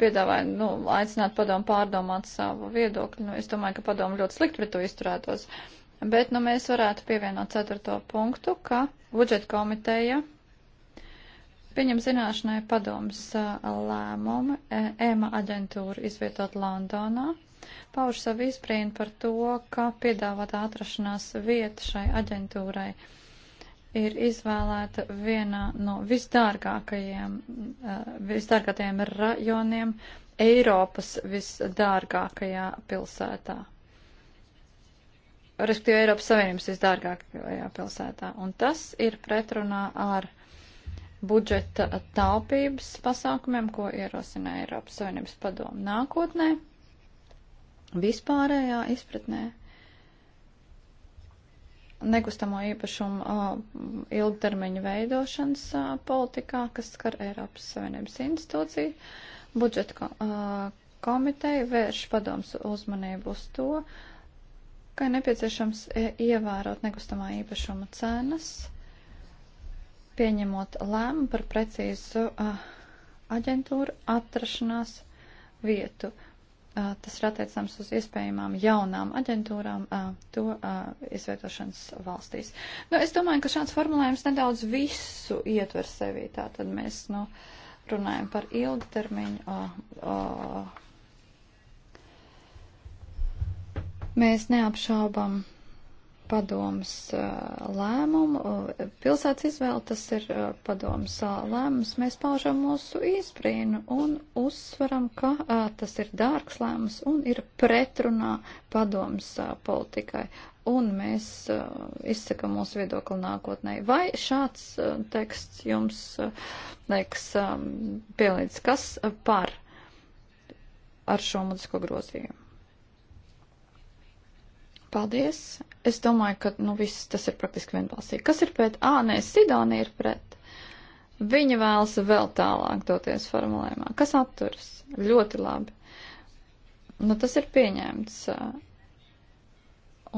piedāvāja, nu, aicināt padomu pārdomāt savu viedokli. Nu, es domāju, ka padomu ļoti slikti pret to izturētos. Bet, nu, mēs varētu pievienot ceturto punktu, ka budžeta komiteja Pieņem zināšanai padomas lēmumu EMA aģentūru izvietot Londonā. Pauž savu izbrīnu par to, ka piedāvāta atrašanās vieta šai aģentūrai ir izvēlēta vienā no visdārgākajiem, visdārgākajiem rajoniem Eiropas visdārgākajā pilsētā. Respektīvi Eiropas Savienības visdārgākajā pilsētā. Un tas ir pretrunā ar budžeta taupības pasākumiem, ko ierosina Eiropas Savienības padomu nākotnē, vispārējā izpratnē, nekustamo īpašumu uh, ilgtermiņu veidošanas uh, politikā, kas skar Eiropas Savienības institūciju, budžeta uh, komiteja vērš padoms uzmanību uz to, ka ir nepieciešams e, ievērot nekustamā īpašuma cenas pieņemot lēmumu par precīzu uh, aģentūru atrašanās vietu. Uh, tas ir attiecams uz iespējamām jaunām aģentūrām uh, to izvietošanas valstīs. Nu, es domāju, ka šāds formulējums nedaudz visu ietver sevī. Tātad mēs nu, runājam par ilgtermiņu. Mēs neapšaubam padomas lēmumu, pilsētas izvēle, tas ir padomas lēmums. Mēs paužam mūsu izbrīnu un uzsveram, ka tas ir dārgs lēmums un ir pretrunā padomas politikai. Un mēs izsakam mūsu viedokli nākotnē. Vai šāds teksts jums liekas pielīdz kas par ar šo muziko grozījumu? Paldies. Es domāju, ka nu, viss tas ir praktiski vienbalsīgi. Kas ir pret? Ā, nē, Sidonija ir pret. Viņa vēlas vēl tālāk doties formulējumā. Kas atturas? Ļoti labi. Nu, tas ir pieņemts.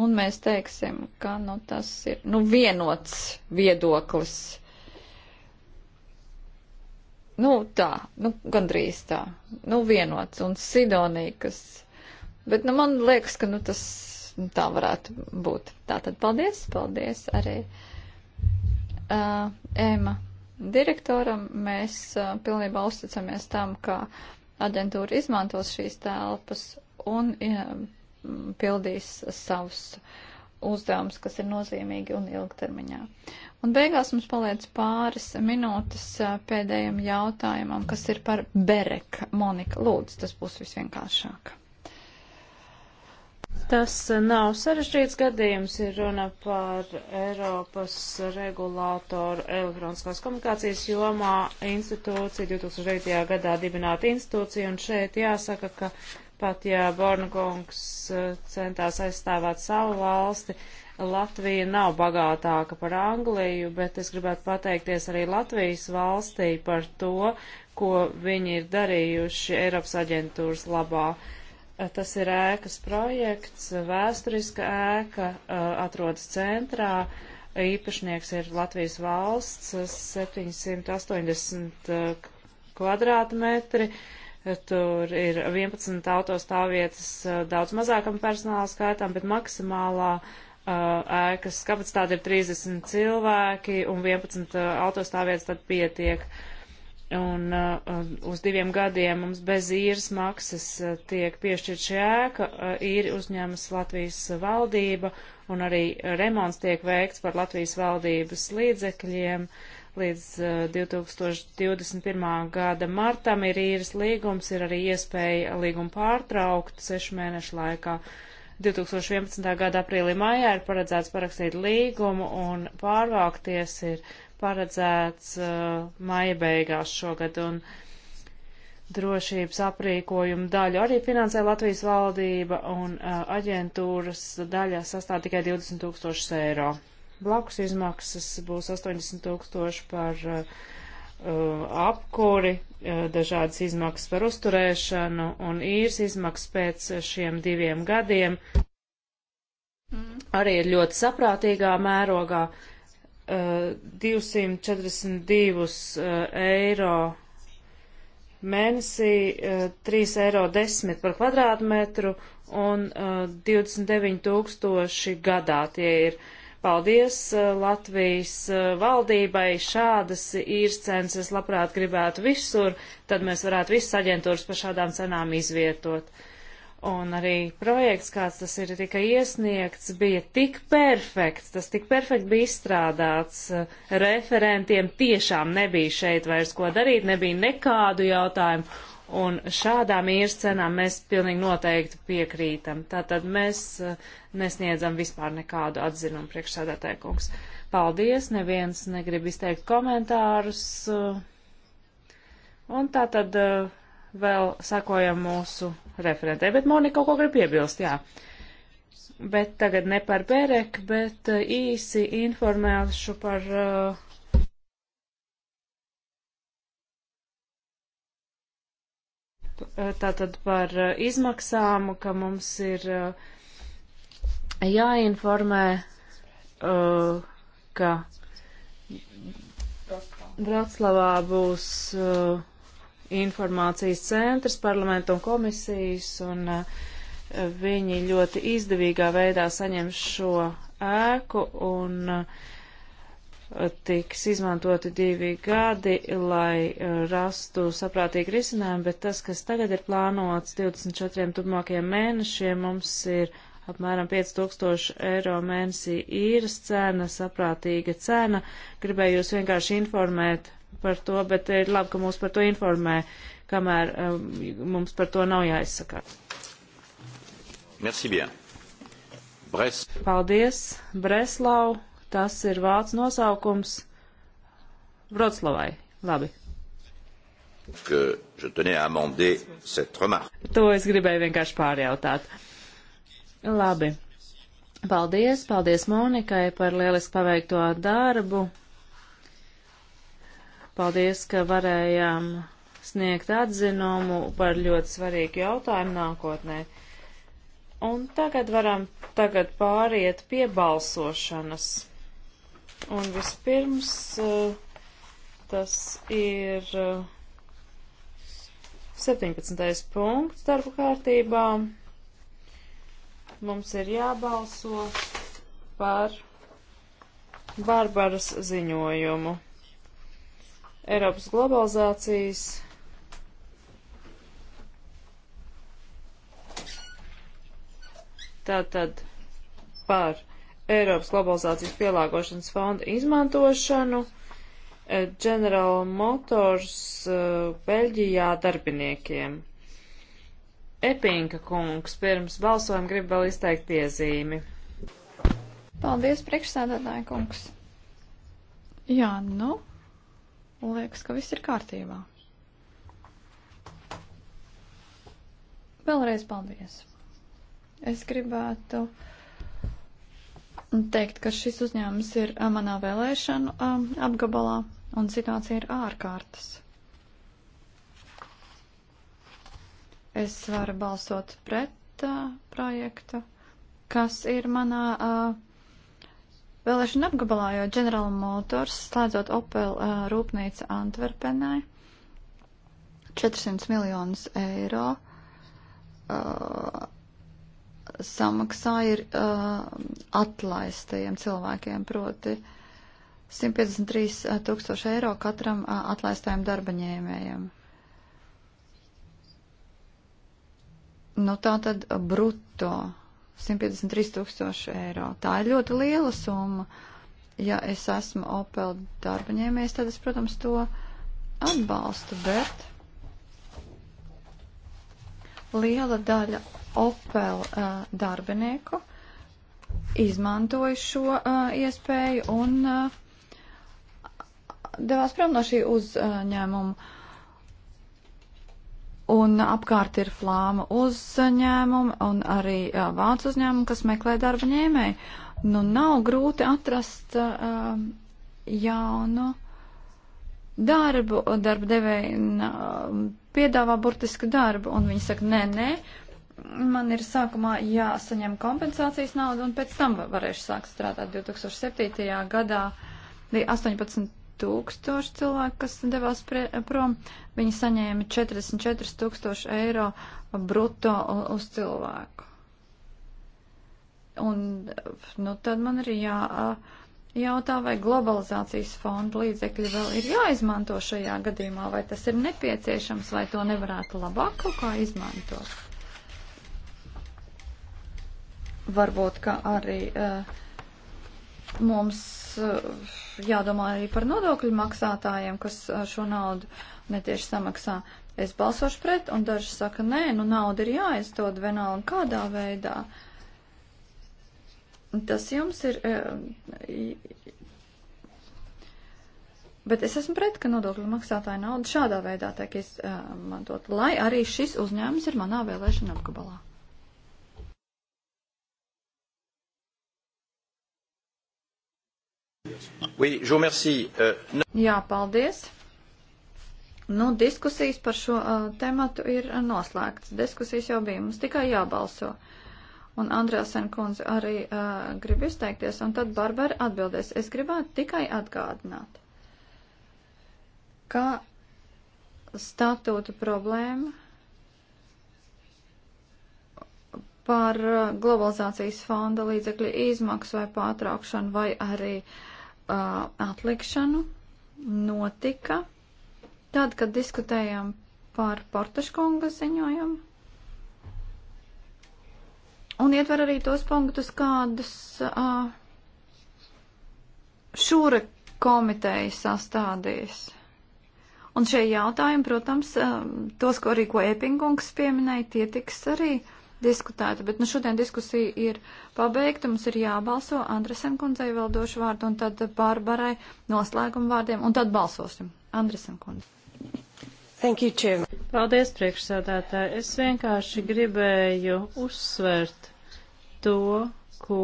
Un mēs teiksim, ka nu, tas ir nu, vienots viedoklis. Nu, tā, nu, gandrīz tā. Nu, vienots un Sidonija, kas. Bet nu, man liekas, ka nu, tas tā varētu būt. Tātad paldies, paldies arī uh, Ēma direktoram. Mēs uh, pilnībā uzticamies tam, ka aģentūra izmantos šīs telpas un uh, pildīs savus uzdevumus, kas ir nozīmīgi un ilgtermiņā. Un beigās mums paliec pāris minūtes pēdējiem jautājumam, kas ir par Berek. Monika, lūdzu, tas būs visvienkāršāk. Tas nav sarežģīts gadījums, ir runa par Eiropas regulātoru elektroniskās komunikācijas jomā institūciju, 2009. gadā dibināta institūcija, un šeit jāsaka, ka pat ja Bornkungs eh, centās aizstāvēt savu valsti, Latvija nav bagātāka par Angliju, bet es gribētu pateikties arī Latvijas valstī par to, ko viņi ir darījuši Eiropas aģentūras labā. Uh, Tas ir ēkas projekts, vēsturiska ēka, atrodas centrā. Īpašnieks ir Latvijas valsts 780 kvadrātmetri. Tur ir 11 autostāvvietas daudz mazākam personāla skaitam, bet maksimālā ēkas kapacitāte ir 30 cilvēki un 11 autostāvvietas tad pietiek. Uh, Un uh, uz diviem gadiem mums bez īres maksas uh, tiek piešķirt šī ēka, uh, ir uzņēmas Latvijas valdība, un arī remonts tiek veikts par Latvijas valdības līdzekļiem. Līdz uh, 2021. gada martam ir īres līgums, ir arī iespēja līgumu pārtraukt sešu mēnešu laikā. 2011. gada aprīlī mājā ir paredzēts parakstīt līgumu un pārvākties ir paredzēts uh, maija beigās šogad, un drošības aprīkojumu daļu arī finansē Latvijas valdība, un uh, aģentūras daļa sastāv tikai 20 tūkstošus eiro. Blakus izmaksas būs 80 tūkstoši par uh, uh apkuri, dažādas izmaksas par uzturēšanu un īres izmaksas pēc šiem diviem gadiem mm. arī ir ļoti saprātīgā mērogā. Uh, 242 eh, eiro mēnesī, 3,10 eh, eiro par kvadrātmetru un 29 eh, tūkstoši gadā tie ir. Paldies Latvijas valdībai, šādas īrcenas es labprāt gribētu visur, tad mēs varētu visas aģentūras par šādām cenām izvietot. Un arī projekts, kāds tas ir tika iesniegts, bija tik perfekts, tas tik perfekti bija izstrādāts. Referentiem tiešām nebija šeit vairs ko darīt, nebija nekādu jautājumu. Un šādām īrscenām mēs pilnīgi noteikti piekrītam. Tātad mēs eh, nesniedzam vispār nekādu atzinumu priekšsādātāju kungs. Paldies, neviens negrib izteikt komentārus. Un tātad. Uh, vēl sakojam mūsu referentē, bet Monika kaut ko grib piebilst, jā. Bet tagad ne par Berek, bet uh, īsi informēšu par uh, tātad par uh, izmaksām, ka mums ir uh, jāinformē, ka Bratislavā būs informācijas centrs parlamentu un komisijas, un eh, viņi ļoti izdevīgā veidā saņem šo ēku, un eh, tiks izmantoti divi gadi, lai eh, rastu saprātīgi risinājumu, bet tas, kas tagad ir plānots 24 turpmākajiem mēnešiem, mums ir apmēram 5000 eiro mēnesī īras cena, saprātīga cena. Gribēju jūs vienkārši informēt par to, bet ir labi, ka mūs par to informē, kamēr um, mums par to nav jāizsaka. Merci bien. Bres. Paldies, Breslau. Tas ir vācu nosaukums Vroclavai. Labi. To es gribēju vienkārši pārjautāt. Labi. Paldies, paldies Monikai par lieliski paveikto darbu. Paldies, ka varējām sniegt atzinumu par ļoti svarīgu jautājumu nākotnē. Un tagad varam tagad pāriet pie balsošanas. Un vispirms eh, tas ir 17. Eh, punkts darba kārtībā. Mums ir jābalso par Barbaras ziņojumu. Eiropas globalizācijas tātad par Eiropas globalizācijas pielāgošanas fonda izmantošanu eh, General Motors eh, Beļģijā darbiniekiem. Epinka kungs pirms balsojuma grib vēl izteikt iezīmi. Paldies, priekšsēdētāji kungs. Jā, nu, Un liekas, ka viss ir kārtībā. Vēlreiz paldies. Es gribētu teikt, ka šis uzņēmums ir manā vēlēšanu apgabalā un situācija ir ārkārtas. Es varu balsot pret uh, projektu, kas ir manā uh, vēlēšana apgabalā, jo General Motors, slēdzot Opel uh, rūpnīca Antverpenē, 400 miljonus eiro uh, samaksāja ir uh, atlaistajiem cilvēkiem, proti 153 tūkstoši eiro katram uh, atlaistajam darbaņēmējam. Nu tā tad bruto 153 tūkstoši eiro. Tā ir ļoti liela summa. Ja es esmu Opel darbaņēmējs, tad es, protams, to atbalstu, bet liela daļa Opel uh, darbinieku izmantoja šo uh, iespēju un uh, devās prom no šī uzņēmuma. Uh, Un apkārt ir flāma uzņēmumi un arī uh, vācu uzņēmumi, kas meklē darba ņēmēju. Nu, nav grūti atrast uh, jaunu darbu, darba devēja piedāvā burtiski darbu, un viņi saka, nē, nē, man ir sākumā jāsaņem kompensācijas nauda, un pēc tam varēšu sākt strādāt 2007. gadā. 18 tūkstoši cilvēku, kas devās prie, prom. Viņi saņēma 44 tūkstoši eiro bruto uz cilvēku. Un nu, tad man ir jā, jautā, vai globalizācijas fonda līdzekļi vēl ir jāizmanto šajā gadījumā, vai tas ir nepieciešams, vai to nevarētu labāk kaut kā izmantot. Varbūt, ka arī uh, mums jādomā arī par nodokļu maksātājiem, kas uh, šo naudu netieši samaksā. Es balsošu pret, un daži saka, nē, nu nauda ir jāizdod vienalga kādā veidā. Tas jums ir. Uh, bet es esmu pret, ka nodokļu maksātāja nauda šādā veidā tiek izmantot, uh, lai arī šis uzņēmums ir manā vēlēšana apgabalā. Oui, je vous remercie. Uh, Jā, paldies. Nu, diskusijas par šo uh, tematu ir noslēgts. Diskusijas jau bija, mums tikai jābalso. Un Andrēsen kundze arī uh, grib izteikties, un tad Barbara atbildēs. Es gribētu tikai atgādināt, ka statūta problēma par uh, globalizācijas fonda līdzekļu izmaksu vai pārtraukšanu vai arī uh, uh, atlikšanu notika tad, kad diskutējām par Portaškonga ziņojumu. Un ietver arī tos punktus, kādus uh, šūra komiteja sastādīs. Un šie jautājumi, protams, uh, tos, ko arī ko Epingungs pieminēja, tie tiks arī uh, diskutētu, bet nu šodien diskusija ir pabeigta, mums ir jābalso, Andresen kundzei vēl došu vārdu un tad Bārbarai noslēguma vārdiem un tad balsosim. Andresen kundze. Thank you, Chair. Paldies, priekšsēdētāji. Es vienkārši gribēju uzsvērt to, ko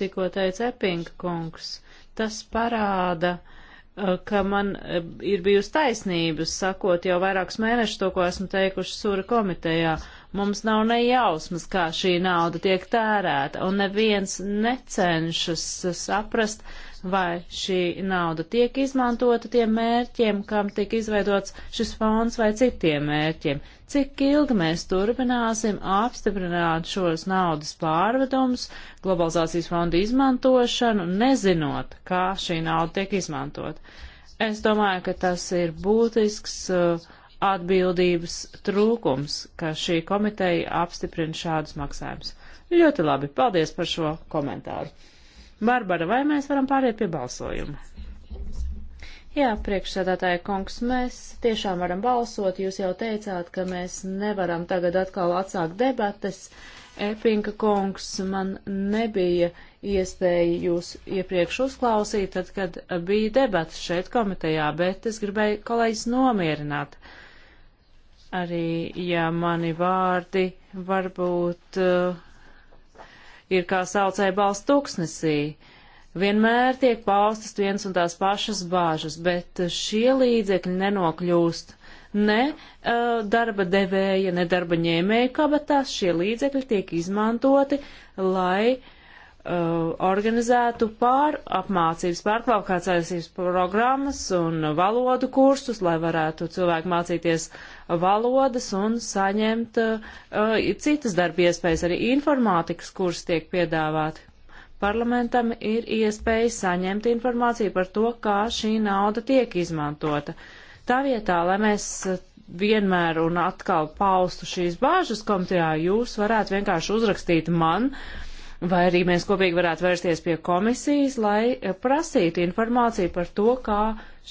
tikko teica Epinga kungs. Tas parāda, uh, ka man uh, ir bijusi taisnības sakot jau vairākus mēnešus to, ko esmu teikuši Sura komitejā. Mums nav ne jausmas, kā šī nauda tiek tērēta, un neviens necenšas saprast, vai šī nauda tiek izmantota tiem mērķiem, kam tika izveidots šis fonds vai citiem mērķiem. Cik ilgi mēs turpināsim apstiprināt šos naudas pārvedumus, globalizācijas fonda izmantošanu, nezinot, kā šī nauda tiek izmantot. Es domāju, ka tas ir būtisks uh, atbildības trūkums, ka šī komiteja apstiprina šādus maksājumus. Ļoti labi, paldies par šo komentāru. Barbara, vai mēs varam pāriet pie balsojuma? Jā, priekšsēdētāja kungs, mēs tiešām varam balsot. Jūs jau teicāt, ka mēs nevaram tagad atkal atsākt debates. Epinka kungs, man nebija iespēja jūs iepriekš uzklausīt, tad, kad bija debats šeit komitejā, bet es gribēju kolēģis nomierināt. Uh, Arī, ja mani vārdi varbūt uh, ir kā saucēja balsts tūkstnesī, vienmēr tiek paustas viens un tās pašas bāžas, bet šie līdzekļi nenokļūst ne uh, darba devēja, ne darba ņēmēja kabatās, šie līdzekļi tiek izmantoti, lai uh, Uh, organizētu pārapmācības, pārkvalifikācijas programmas un valodu kursus, lai varētu cilvēki mācīties valodas un saņemt uh, citas darba iespējas. Arī informātikas kursi tiek piedāvāti. Parlamentam ir iespēja saņemt informāciju par to, kā šī nauda tiek izmantota. Tā vietā, lai mēs uh, vienmēr un atkal paustu šīs bāžas komitejā, jūs varētu vienkārši uzrakstīt man, uh, vai arī mēs kopīgi varētu vērsties pie komisijas, lai prasītu informāciju par to, kā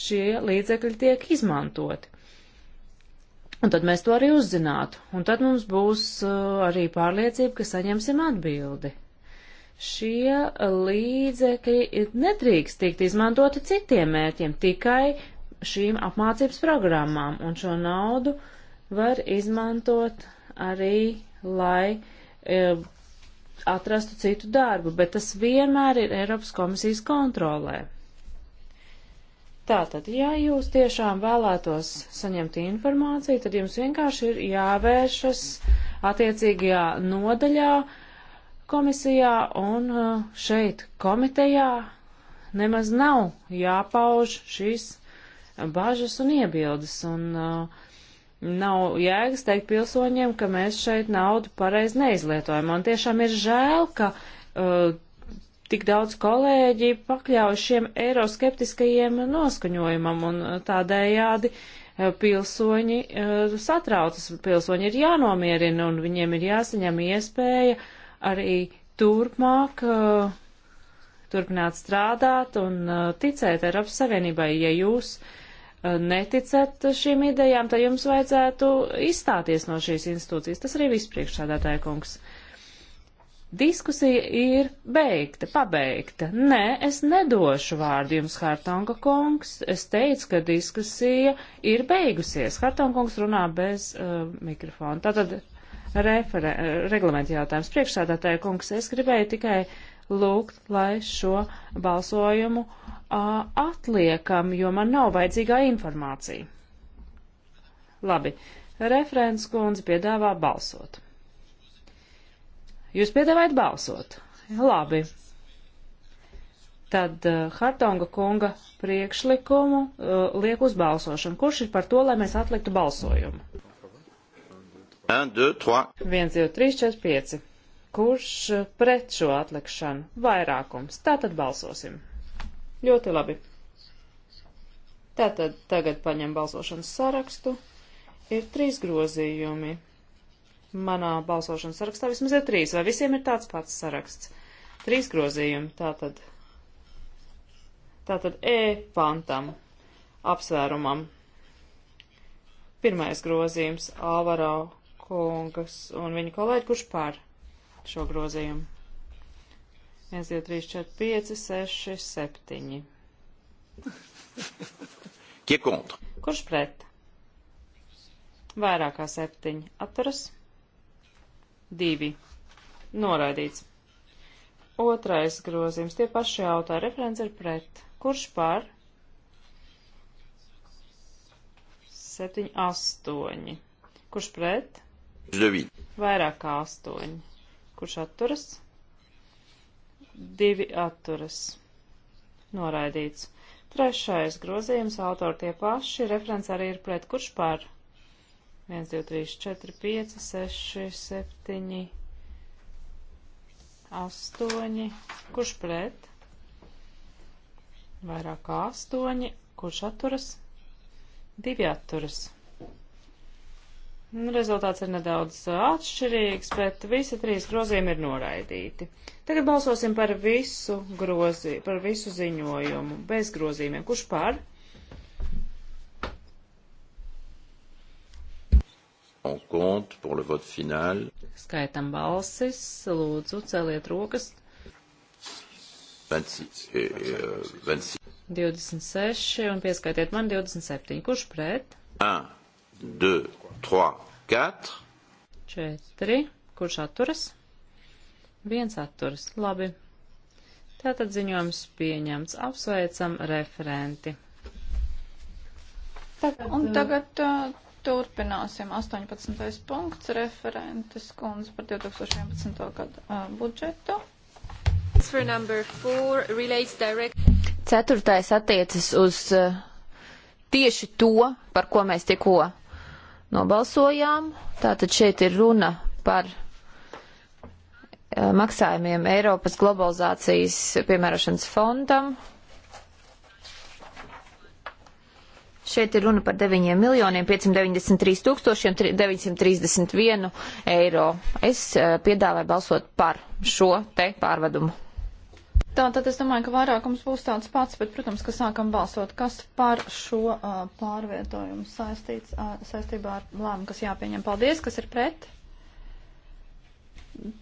šie līdzekļi tiek izmantoti. Un tad mēs to arī uzzinātu, un tad mums būs uh, arī pārliecība, ka saņemsim atbildi. Šie līdzekļi nedrīkst tikt izmantoti citiem mērķiem, tikai šīm apmācības programmām, un šo naudu var izmantot arī, lai eh, atrastu citu darbu, bet tas vienmēr ir Eiropas komisijas kontrolē. Tātad, ja jūs tiešām vēlētos saņemt informāciju, tad jums vienkārši ir jāvēršas attiecīgajā nodaļā komisijā un uh, šeit komitejā nemaz nav jāpauž šīs bažas un iebildes. Un, uh, nav jēgas teikt pilsoņiem, ka mēs šeit naudu pareizi neizlietojam. Un tiešām ir žēl, ka uh, tik daudz kolēģi pakļauj šiem eiroskeptiskajiem noskaņojumam un tādējādi uh, pilsoņi uh, satraucas. Pilsoņi ir jānomierina un viņiem ir jāsaņem iespēja arī turpmāk uh, turpināt strādāt un uh, ticēt Eiropas Savienībai, ja jūs uh, neticat šīm idejām, tad jums vajadzētu izstāties no šīs institūcijas. Tas arī viss priekšsādātāja kungs. Diskusija ir beigta, pabeigta. Nē, es nedošu vārdu jums, Hartonga kungs. Es teicu, ka diskusija ir beigusies. Hartonga kungs runā bez uh, mikrofona. Tātad refere, uh, reglamenta jautājums. Priekšsādātāja kungs, es gribēju tikai lūgt, lai šo balsojumu uh, atliekam, jo man nav vajadzīgā informācija. Labi, referents kundze piedāvā balsot. Jūs piedāvājat balsot. Labi. Tad uh, Hartonga kunga priekšlikumu uh, liek uz balsošanu. Kurš ir par to, lai mēs atliktu balsojumu? 1, 2, 3, 4, 5. Kurš uh, pret šo atlikšanu? Vairākums. Tātad balsosim. Ļoti labi. Tātad tagad paņem balsošanas sarakstu. Ir trīs grozījumi. Manā balsošanas sarakstā vismaz ir trīs, vai visiem ir tāds pats saraksts. Trīs grozījumi, tātad. Tātad E pantam, apsvērumam. Pirmais grozījums Āvarau kungas un viņa kolēģi, kurš pār šo grozījumu. 1, 2, 3, 4, 5, 6, 7. Kurš pret? Vairāk kā 7. Atturas. 2. Noraidīts. Otrais grozījums. Tie paši jautā. Referents ir pret. Kurš par? 7, 8. Kurš pret? 9. Vairāk kā 8. Kurš atturas? 9 divi atturas. Noraidīts. Trešais grozījums, autori tie paši, referents arī ir pret kurš par? 1, 2, 3, 4, 5, 6, 7, 8, kurš pret? Vairāk kā 8, kurš atturas? Divi atturas. Nu, rezultāts ir nedaudz uh, atšķirīgs, bet visi trīs grozījumi ir noraidīti. Tagad balsosim par visu grozi, par visu ziņojumu, bez grozījumiem. Kurš par? On compte pour le vote final. Skaitam balsis, lūdzu, celiet rokas. 26, euh, 26. 26 un pieskaitiet man 27. Kurš pret? 1, 2, 3, 4. 4. Kurš atturas? Viens atturas. Labi. Tātad ziņojums pieņemts. Apsveicam referenti. Tagad, un tagad uh, turpināsim 18. punkts referentes kundze par 2011. gadu uh, budžetu. Ceturtais attiecas uz uh, tieši to, par ko mēs tikko nobalsojām. Tātad šeit ir runa par eh, maksājumiem Eiropas globalizācijas piemērošanas fondam. Šeit ir runa par 9 miljoniem 593 tūkstošiem 931 eiro. Es eh, piedāvāju balsot par šo te pārvedumu. Tātad es domāju, ka vairākums būs tāds pats, bet, protams, ka sākam balsot, kas par šo uh, pārvietojumu saistīts, uh, saistībā ar lēmumu, kas jāpieņem. Paldies, kas ir pret.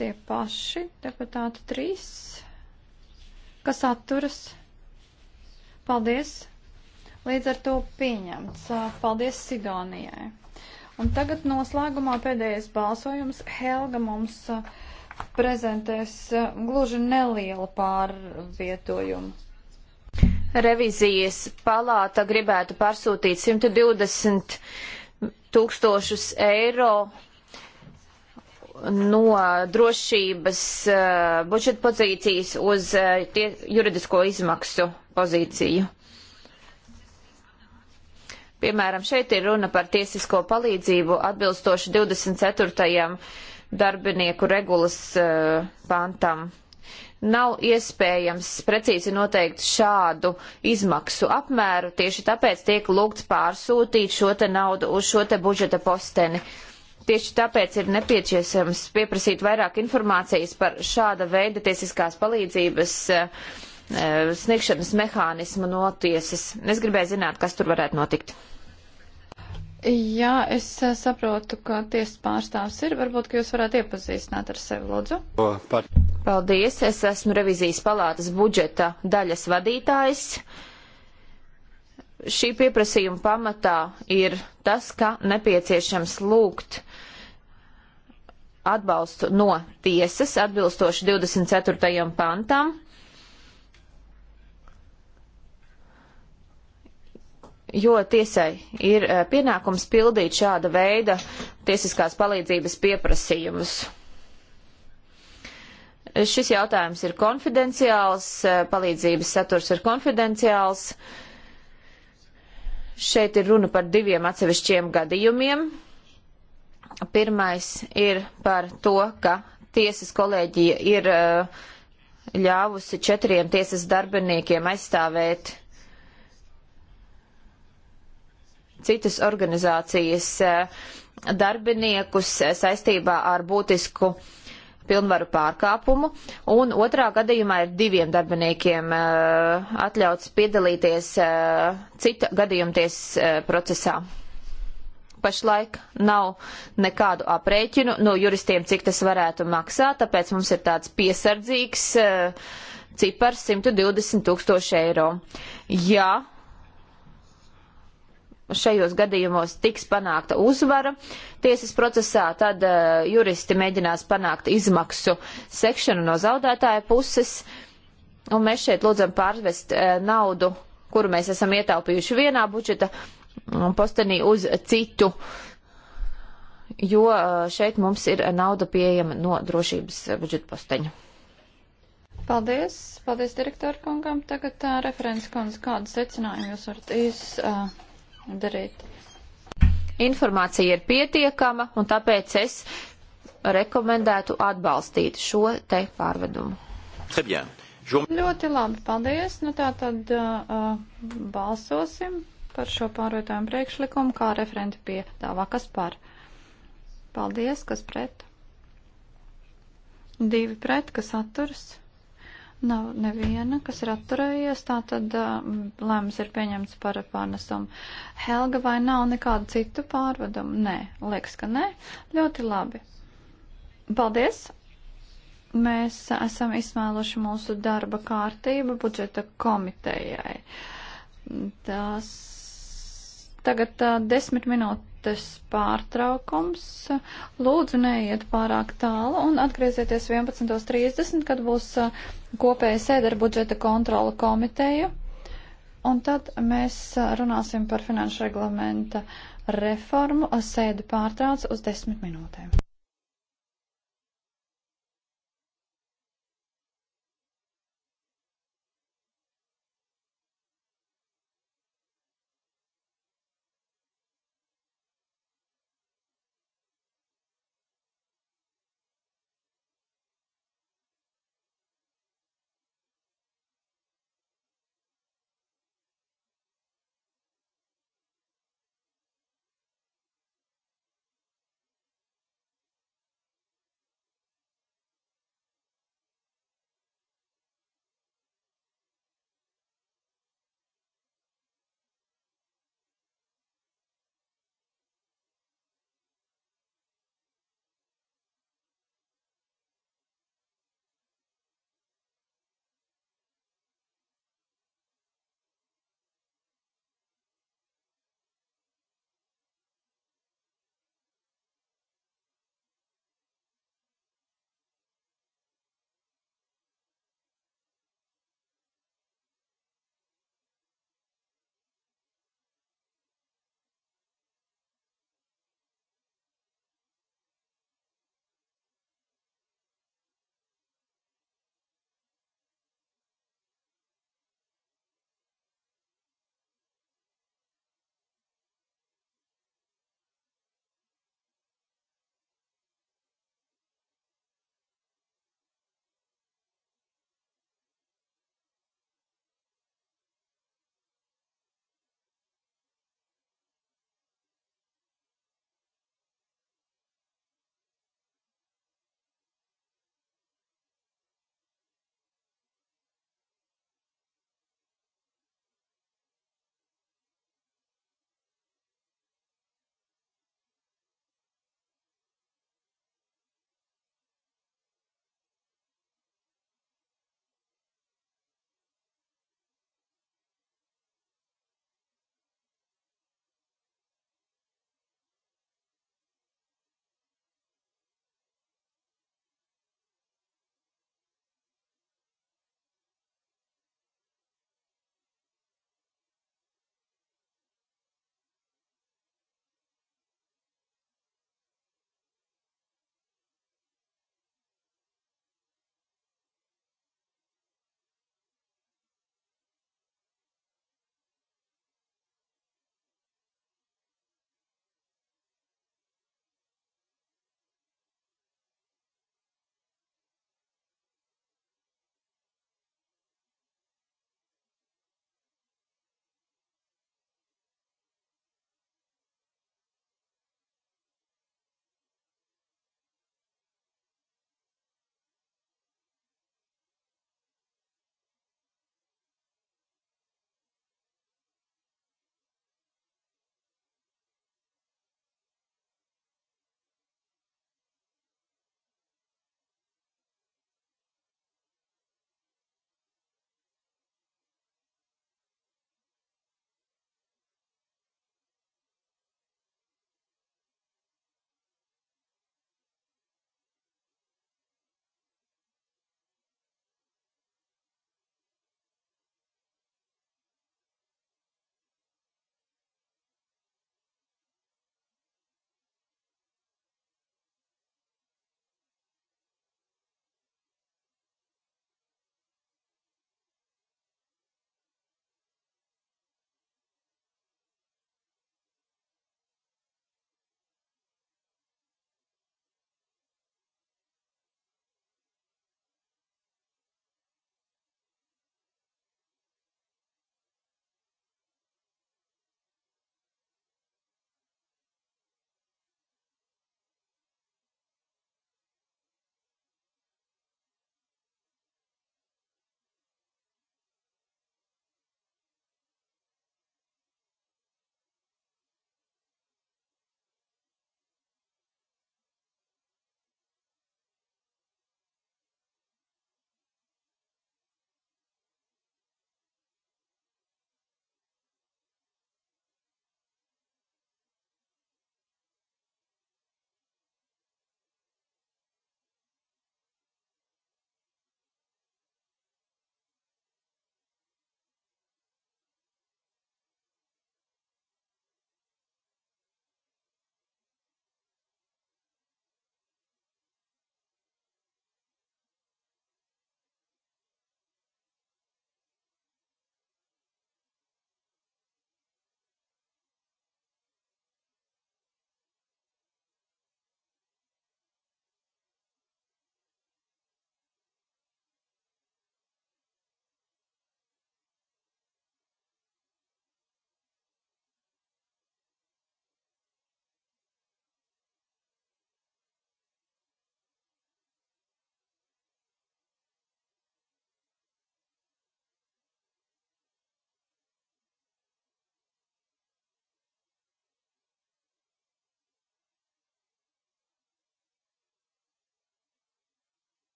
Tie paši deputāti trīs. Kas atturas? Paldies. Līdz ar to pieņemts. Uh, paldies Sidonijai. Un tagad noslēgumā pēdējais balsojums. Helga mums. Uh, prezentēs eh, gluži nelielu pārvietojumu. Revizijas palāta gribētu pārsūtīt 120 tūkstošus eiro no drošības uh, budžeta pozīcijas uz uh, tie, juridisko izmaksu pozīciju. Piemēram, šeit ir runa par tiesisko palīdzību atbilstoši 24 darbinieku regulas uh, pantam. Nav iespējams precīzi noteikt šādu izmaksu apmēru, tieši tāpēc tiek lūgts pārsūtīt šo te naudu uz šo te budžeta posteni. Tieši tāpēc ir nepieciešams pieprasīt vairāk informācijas par šāda veida tiesiskās palīdzības uh, sniegšanas mehānismu no tiesas. Es gribēju zināt, kas tur varētu notikt. Jā, es eh, saprotu, ka tiesas pārstāvs ir. Varbūt, ka jūs varētu iepazīstināt ar sevi, lūdzu. Paldies, es esmu revizijas palātas budžeta daļas vadītājs. Šī pieprasījuma pamatā ir tas, ka nepieciešams lūgt atbalstu no tiesas atbilstoši 24. pantam jo tiesai ir eh, pienākums pildīt šāda veida tiesiskās palīdzības pieprasījumus. Šis jautājums ir konfidenciāls, eh, palīdzības saturs ir konfidenciāls. Šeit ir runa par diviem atsevišķiem gadījumiem. Pirmais ir par to, ka tiesas kolēģija ir eh, ļāvusi četriem tiesas darbiniekiem aizstāvēt citas organizācijas eh, darbiniekus eh, saistībā ar būtisku pilnvaru pārkāpumu, un otrā gadījumā ir diviem darbiniekiem eh, atļauts piedalīties cita gadījuma tiesas procesā. Pašlaik nav nekādu aprēķinu no juristiem, cik tas varētu maksāt, tāpēc mums ir tāds piesardzīgs cipars 120 tūkstoši eiro. Ja šajos gadījumos tiks panākta uzvara tiesas procesā, tad uh, juristi mēģinās panākt izmaksu sekšanu no zaudētāja puses, un mēs šeit lūdzam pārvest uh, naudu, kuru mēs esam ietaupījuši vienā budžeta mm, postenī uz citu, jo uh, šeit mums ir nauda pieejama no drošības budžeta posteņa. Paldies, paldies direktoru kungam. Tagad uh, referents kundze, kādu secinājumu jūs varat iz. Uh darīt. Informācija ir pietiekama, un tāpēc es rekomendētu atbalstīt šo te pārvedumu. Ļoti labi, paldies. Nu tā tad uh, uh, balsosim par šo pārvietojumu priekšlikumu, kā referenti piedāvā, kas par. Paldies, kas pret. Divi pret, kas atturas. Nav neviena, kas ir atturējies, tā tad lēmums ir pieņemts par pārnesumu. Helga, vai nav nekādu citu pārvedumu? Nē, liekas, ka nē. Ļoti labi. Paldies! Mēs esam izsmēluši mūsu darba kārtību budžeta komitejai. Tas tagad uh, desmit minūtes minūtes pārtraukums. Lūdzu, neiet pārāk tālu un atgriezieties 11.30, kad būs uh, kopēja sēde ar budžeta kontrola komiteju. Un tad mēs uh, runāsim par finanšu reglamenta reformu. Sēdi pārtrauc uz 10 minūtēm.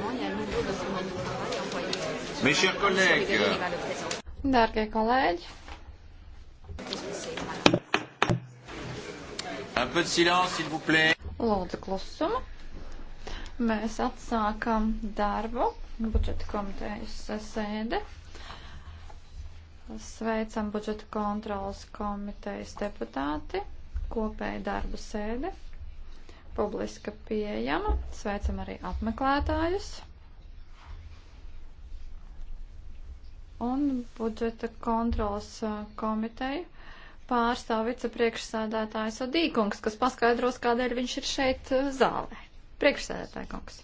apparemment, il y a un logo de son année de travail envoyé. Euh, Mes chers collègues. Dārgie kolēģi. Un peu de silence, s'il vous plaît. Lūdzu klusumu. Mēs atsākam darbu budžeta komitejas sēdi. Sveicam budžeta kontrolas komitejas deputāti kopēja darba sēdi publiska pieejama. Sveicam arī apmeklētājus. Un budžeta kontrolas uh, komiteju pārstāv vicepriekšsēdētājs Odīkungs, kas paskaidros, kādēļ viņš ir šeit uh, zālē. Priekšsēdētāja kungs.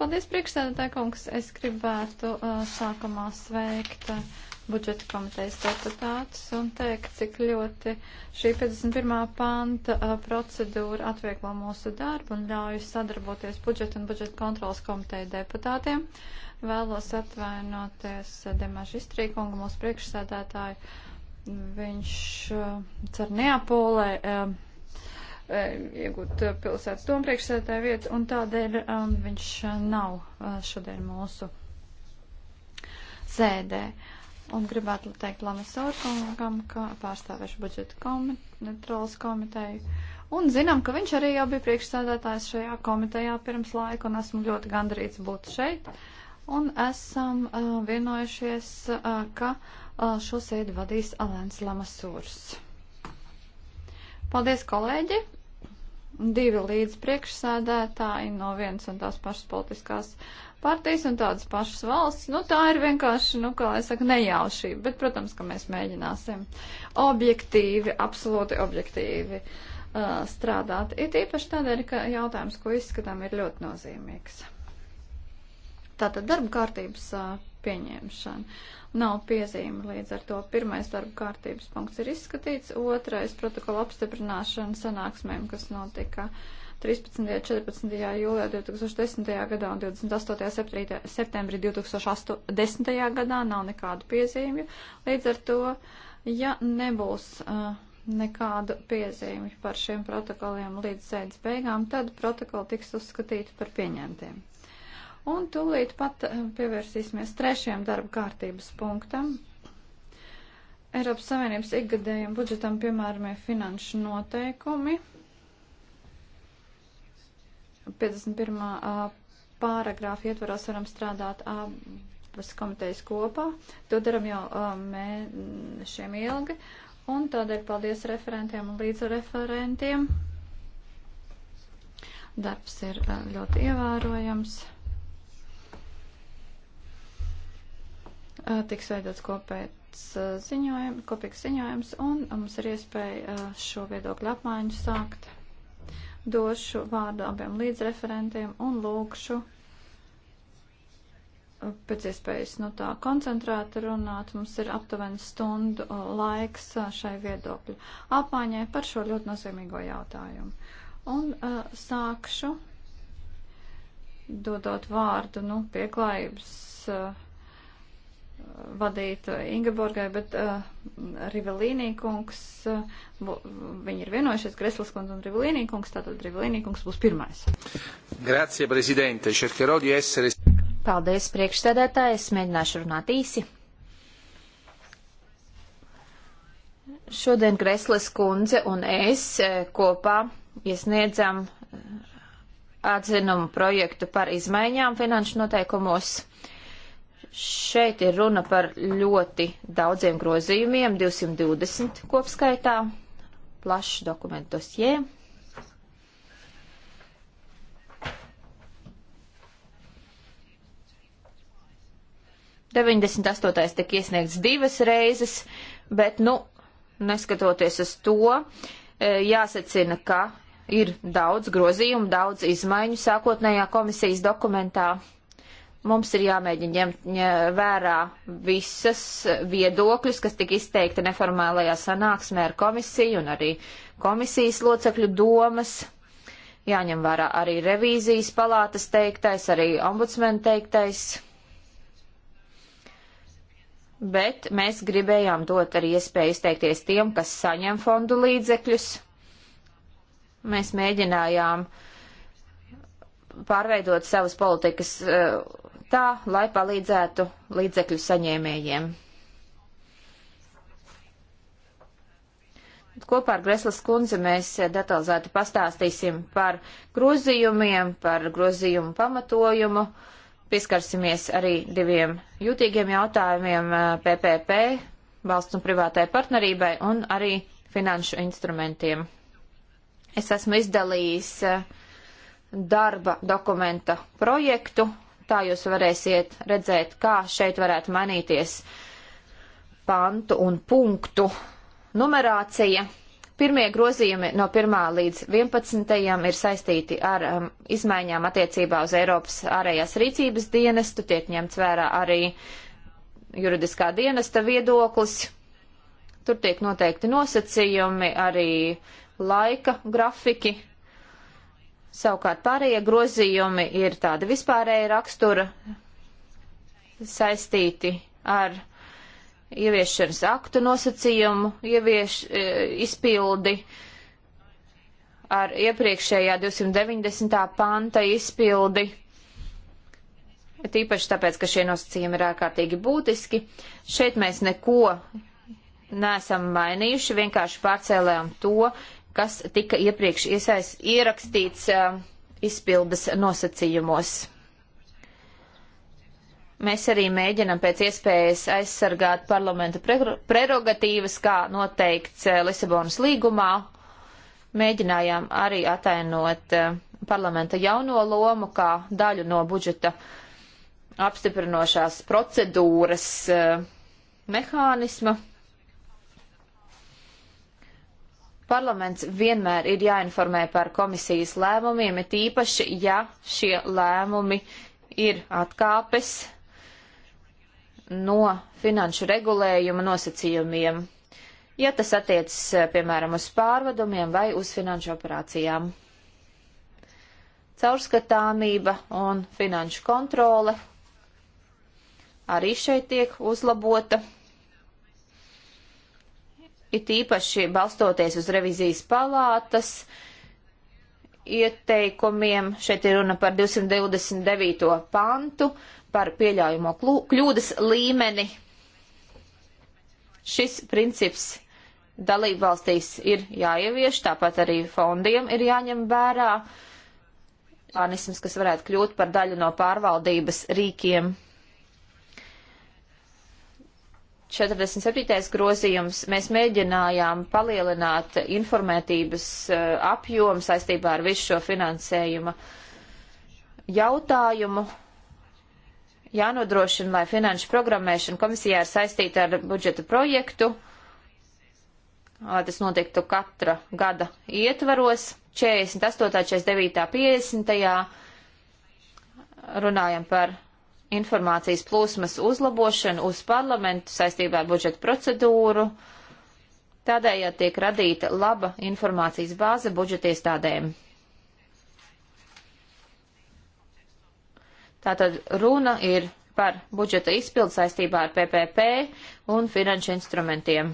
Paldies, priekšsēdētāja kungs. Es gribētu uh, sākumā sveikt uh, budžeta komitejas deputātus un teikt, cik ļoti šī 51. panta procedūra atvieglo mūsu darbu un ļauj sadarboties budžeta un budžeta kontrolas komiteja deputātiem. Vēlos atvainoties Demažu Istrīkungu, mūsu priekšsēdētāju. Viņš cer Neapolē iegūt pilsētas dompriekšsēdētāju vietu un tādēļ viņš nav šodien mūsu sēdē. Uh, Un gribētu teikt Lamasorkungam, ka pārstāvēšu budžeta kontrolas komiteju. Un zinām, ka viņš arī jau bija priekšsēdētājs šajā komitejā pirms laika, un esmu ļoti gandrīz būt šeit. Un esam uh, vienojušies, uh, ka uh, šo sēdi vadīs Alēns Lamasūrs. Paldies, kolēģi! Divi līdz priekšsēdētāji no vienas un tās pašas politiskās uh, partijas un tādas pašas valsts. Nu, tā ir vienkārši, nu, kā lai saka, nejaušība, bet, protams, ka mēs mēģināsim objektīvi, absolūti objektīvi uh, strādāt. It īpaši tādēļ, ka jautājums, ko izskatām, ir ļoti nozīmīgs. Tātad darba kārtības uh, pieņemšana. Nav piezīme līdz ar to. Pirmais darba kārtības punkts ir izskatīts, otrais protokola apstiprināšana sanāksmēm, kas notika. Uh, 13. un 14. jūlijā 2010. gadā un 28. septembrī 2010. gadā nav nekādu piezīmju. Līdz ar to, ja nebūs uh, nekādu piezīmju par šiem protokoliem līdz sēdes beigām, tad protokoli tiks uzskatīti par pieņemtiem. Un tūlīt pat uh, pievērsīsimies trešajam darba kārtības punktam. Eiropas Savienības ikgadējiem budžetam piemērojamie finanšu noteikumi. 51. pāragrāfa ietvaros varam strādāt abas komitejas kopā. To daram jau mēnešiem ilgi. Un tādēļ paldies referentiem un līdzreferentiem. Darbs ir ļoti ievērojams. Tiks veidots kopēt ziņojums, kopīgs ziņojums, un mums ir iespēja šo viedokļu apmaiņu sākt došu vārdu abiem līdzreferentiem un lūkšu uh, pēc iespējas nu, tā koncentrēti runāt. Mums ir aptuveni stundu uh, laiks uh, šai viedokļu apmaiņai par šo ļoti nozīmīgo jautājumu. Un uh, sākšu dodot vārdu nu, pieklājības. Uh, vadīt eh, Ingeborgai, bet uh, Rivelīnī kungs, uh, viņi ir vienojušies, Kreslis kungs un Rivelīnī kungs, tātad Rivelīnī kungs būs pirmais. Grazie, prezidente, cercherò di essere. Paldies, priekšsēdētāji, es mēģināšu runāt īsi. Šodien Kreslis kundze un es kopā iesniedzam atzinumu projektu par izmaiņām finanšu noteikumos. Uh, Šeit ir runa par ļoti daudziem grozījumiem, 220 kopskaitā, plašs dokumentu dosjē. Deviņdesmit astotais tika iesniegts divas reizes, bet, nu, neskatoties uz to, e, jāsacina, ka ir daudz grozījumu, daudz izmaiņu sākotnējā komisijas dokumentā. Mums ir jāmēģina ņemt vērā visas viedokļus, kas tika izteikti neformālajā sanāksmē ar komisiju un arī komisijas locekļu domas. Jāņem vērā arī revīzijas palātas teiktais, arī ombudsmena teiktais bet mēs gribējām dot arī iespēju izteikties tiem, kas saņem fondu līdzekļus. Mēs mēģinājām uh, pārveidot savas politikas eh, tā, lai palīdzētu līdzekļu saņēmējiem. Kopā ar Greslas kundzi mēs eh, detalizēti pastāstīsim par grozījumiem, par grozījumu pamatojumu, pieskarsimies arī diviem jūtīgiem jautājumiem PPP, eh, valsts un privātai partnerībai un arī finanšu instrumentiem. Es esmu izdalījis uh, darba dokumenta projektu. Tā jūs varēsiet redzēt, kā šeit varētu mainīties pantu un punktu numerācija. Pirmie grozījumi no 1. līdz 11. ir saistīti ar um, izmaiņām attiecībā uz Eiropas ārējās rīcības dienestu, tiek ņemts vērā arī juridiskā dienesta viedoklis. Tur tiek noteikti nosacījumi, arī laika grafiki, Savukārt pārējie grozījumi ir tāda vispārēja rakstura saistīti ar ieviešanas aktu nosacījumu, ievieš, e, izpildi ar iepriekšējā 290. panta izpildi. Tīpaši tāpēc, ka šie nosacījumi ir ārkārtīgi būtiski. Šeit mēs neko neesam mainījuši, vienkārši pārcēlējam to, kas tika iepriekš iesais, ierakstīts uh, izpildes nosacījumos. Mēs arī mēģinam pēc iespējas aizsargāt parlamenta prerogatīvas, kā noteikts uh, Lisabonas līgumā. Mēģinājām arī atainot uh, parlamenta jauno lomu kā daļu no budžeta apstiprinošās procedūras mehānisma. Parlaments vienmēr ir jāinformē par komisijas lēmumiem, it īpaši, ja šie lēmumi ir atkāpes no finanšu regulējuma nosacījumiem, ja tas attiecas, piemēram, uz pārvadumiem vai uz finanšu operācijām. Caurskatāmība un finanšu kontrole arī šeit tiek uzlabota it īpaši balstoties uz revizijas palātas ieteikumiem. Šeit ir runa par 229. pantu, par pieļaujamo kļūdas līmeni. Šis princips dalību valstīs ir jāievieš, tāpat arī fondiem ir jāņem vērā. Anisms, kas varētu kļūt par daļu no pārvaldības rīkiem. 47. grozījums mēs mēģinājām palielināt informētības eh, apjomu saistībā ar visu šo finansējuma jautājumu. Jānodrošina, lai finanšu programmēšana komisijā ir saistīta ar budžeta projektu, lai tas notiktu katra gada ietvaros 48., 49., 50. runājam par informācijas plūsmas uzlabošanu uz parlamentu saistībā ar budžeta procedūru. Tādējādi tiek radīta laba informācijas bāze budžeta iestādēm. Tātad runa ir par budžeta izpildu saistībā ar PPP un finanšu instrumentiem.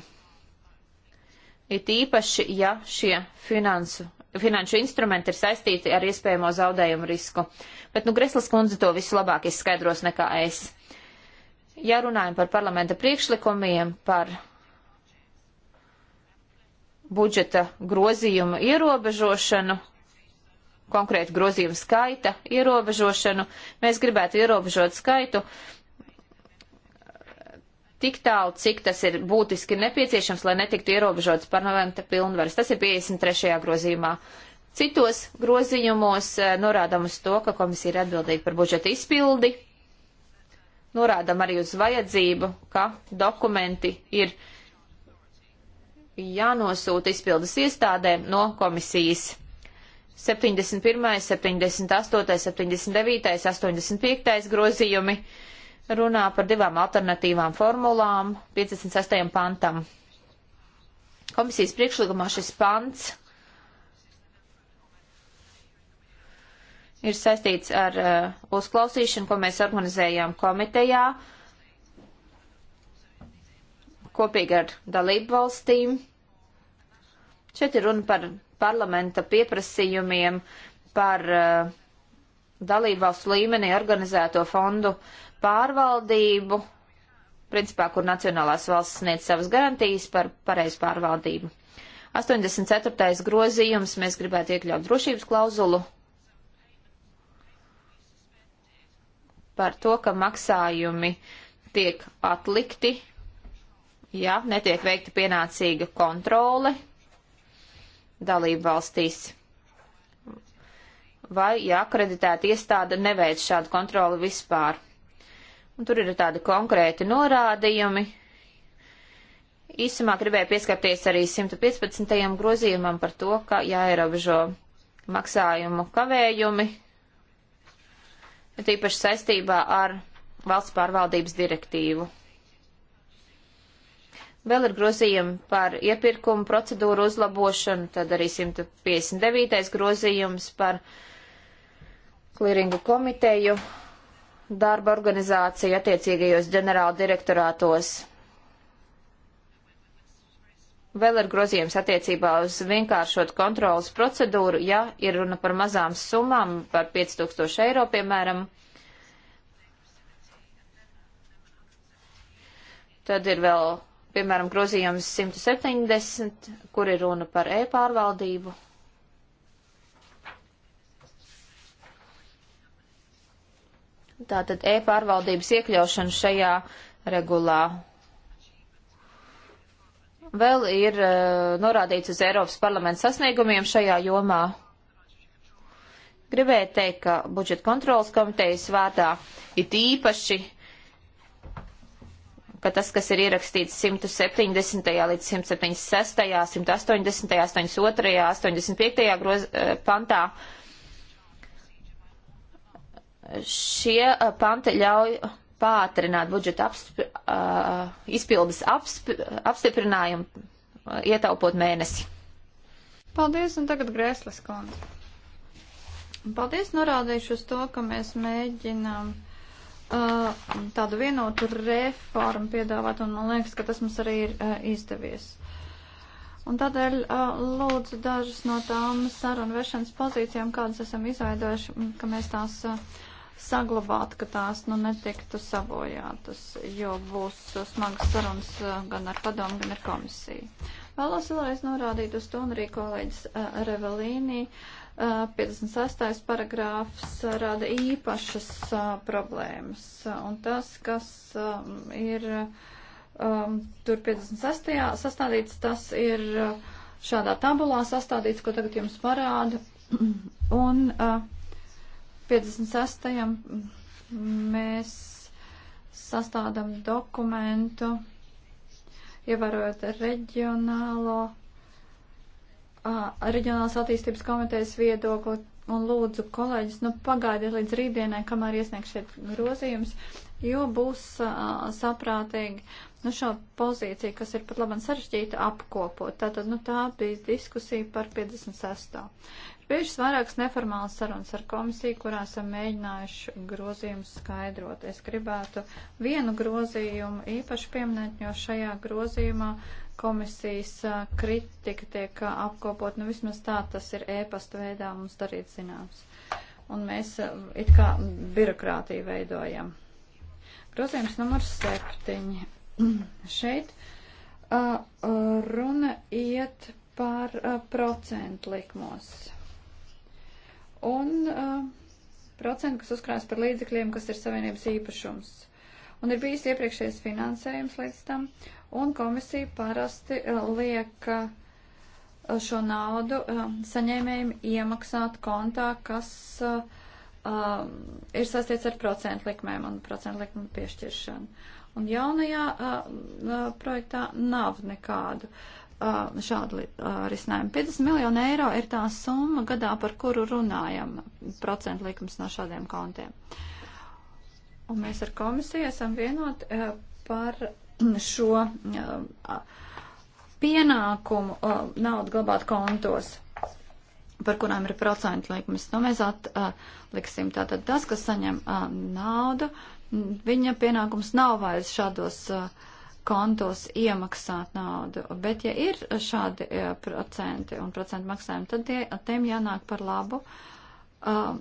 It īpaši, ja šie finansu finanšu instrumenti ir saistīti ar iespējamo zaudējumu risku. Bet, nu, Greslas kundze to visu labāk izskaidros nekā es. Ja runājam par parlamenta priekšlikumiem, par budžeta grozījumu ierobežošanu, konkrētu grozījumu skaita ierobežošanu, mēs gribētu ierobežot skaitu tik tālu, cik tas ir būtiski nepieciešams, lai netiktu ierobežotas parlamenta pilnvaras. Tas ir 53. grozījumā. Citos grozījumos eh, norādam uz to, ka komisija ir atbildīga par budžeta izpildi. Norādam arī uz vajadzību, ka dokumenti ir jānosūta izpildes iestādēm no komisijas. 71., 78., 79., 85. grozījumi runā par divām alternatīvām formulām 56. pantam. Komisijas priekšlikumā šis pants ir saistīts ar uh, uzklausīšanu, ko mēs organizējām komitejā kopīgi ar dalību valstīm. Šeit ir runa par parlamenta pieprasījumiem par uh, dalībvalstu līmenī organizēto fondu pārvaldību, principā, kur nacionālās valsts sniedz savas garantijas par pareizu pārvaldību. 84. grozījums mēs gribētu iekļaut drošības klauzulu par to, ka maksājumi tiek atlikti, ja netiek veikta pienācīga kontrole dalību valstīs vai ja akreditēta iestāde neveic šādu kontroli vispār. Un tur ir tādi konkrēti norādījumi. Īsumā gribēju pieskarties arī 115. grozījumam par to, ka jāierobežo maksājumu kavējumi, tīpaši saistībā ar valsts pārvaldības direktīvu. Vēl ir grozījumi par iepirkumu procedūru uzlabošanu, tad arī 159. grozījums par klīringu komiteju darba organizāciju attiecīgajos ģenerāla direktorātos. Vēl ir grozījums attiecībā uz vienkāršot kontrolas procedūru, ja ir runa par mazām summām, par 5000 eiro piemēram. Tad ir vēl, piemēram, grozījums 170, kur ir runa par e-pārvaldību. Tātad e-pārvaldības iekļaušana šajā regulā. Vēl ir uh, norādīts uz Eiropas parlamenta sasniegumiem šajā jomā. Gribēju teikt, ka budžeta kontrolas komitejas vārdā it īpaši, ka tas, kas ir ierakstīts 170. līdz 176., 180., 82., 85. Groz, uh, pantā, uh, Šie eh, panti ļauj pātrināt budžeta apspri, uh, eh, izpildes apspri, apstiprinājumu, uh, ietaupot mēnesi. Paldies, un tagad Grēslas kundze. Paldies, norādīšu uz to, ka mēs mēģinām uh, tādu vienotu reformu piedāvāt, un man liekas, ka tas mums arī ir uh, izdevies. Un tādēļ uh, lūdzu dažas no tām sarunu vešanas pozīcijām, kādas esam izveidojuši, ka mēs tās. Uh, saglabāt, ka tās nu netiktu sabojātas, jo būs smagas sarunas eh, gan ar padomu, gan ar komisiju. Vēlos vēlreiz norādīt uz to, un arī kolēģis uh, Revelīnī uh, 56. paragrāfs eh, rada īpašas uh, problēmas, un tas, kas um, ir um, tur 56. sastādīts, tas ir šādā tabulā sastādīts, ko tagad jums parāda, un uh, 58. mēs sastādām dokumentu, ievērojot reģionālo, uh, reģionālas attīstības komitejas viedokli un lūdzu kolēģis, nu pagaidiet līdz rītdienai, kamēr iesniegšu šeit grozījums, jo būs uh, saprātīgi nu, šo pozīciju, kas ir pat labam sarežģīta, apkopot. Tātad, nu, tā bija diskusija par 56 bijušas vairākas neformālas sarunas ar komisiju, kurā esam mēģinājuši grozījumus skaidrot. Es gribētu vienu grozījumu īpaši pieminēt, jo šajā grozījumā komisijas kritika tiek apkopot, nu vismaz tā tas ir ēpasta veidā mums darīt zināms. Un mēs it kā birokrātiju veidojam. Grozījums numurs septiņi. Šeit uh, runa iet par uh, procentu likmos un uh, procentu, kas uzkrājas par līdzekļiem, kas ir savienības īpašums. Un ir bijis iepriekšējais finansējums līdz tam, un komisija parasti uh, liek uh, šo naudu uh, saņēmējiem iemaksāt kontā, kas uh, uh, ir saistīts ar procentu likmēm un procentu likmu piešķiršanu. Un jaunajā uh, uh, projektā nav nekādu uh, šādu risinājumu. 50 miljonu eiro ir tā summa gadā, par kuru runājam procentu likums no šādiem kontiem. Un mēs ar komisiju esam vienoti par šo pienākumu naudu glabāt kontos par kurām ir procentu likmes. Nu, mēs atliksim tātad tas, kas saņem naudu, viņa pienākums nav vairs šādos uh, kontos iemaksāt naudu. Bet, ja ir šādi eh, procenti un procentu maksājumi, tad tie, tiem jānāk par labu uh,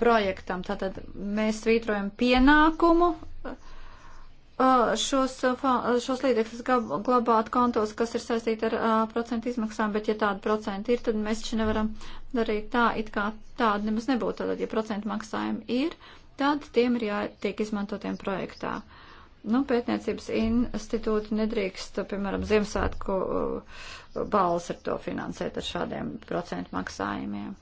projektam. Tātad mēs svītrojam pienākumu uh, šos, uh, šos līdzekļus glabāt kontos, kas ir saistīti ar uh, procentu izmaksām, bet ja tāda procenta ir, tad mēs šeit nevaram darīt tā, it kā tāda nemaz nebūtu. Tātad, ja procentu maksājumi ir, tad tiem ir jātiek izmantotiem projektā. Uh, Nu, pētniecības institūti nedrīkst, piemēram, Ziemassvētku uh, balvas ar to finansēt ar šādiem procentu maksājumiem.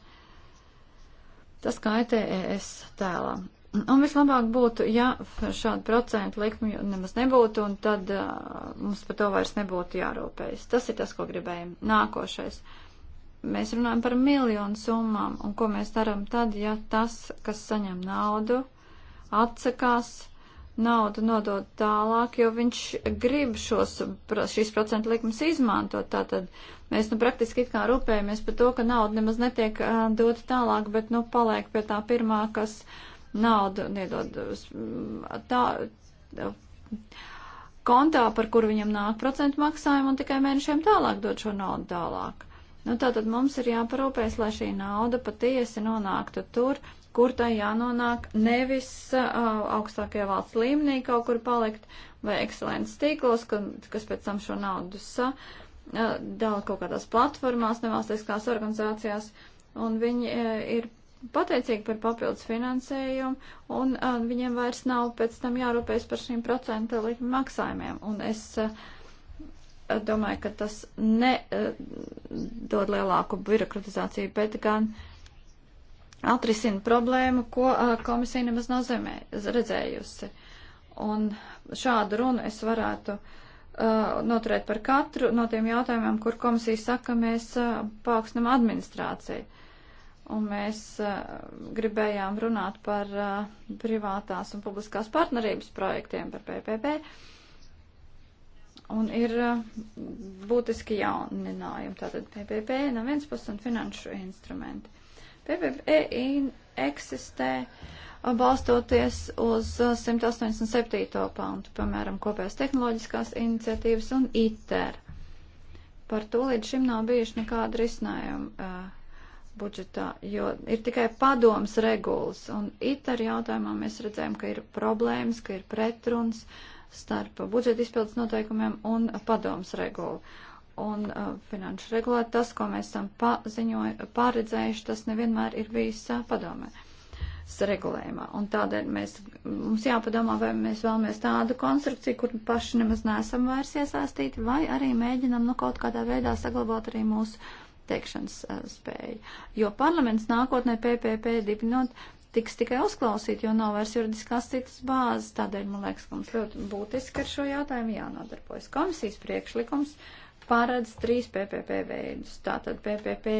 Tas kaitē ES tēlam. Un vislabāk būtu, ja šādu procentu likmi nemaz nebūtu, un tad uh, mums par to vairs nebūtu jārūpējas. Tas ir tas, ko gribējam. Nākošais. Mēs runājam par miljonu summām, un ko mēs darām tad, ja tas, kas saņem naudu, atsakās naudu nodot tālāk, jo viņš grib šos, šīs procentu likmes izmantot. Tātad mēs nu praktiski it kā rūpējamies par to, ka nauda nemaz netiek uh, dota tālāk, bet nu paliek pie tā pirmā, kas naudu nedod tā kontā, par kur viņam nāk procentu maksājumu un tikai mēnešiem tālāk dod šo naudu tālāk. Nu, tātad mums ir jāparūpēs, lai šī nauda patiesi nonāktu tur, kur tai jānonāk nevis uh, augstākajā valsts līmenī kaut kur palikt vai ekscelences tīklos, ka, kas pēc tam šo naudu sa, uh, dala kaut kādās platformās, nevalstiskās organizācijās, un viņi uh, ir pateicīgi par papildus finansējumu, un uh, viņiem vairs nav pēc tam jārūpējas par šīm procentu likuma maksājumiem. Un es uh, domāju, ka tas nedod uh, lielāku birokratizāciju, bet gan. Uh, atrisina problēmu, ko komisija nemaz nav zemē redzējusi. Un šādu runu es varētu uh, noturēt par katru no tiem jautājumiem, kur komisija saka, mēs uh, paaugstinam administrāciju. Un mēs uh, gribējām runāt par privātās un publiskās partnerības projektiem, par PPP. Un ir būtiski jauninājumi. Tātad PPP no viens puses un finanšu instrumenti. PVE eksistē balstoties uz 187. pantu, piemēram, kopējās tehnoloģiskās iniciatīvas un ITER. Par to līdz šim nav bijuši nekāda risinājuma uh, budžetā, jo ir tikai padoms regulas, un ITER jautājumā mēs redzējām, ka ir problēmas, ka ir pretruns starp budžeta izpildes noteikumiem un padoms regulu. Uh, un uh, finanšu regulēt. Tas, ko mēs esam pārredzējuši, tas nevienmēr ir bijis uh, padomē regulējumā. Un tādēļ mēs, mums jāpadomā, vai mēs vēlamies tādu konstrukciju, kur paši nemaz neesam vairs iesaistīti, vai arī mēģinam nu, kaut kādā veidā saglabāt arī mūsu teikšanas uh, spēju. Jo parlaments nākotnē PPP dibinot tiks tikai uzklausīt, jo nav vairs juridiskās citas bāzes. Tādēļ, man liekas, ka mums ļoti būtiski ar šo jautājumu jānodarbojas. Komisijas priekšlikums. Uh, paredz trīs PPP veidus. Tātad PPP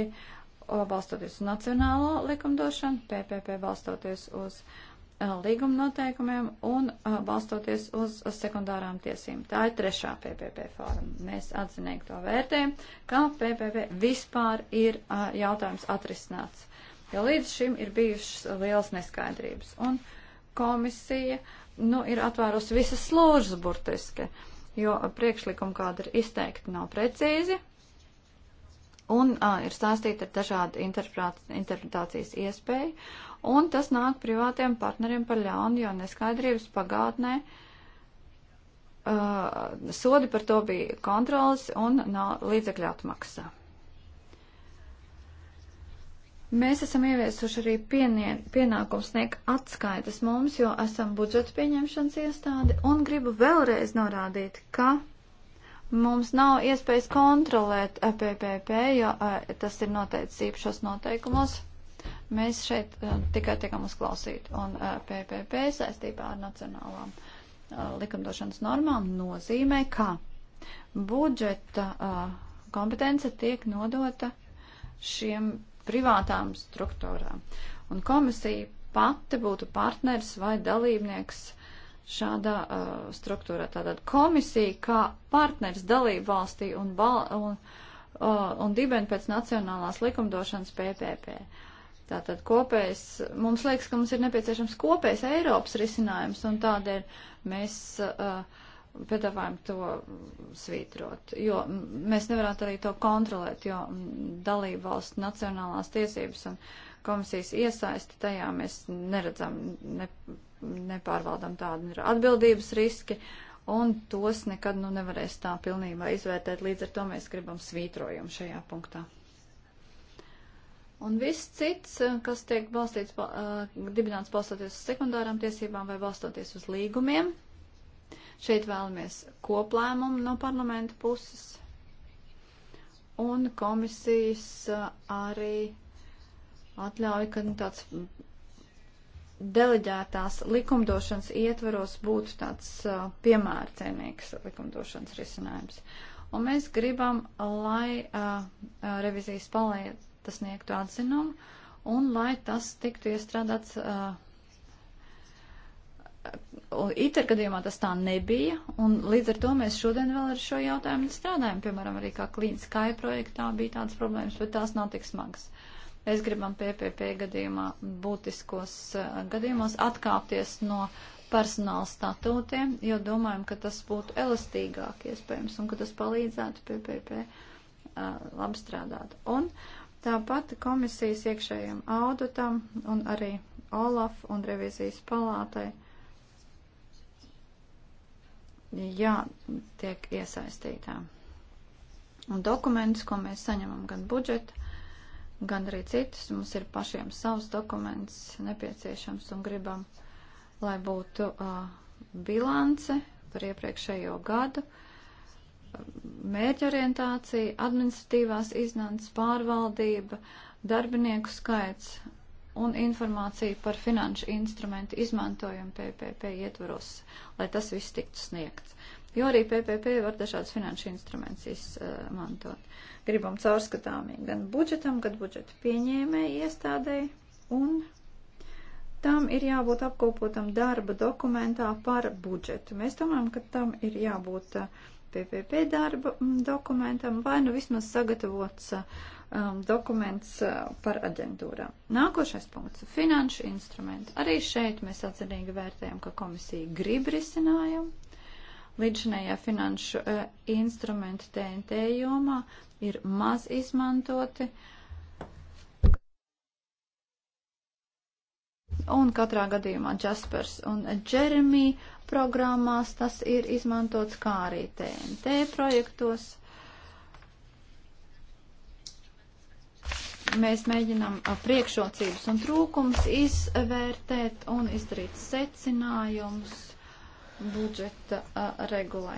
balstoties uz nacionālo likumdošanu, PPP balstoties uz līguma noteikumiem un balstoties uz sekundārām tiesīm. Tā ir trešā PPP forma. Mēs atzinīgi to vērtējam, kā PPP vispār ir jautājums atrisināts. Jo līdz šim ir bijušas lielas neskaidrības. Un komisija nu, ir atvērusi visas slūžas burtiski. Uh, jo priekšlikumi, kāda ir izteikti, nav precīzi un uh, ir stāstīta ar dažādu interpretācijas iespēju, un tas nāk privātiem partneriem par ļaunu, jo neskaidrības pagātnē uh, sodi par to bija kontrolas un nav līdzekļu atmaksā. Mēs esam ieviesuši arī pienie, pienākums sniegt atskaitas mums, jo esam budžeta pieņemšanas iestādi, un gribu vēlreiz norādīt, ka mums nav iespējas kontrolēt PPP, e jo e, tas ir noteicis īpašos noteikumos. Mēs šeit e, tikai tiekam uzklausīti, un PPP saistībā ar nacionālām likumdošanas normām nozīmē, ka budžeta kompetence tiek nodota šiem privātām struktūrām. Un komisija pati būtu partners vai dalībnieks šādā uh, struktūrā. Tātad komisija kā partners dalību valstī un, bal, un, uh, un dibeni pēc nacionālās likumdošanas PPP. Tātad kopējs, mums liekas, ka mums ir nepieciešams kopējs Eiropas risinājums un tādēļ mēs. Uh, piedāvājam to svītrot, jo mēs nevarētu arī to kontrolēt, jo dalība valsts nacionālās tiesības un komisijas iesaisti tajā mēs neredzam, ne, nepārvaldam tādu ir atbildības riski, un tos nekad nu nevarēs tā pilnībā izvērtēt, līdz ar to mēs gribam svītrojumu šajā punktā. Un viss cits, kas tiek balstīts, dibināts balstoties uz sekundārām tiesībām vai balstoties uz līgumiem, Šeit vēlamies koplēmumu no parlamenta puses un komisijas uh, arī atļauj, ka nu, tāds deleģētās likumdošanas ietvaros būtu tāds uh, piemērcienīgs likumdošanas risinājums. Un mēs gribam, lai uh, revizijas palēta sniegtu atzinumu un lai tas tiktu iestrādāts uh, ITER gadījumā tas tā nebija, un līdz ar to mēs šodien vēl ar šo jautājumu strādājam. Piemēram, arī kā klīnas skai projektā bija tādas problēmas, bet tās nav tik smagas. Mēs gribam PPP gadījumā, būtiskos uh, gadījumos atkāpties no personāla statūtiem, jo domājam, ka tas būtu elastīgāk iespējams un ka tas palīdzētu PPP uh, e, labi strādāt. Un tāpat komisijas iekšējiem auditam un arī Olaf un revizijas palātai. Uh, jātiek iesaistītām. Un dokumentus, ko mēs saņemam gan budžeta, gan arī citus, mums ir pašiem savs dokuments nepieciešams un gribam, lai būtu uh, bilance par iepriekšējo gadu, mērķorientācija, administratīvās iznācas pārvaldība, darbinieku skaits un informāciju par finanšu instrumentu izmantojumu PPP ietvaros, lai tas viss tiktu sniegts. Jo arī PPP var dažādas finanšu instrumentus izmantot. Gribam caurskatāmīgi gan budžetam, gan budžeta pieņēmēji iestādēji, un tam ir jābūt apkopotam darba dokumentā par budžetu. Mēs domājam, ka tam ir jābūt PPP uh, darba mm, dokumentam vai nu vismaz sagatavots uh, um, dokuments uh, par aģentūrām. Nākošais punkts - finanšu instrumenti. Arī šeit mēs atzinīgi vērtējam, ka komisija grib risinājumu. Līdzinējā finanšu uh, instrumenta TNT jomā ir maz izmantoti. Un katrā gadījumā Jaspers un Jeremy programmās tas ir izmantots kā arī TNT projektos mēs mēģinām priekšrocības un trūkums izvērtēt un izdarīt secinājumus budžeta regulē.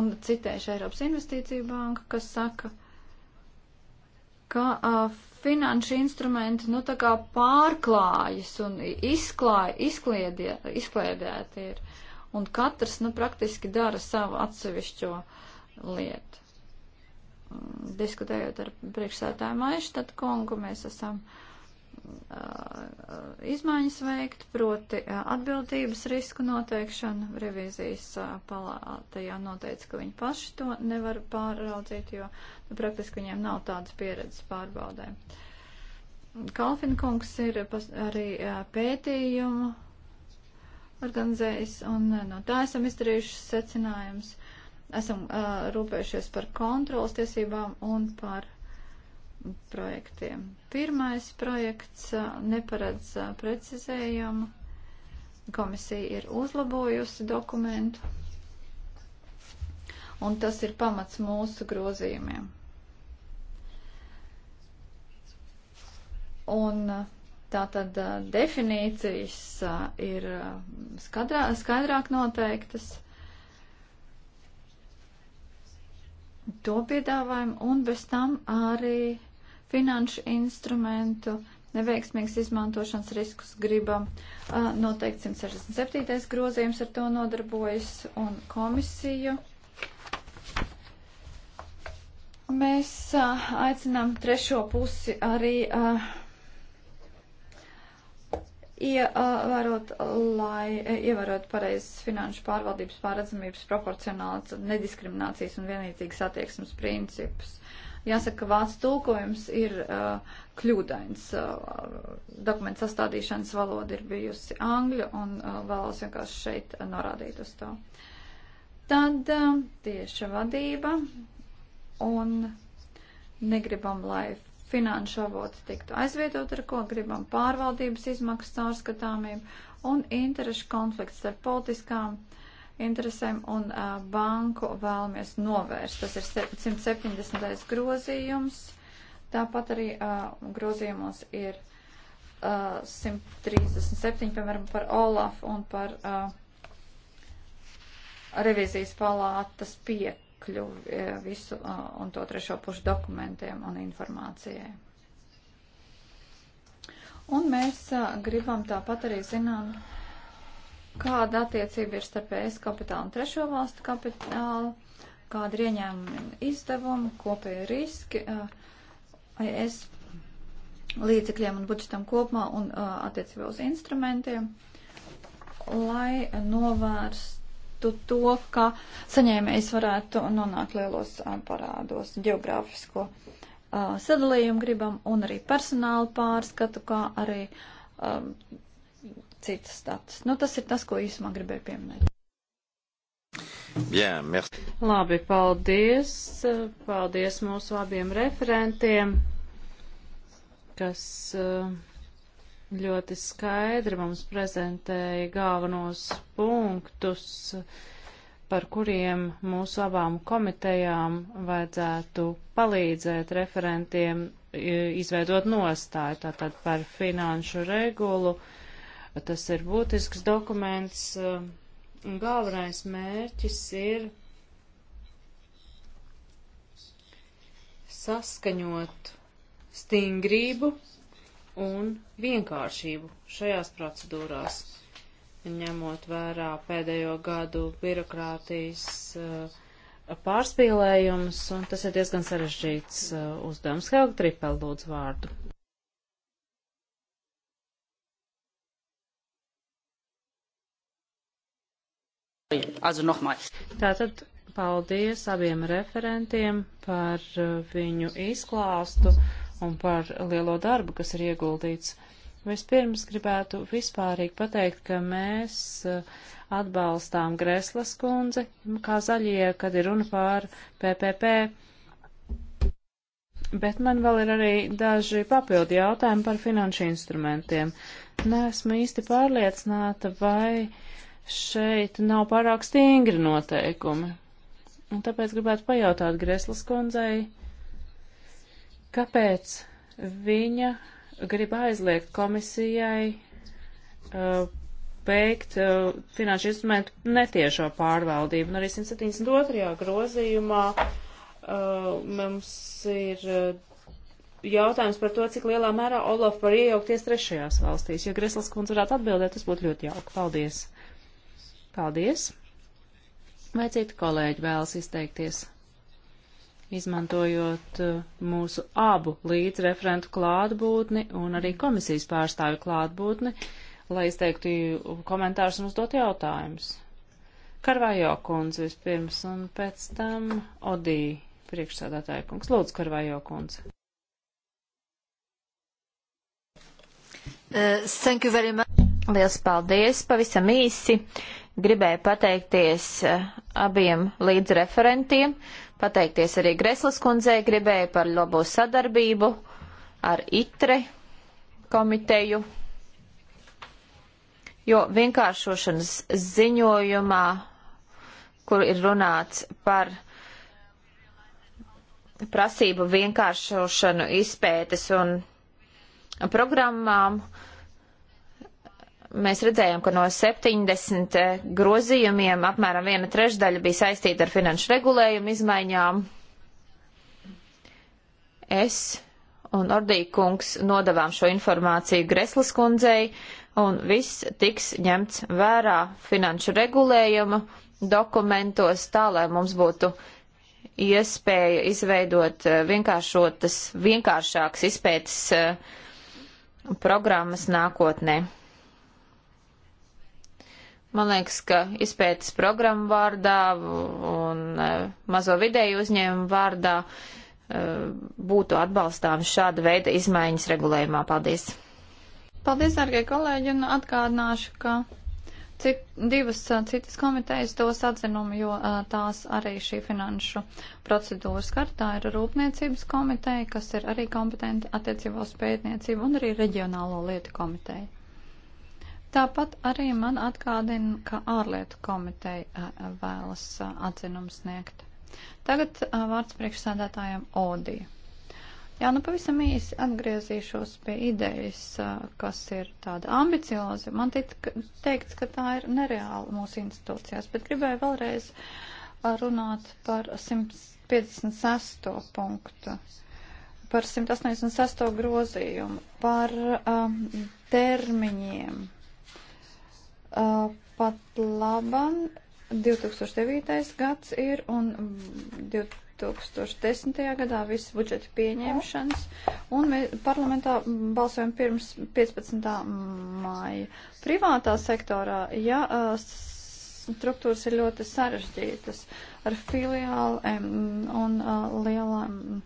Un citēšu Eiropas investīciju banku, kas saka, ka a, finanšu instrumenti nu tā kā pārklājas un izklāja, izkliedē, izkliedēti ir. Un katrs, nu, praktiski dara savu atsevišķo lietu diskutējot ar priekšsētāju Maištad kungu, mēs esam izmaiņas veikt, proti atbildības risku noteikšanu. Revīzijas palāta jau noteica, ka viņi paši to nevar pārraudzīt, jo nu, praktiski viņiem nav tādas pieredzes pārbaudēm. Kalfinkungs ir pas, arī pētījumu organizējis, un no tā esam izdarījuši secinājumus esam uh, rūpējušies par kontrolas tiesībām un par projektiem. Pirmais projekts uh, neparedz uh, precizējumu. Komisija ir uzlabojusi dokumentu. Un tas ir pamats mūsu grozījumiem. Un uh, Tātad definīcijas ir skadrā, skaidrāk noteiktas, to piedāvājumu un bez tam arī finanšu instrumentu neveiksmīgas izmantošanas riskus gribam. Noteikti 167. grozījums ar to nodarbojas un komisiju. Mēs aicinām trešo pusi arī ievērot, lai ievērot pareizes finanšu pārvaldības pārredzamības proporcionāls nediskriminācijas un vienlīdzīgas attieksmes principus. Jāsaka, ka vārds tulkojums ir uh, kļūdains. Uh, dokumentu sastādīšanas valoda ir bijusi angļu un uh, vēlos vienkārši šeit uh, norādīt uz to. Tad uh, tieša vadība un negribam, lai finanšu avots tiktu aizvietot ar ko gribam pārvaldības izmaksas caurskatāmību un interešu konflikts ar politiskām interesēm un uh, banku vēlamies novērst. Tas ir 170. grozījums. Tāpat arī uh, grozījumos ir uh, 137, piemēram, par Olafu un par uh, revizijas palātas 5 piekļuvi e, visu un to trešo pušu dokumentiem un informācijai. Un mēs gribam tāpat arī zinām, kāda attiecība ir starp ES kapitālu un trešo valstu kapitālu, kāda ir ieņēmuma izdevuma, kopēja riski ES līdzekļiem un budžetam kopumā un attiecībā uz instrumentiem, lai novērst panāktu to, ka saņēmējs varētu nonākt lielos parādos geogrāfisko uh, sadalījumu gribam un arī personālu pārskatu, kā arī um, citas status. Nu, tas ir tas, ko īsumā gribēju pieminēt. Bien, merci. Labi, paldies. Paldies mūsu abiem referentiem, kas. Uh, ļoti skaidri mums prezentēja galvenos punktus, par kuriem mūsu abām komitejām vajadzētu palīdzēt referentiem izveidot nostāju, tātad par finanšu regulu. Tas ir būtisks dokuments. Galvenais mērķis ir saskaņot stingrību un vienkāršību šajās procedūrās, ņemot vērā pēdējo gadu birokrātijas uh, pārspīlējumus, un tas ir diezgan sarežģīts uh, uzdevums. Helga Tripel lūdzu vārdu. Tātad paldies abiem referentiem par uh, viņu izklāstu. Uh, un par lielo darbu, kas ir ieguldīts. Vispirms gribētu vispārīgi pateikt, ka mēs eh, atbalstām Greslas kundze, kā zaļie, kad ir runa pār PPP. Bet man vēl ir arī daži papildi jautājumi par finanšu instrumentiem. Nesmu īsti pārliecināta, vai šeit nav pārāk stingri noteikumi. Un tāpēc gribētu pajautāt Greslas kundzei, Kāpēc viņa grib aizliegt komisijai uh, veikt uh, finanšu instrumentu netiešo pārvaldību? Un arī 172. grozījumā uh, mums ir uh, jautājums par to, cik lielā mērā Olaf var iejaukties trešajās valstīs. Ja Greslas kundze varētu atbildēt, tas būtu ļoti jauki. Paldies! Paldies! Vai citi kolēģi vēlas izteikties? izmantojot eh, mūsu abu līdzreferentu klātbūtni un arī komisijas pārstāvju klātbūtni, lai izteiktu komentārus un uzdot jautājumus. Karvajo kundze vispirms un pēc tam Odī priekšsādātāja kungs. Lūdzu, Karvajo kundze. Uh, thank you very much. Liels paldies, pavisam īsi. Gribēju pateikties uh, abiem līdzreferentiem Pateikties arī Greslas kundzei gribēju par labo sadarbību ar ITRE komiteju, jo vienkāršošanas ziņojumā, kur ir runāts par prasību vienkāršošanu izpētes un programmām, uh, mēs redzējām, ka no 70 eh, grozījumiem apmēram viena trešdaļa bija saistīta ar finanšu regulējumu izmaiņām. Es un Ordīja kungs nodavām šo informāciju Greslas kundzei, un viss tiks ņemts vērā finanšu regulējuma dokumentos tā, lai mums būtu iespēja izveidot eh, vienkāršotas, vienkāršākas izpētes eh, programmas nākotnē. Man liekas, ka izpētes programmu vārdā un e, mazo vidēju uzņēmumu vārdā e, būtu atbalstāms šāda veida izmaiņas regulējumā. Paldies! Paldies, dārgie kolēģi, un atgādināšu, ka cik, divas e, citas komitejas tos atzinumu, jo tās arī šī finanšu procedūra skartā ir Rūpniecības komiteja, kas ir arī kompetenti attiecībā uz pētniecību, un arī Reģionālo lietu komiteja. Tāpat arī man atgādina, ka ārlietu komiteja eh, vēlas eh, atzinumu sniegt. Tagad eh, vārds priekšsādātājiem Odija. Jā, nu pavisam īsi atgriezīšos pie idejas, kas ir tāda ambicioza. Man tika teikts, ka tā ir nereāla mūsu institūcijās, bet gribēju vēlreiz runāt par 156. punktu, par 186. grozījumu, par um, termiņiem Uh, pat laban 2009. gads ir un 2010. gadā viss budžeta pieņemšanas, un mēs parlamentā balsojam pirms 15. māja. Privātā sektorā, ja uh, struktūras ir ļoti sarežģītas ar filiāli un uh, lielām. Um,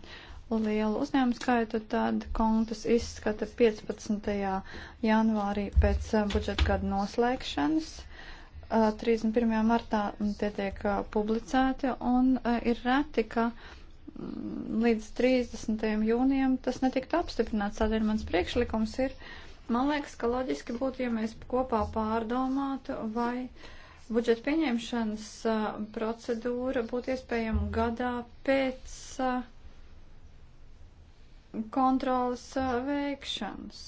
lielu uzņēmumu skaitu, tad kontus izskata 15. janvārī pēc uh, budžeta gada noslēgšanas. 31. Uh, martā tie tiek uh, publicēti un ir reti, ka mm, līdz 30. jūnijam tas netiktu apstiprināts. Tādēļ mans priekšlikums ir, man liekas, ka loģiski būtu, ja mēs kopā pārdomātu, vai budžeta pieņemšanas procedūra būtu iespējama gadā pēc uh, kontrolas veikšanas.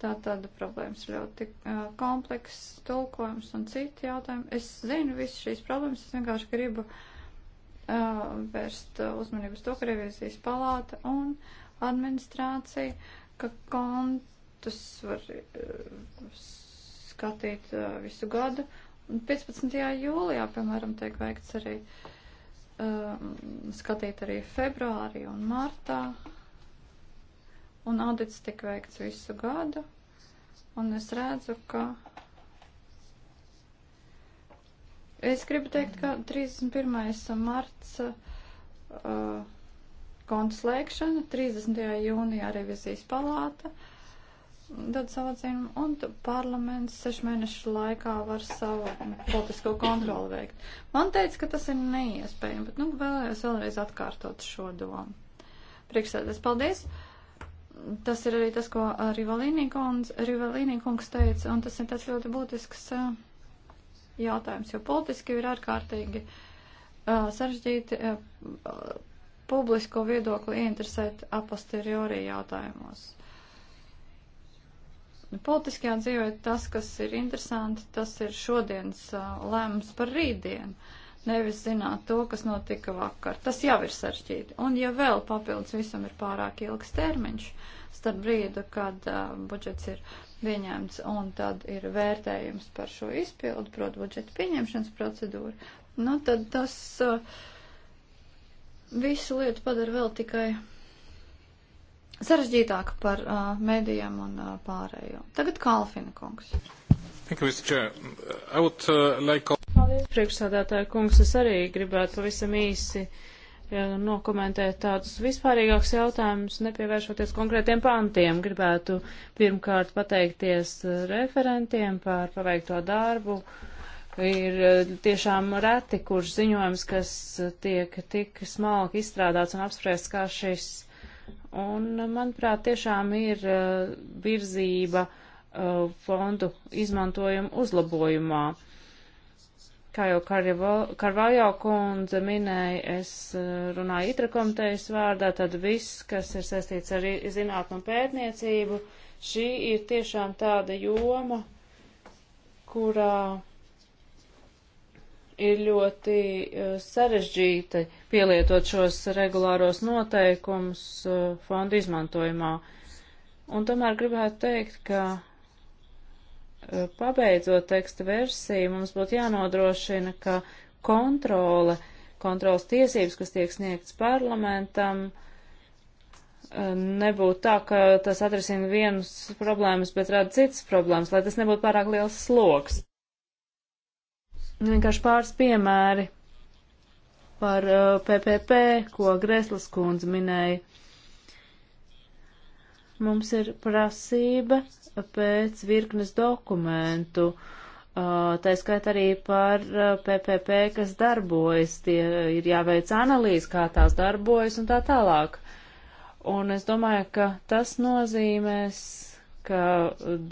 Tātad problēmas ļoti komplekss, tulkojums un citi jautājumi. Es zinu visu šīs problēmas, es vienkārši gribu uh, vērst uzmanību uz to, ka revizijas palāta un administrācija, ka kontus var uh, skatīt uh, visu gadu. Un 15. jūlijā, piemēram, tiek veikts arī uh, Um, skatīt arī februārī un martā. Un audits tika veikts visu gadu. Un es redzu, ka. Es gribu teikt, ka 31. marts uh, konta slēgšana, 30. jūnijā revizijas palāta, uh, dod savu atzīmi, un parlaments sešu mēnešu laikā var savu politisko kontroli veikt. Man teica, ka tas ir neiespējami, bet nu, vēlējos vēlreiz atkārtot šo domu. Priekšsēdēs, paldies! Tas ir arī tas, ko Rivalīnī kungs, Rivalīnī kungs teica, un tas ir tāds ļoti būtisks jautājums, jo politiski ir ārkārtīgi sarežģīti publisko viedokli interesēt a posteriori jautājumos Nu, politiskajā dzīvē tas, kas ir interesanti, tas ir šodienas lēmums par rītdienu, nevis zināt to, kas notika vakar. Tas jau ir sarežģīti. Un ja vēl papildus visam ir pārāk ilgs termiņš starp brīdu, kad uh, budžets ir pieņemts un tad ir vērtējums par šo izpildu, proti budžeta pieņemšanas procedūru, nu tad tas uh, visu lietu padara vēl tikai sarežģītāk par uh, medijiem un uh, pārējo. Tagad Kalfina kungs. Uh, Paldies, priekšsādātāja kungs. Es arī gribētu pavisam īsi ja, nokomentēt tādus vispārīgākus jautājumus, nepievēršoties konkrētiem pantiem. Gribētu pirmkārt pateikties uh, referentiem par paveikto darbu. Ir uh, tiešām reti, kurš ziņojums, kas tiek tik smalki izstrādāts un apspriests kā šis Un, manuprāt, tiešām ir eh, virzība eh, fondu izmantojumu uzlabojumā. Kā jau Karvajo kundze minēja, es eh, runāju itra komitejas vārdā, tad viss, kas ir saistīts ar zinātnu un pētniecību, šī ir tiešām tāda joma, kurā ir ļoti e, sarežģīti pielietot šos regulāros noteikumus e, fondu izmantojumā. Un tomēr gribētu teikt, ka e, pabeidzot teksta versiju, mums būtu jānodrošina, ka kontrole, kontrols tiesības, kas tiek sniegts parlamentam, nebūtu tā, ka tas atrisina vienas problēmas, bet rada citas problēmas, lai tas nebūtu pārāk liels sloks. Vienkārši pāris piemēri par PPP, uh, ko Greslas kundze minēja. Mums ir prasība pēc virknes dokumentu, uh, tā skaitā arī par PPP, uh, kas darbojas, tie ir jāveic analīze, kā tās darbojas un tā tālāk. Un es domāju, ka tas nozīmēs ka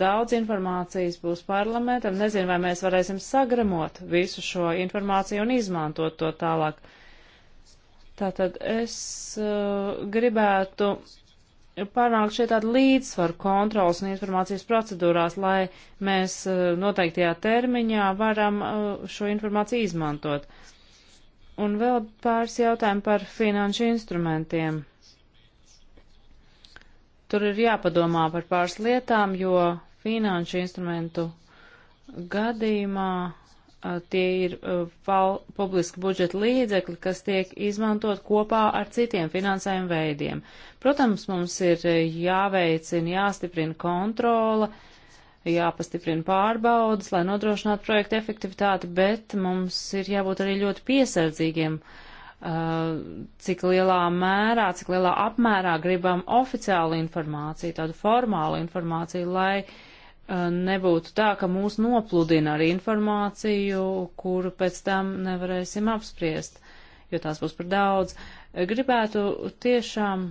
daudz informācijas būs parlamentam. Nezinu, vai mēs varēsim sagramot visu šo informāciju un izmantot to tālāk. Tātad es uh, gribētu panākt šeit tādu līdzsvaru kontrols un informācijas procedūrās, lai mēs uh, noteiktajā termiņā varam uh, šo informāciju izmantot. Un vēl pāris jautājumu par finanšu instrumentiem. Tur ir jāpadomā par pāris lietām, jo finanšu instrumentu gadījumā tie ir val, publiski budžeta līdzekļi, kas tiek izmantot kopā ar citiem finansējuma veidiem. Protams, mums ir jāveicina, jāstiprina kontrola, jāpastiprina pārbaudas, lai nodrošinātu projektu efektivitāti, bet mums ir jābūt arī ļoti piesardzīgiem uh, Uh, cik lielā mērā, cik lielā apmērā gribam oficiālu informāciju, tādu formālu informāciju, lai uh, nebūtu tā, ka mūs nopludina ar informāciju, kuru pēc tam nevarēsim apspriest, jo tās būs par daudz. Gribētu tiešām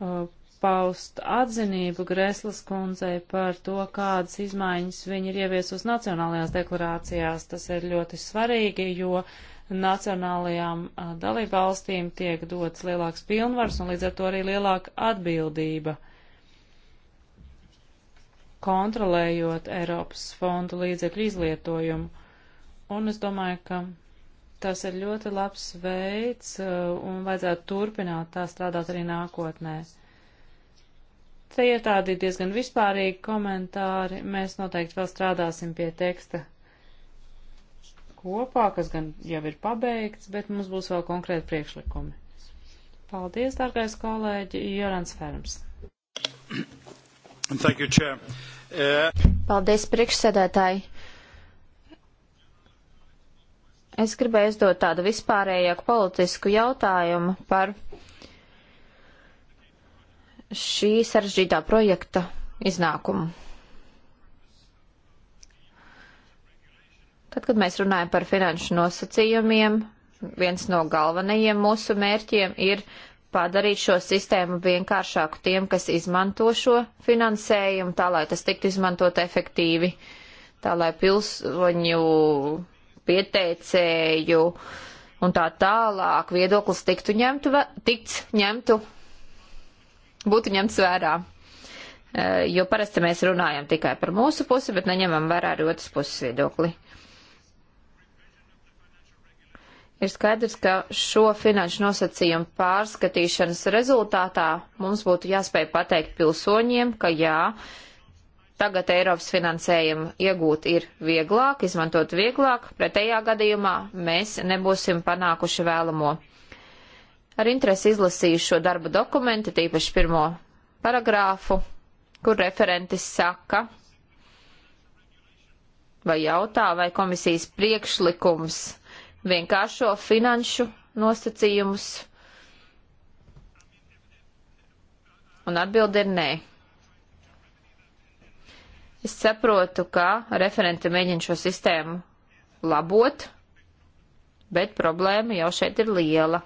uh, paust atzinību Greslas kundzei par to, kādas izmaiņas viņi ir ieviesus nacionālajās deklarācijās. Tas ir ļoti svarīgi, jo uh, nacionālajām dalībvalstīm tiek dots lielāks pilnvars un līdz ar to arī lielāka atbildība kontrolējot Eiropas fondu līdzekļu izlietojumu. Un es domāju, ka tas ir ļoti labs veids un vajadzētu turpināt tā strādāt arī nākotnē. Te ir tādi diezgan vispārīgi komentāri. Mēs noteikti vēl strādāsim pie teksta kopā, kas gan jau ir pabeigts, bet mums būs vēl konkrēti priekšlikumi. Paldies, dārgais kolēģi, Jorans Ferms. Thank you, Chair. Uh... Paldies, priekšsēdētāji. Es gribēju uzdot tādu vispārējāku politisku jautājumu par šī sarežģītā projekta iznākumu. Tad, kad mēs runājam par finanšu nosacījumiem, viens no galvenajiem mūsu mērķiem ir padarīt šo sistēmu vienkāršāku tiem, kas izmanto šo finansējumu, tā lai tas tiktu izmantot efektīvi, tā lai pilsoņu pieteicēju un tā tālāk viedoklis tiktu ņemtu, tikts ņemtu, būtu ņemts vērā. Eh, jo parasti mēs runājam tikai par mūsu pusi, bet neņemam vērā arī otras puses viedokli. Ir skaidrs, ka šo finanšu nosacījumu pārskatīšanas rezultātā mums būtu jāspēj pateikt pilsoņiem, ka jā, tagad Eiropas finansējumu iegūt ir vieglāk, izmantot vieglāk, pretējā gadījumā mēs nebūsim panākuši vēlamo. Ar interesi izlasīju šo darba dokumentu, tīpaši pirmo paragrāfu, kur referentis saka vai jautā, vai komisijas priekšlikums vienkāršo finanšu nosacījumus? Un atbildi ir nē. Es saprotu, ka referenti mēģina šo sistēmu labot, bet problēma jau šeit ir liela,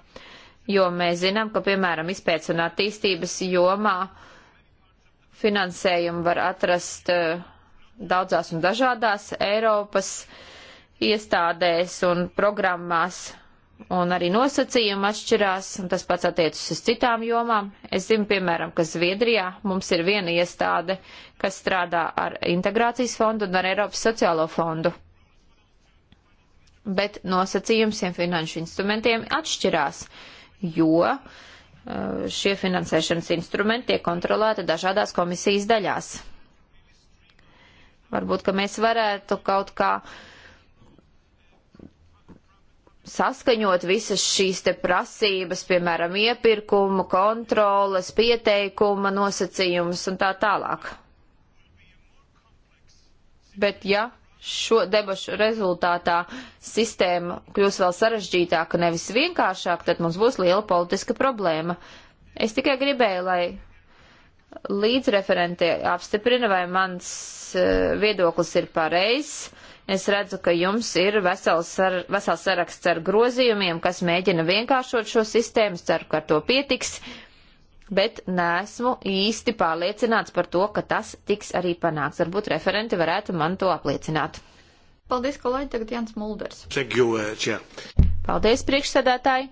jo mēs zinām, ka, piemēram, izpēc un attīstības jomā finansējumu var atrast eh, daudzās un dažādās Eiropas uh, iestādēs un programmās un arī nosacījumi atšķirās, un tas pats attiecas uz citām jomām. Es zinu, piemēram, ka Zviedrijā mums ir viena iestāde, kas strādā ar integrācijas fondu un ar Eiropas sociālo fondu. Bet nosacījums šiem finanšu instrumentiem atšķirās, jo uh, šie finansēšanas instrumenti tiek kontrolēti dažādās komisijas daļās. Varbūt, ka mēs varētu kaut kā uh, saskaņot visas šīs te prasības, piemēram, iepirkumu, kontroles, pieteikuma nosacījumus un tā tālāk. Bet ja šo debašu rezultātā sistēma kļūs vēl sarežģītāka, nevis vienkāršāka, tad mums būs liela politiska problēma. Es tikai gribēju, lai līdzreferenti apstiprina, vai mans eh, viedoklis ir pareizs Es redzu, ka jums ir vesels, sar, vesels saraksts ar grozījumiem, kas mēģina vienkāršot šo sistēmu. Es ceru, ka ar to pietiks, bet nesmu īsti pārliecināts par to, ka tas tiks arī panāks. Varbūt referenti varētu man to apliecināt. Paldies, kolēģi, tagad Jans Mulders. Thank you, uh, chair. Paldies, priekšsēdētāji.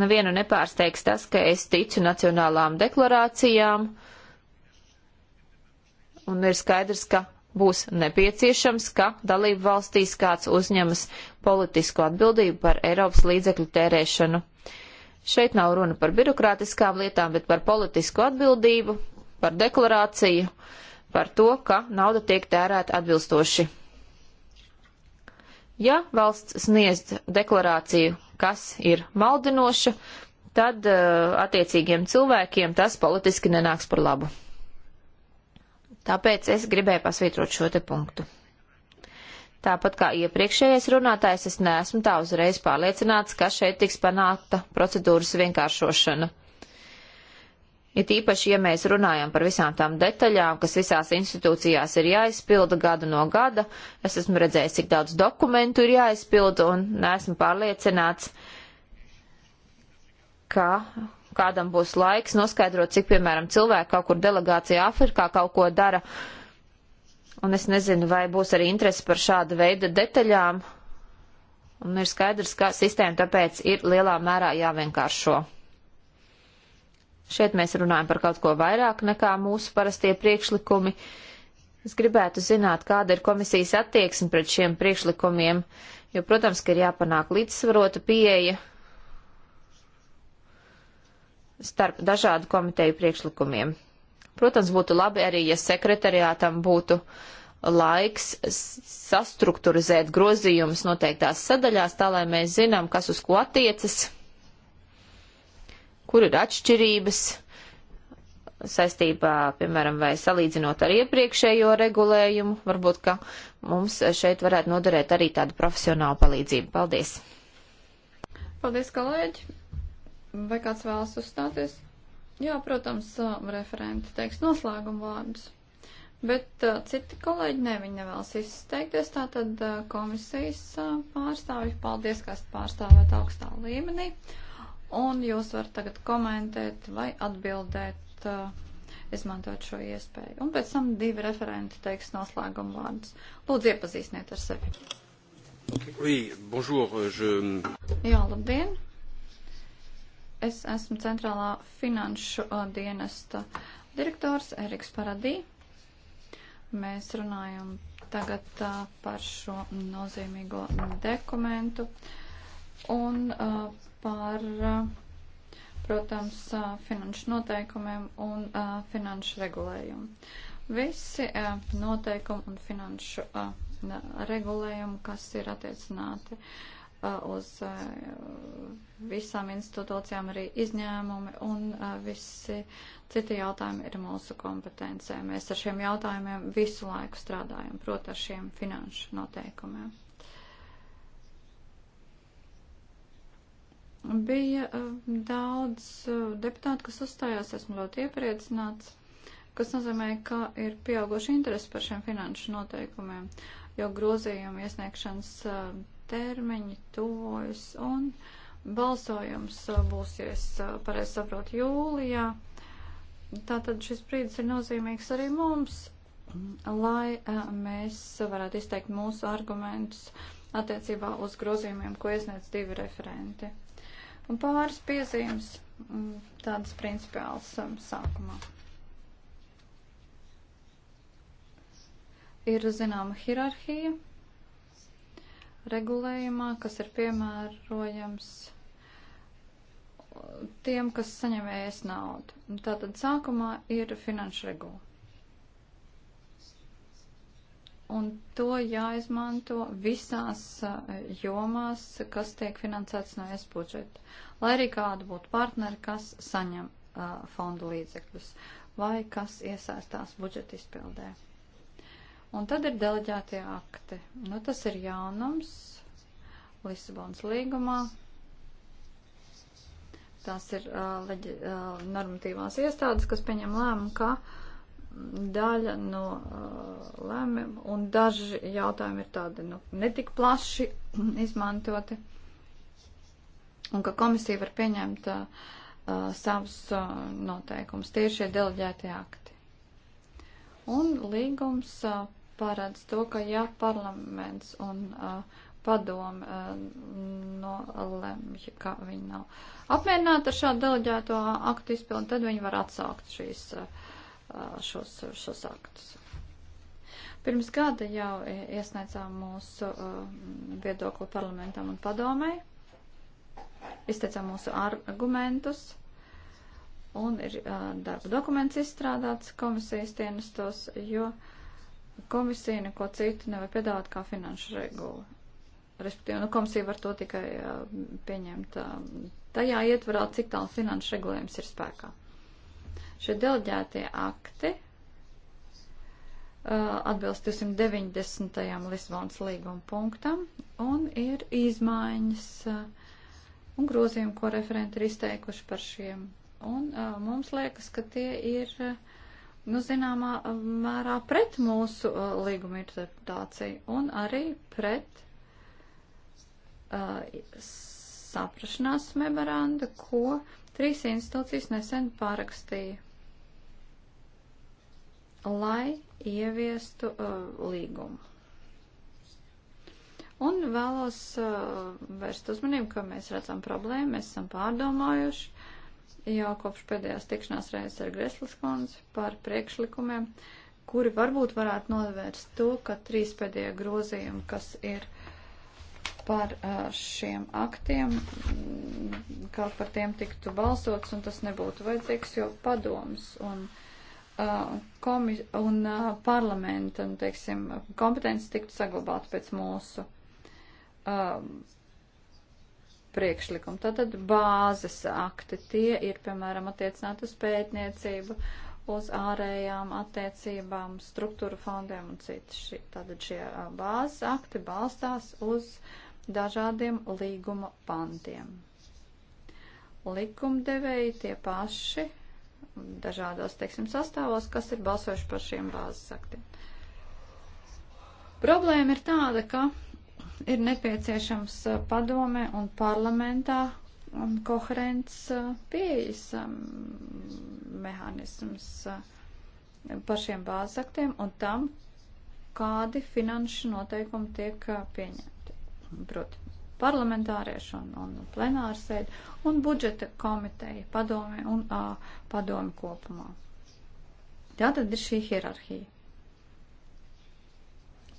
Nevienu nepārsteigs tas, ka es ticu nacionālām deklarācijām. Uh, un ir skaidrs, ka būs nepieciešams, ka dalību valstīs kāds uzņemas politisko atbildību par Eiropas līdzekļu tērēšanu. Šeit nav runa par birokrātiskām lietām, bet par politisko atbildību, par deklarāciju, par to, ka nauda tiek tērēta atbilstoši. Ja valsts sniedz deklarāciju, kas ir maldinoša, tad uh, attiecīgiem cilvēkiem tas politiski nenāks par labu. Tāpēc es gribēju pasvītrot šo te punktu. Tāpat kā iepriekšējais runātājs, es neesmu tā uzreiz pārliecināts, ka šeit tiks panākta procedūras vienkāršošana. It īpaši, ja mēs runājam par visām tām detaļām, kas visās institūcijās ir jāizpilda gada no gada, es esmu redzējis, cik daudz dokumentu ir jāizpilda un neesmu pārliecināts, ka kādam būs laiks noskaidrot, cik, piemēram, cilvēki kaut kur delegācija Afrikā kaut ko dara. Un es nezinu, vai būs arī interesi par šādu veidu detaļām. Un ir skaidrs, ka sistēma tāpēc ir lielā mērā jāvienkāršo. Šeit mēs runājam par kaut ko vairāk nekā mūsu parastie priekšlikumi. Es gribētu zināt, kāda ir komisijas attieksme pret šiem priekšlikumiem, jo, protams, ka ir jāpanāk līdzsvarota pieeja starp dažādu komiteju priekšlikumiem. Protams, būtu labi arī, ja sekretariātam būtu laiks sastruktūrizēt grozījumus noteiktās sadaļās, tā lai mēs zinām, kas uz ko attiecas, kur ir atšķirības saistībā, piemēram, vai salīdzinot ar iepriekšējo regulējumu, varbūt, ka mums šeit varētu noderēt arī tāda profesionāla palīdzība. Paldies! Paldies, kolēģi! Vai kāds vēlas uzstāties? Jā, protams, referenti teiks noslēgumu vārdus. Bet uh, citi kolēģi, ne, viņi nevēlas izteikties. Tātad uh, komisijas uh, pārstāvji, paldies, kas pārstāvēt augstā līmenī. Un jūs varat tagad komentēt vai atbildēt, uh, izmantojot šo iespēju. Un pēc tam divi referenti teiks noslēgumu vārdus. Lūdzu, iepazīstiniet ar sevi. Oui, bonjour, je... Jā, labdien! Es esmu centrālā finanšu uh, dienesta direktors Eriks Paradī. Mēs runājam tagad uh, par šo nozīmīgo dokumentu un uh, par, uh, protams, uh, finanšu noteikumiem un uh, finanšu regulējumu. Visi uh, noteikumi un finanšu uh, regulējumi, kas ir attiecināti uh, uz visām institūcijām arī izņēmumi un visi citi jautājumi ir mūsu kompetencē. Mēs ar šiem jautājumiem visu laiku strādājam, proti ar šiem finanšu noteikumiem. Bija daudz deputātu, kas uzstājās, esmu ļoti iepriecināts, kas nozīmē, ka ir pieauguši interesi par šiem finanšu noteikumiem, jo grozījumu iesniegšanas termiņi tuvojas un balsojums uh, būs, ja es uh, pareizi saprotu, jūlijā. Tātad šis brīdis ir nozīmīgs arī mums, lai uh, mēs varētu izteikt mūsu argumentus attiecībā uz grozījumiem, ko iesniedz divi referenti. Un pāris piezīmes mm, tādas principiāls um, sākumā. Ir zināma hierarhija regulējumā, kas ir piemērojams tiem, kas saņem ēst naudu. Tātad sākumā ir finanšu regula. Un to jāizmanto visās eh, jomās, kas tiek finansēts no es budžeta. Lai arī kāda būtu partneri, kas saņem uh, eh, fondu līdzekļus vai kas iesaistās budžeta izpildē. Un tad ir deleģētie akti. Nu, tas ir jaunums Lisabonas līgumā. Tās ir uh, leģi, uh, normatīvās iestādes, kas pieņem lēmumu, ka daļa no uh, lēmumiem un daži jautājumi ir tādi nu, netik plaši izmantoti. Un ka komisija var pieņemt uh, uh, savus uh, noteikumus. Tie ir šie deleģētie akti. Un līgums uh, paredz to, ka ja parlaments un uh, padomi uh, nolemj, ka viņi nav apmierināti ar šādu deleģēto aktu izpildu, tad viņi var atsaukt šīs, uh, uh, šos, šos aktus. Pirms gada jau iesniedzām mūsu uh, viedokli parlamentam un padomai, izteicām mūsu argumentus un ir uh, darba dokuments izstrādāts komisijas dienestos, jo uh, Komisija neko citu nevar piedāvāt kā finanšu regulu. Respektīvi, nu, komisija var to tikai uh, pieņemt uh, tajā ietvarā, cik tālu finanšu regulējums ir spēkā. Šie deleģētie akti atbilst 290. Lisbonas līguma punktam un ir izmaiņas un grozījumi, ko referenti ir izteikuši par šiem. Un mums liekas, ka tie ir nu, zināmā uh, mērā pret mūsu uh, līguma interpretāciju un arī pret uh, saprašanās memoranda, ko trīs institūcijas nesen pārakstīja, lai ieviestu uh, līgumu. Un vēlos uh, vērst uzmanību, ka mēs redzam problēmu, mēs esam pārdomājuši, jau kopš pēdējās tikšanās reizes ar Greslis kundzi par priekšlikumiem, kuri varbūt varētu novērst to, ka trīs pēdējie grozījumi, kas ir par šiem aktiem, kā par tiem tiktu balsots, un tas nebūtu vajadzīgs, jo padoms un, komis, un parlamenta, un, nu, teiksim, kompetences tiktu saglabāt pēc mūsu priekšlikumu. Tātad bāzes akti tie ir, piemēram, attiecināti uz pētniecību, uz ārējām attiecībām, struktūra fondiem un citas. Šī, tātad šie bāzes akti balstās uz dažādiem līguma pantiem. Likumdevēji tie paši dažādos, teiksim, sastāvos, kas ir balsojuši par šiem bāzes aktiem. Problēma ir tāda, ka ir nepieciešams padomē un parlamentā un koherents pieejas mehānisms par šiem bāzaktiem un tam, kādi finanšu noteikumi tiek pieņemti. Proti, parlamentārieši un, un plenārsēdi un budžeta komiteja padomi un a, padomi kopumā. Tātad ir šī hierarhija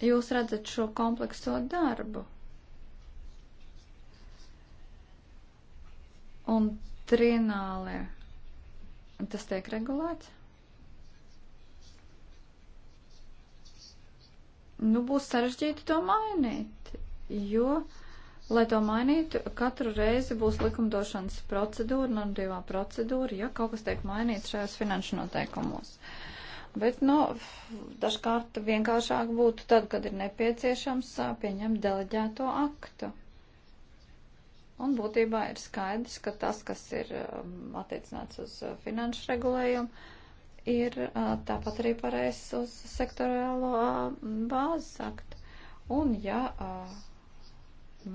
jūs redzat šo komplekso darbu. Un trienālē tas tiek regulēts. Nu, būs sarežģīti to mainīt, jo, lai to mainītu, katru reizi būs likumdošanas procedūra, normatīvā procedūra, ja kaut kas tiek mainīts šajos finanšu noteikumos. Uh, Bet, nu, dažkārt vienkāršāk būtu tad, kad ir nepieciešams pieņemt deleģēto aktu. Un būtībā ir skaidrs, ka tas, kas ir attiecināts uz finanšu regulējumu, ir tāpat arī pareizs uz sektoriālo bāzes aktu. Un, ja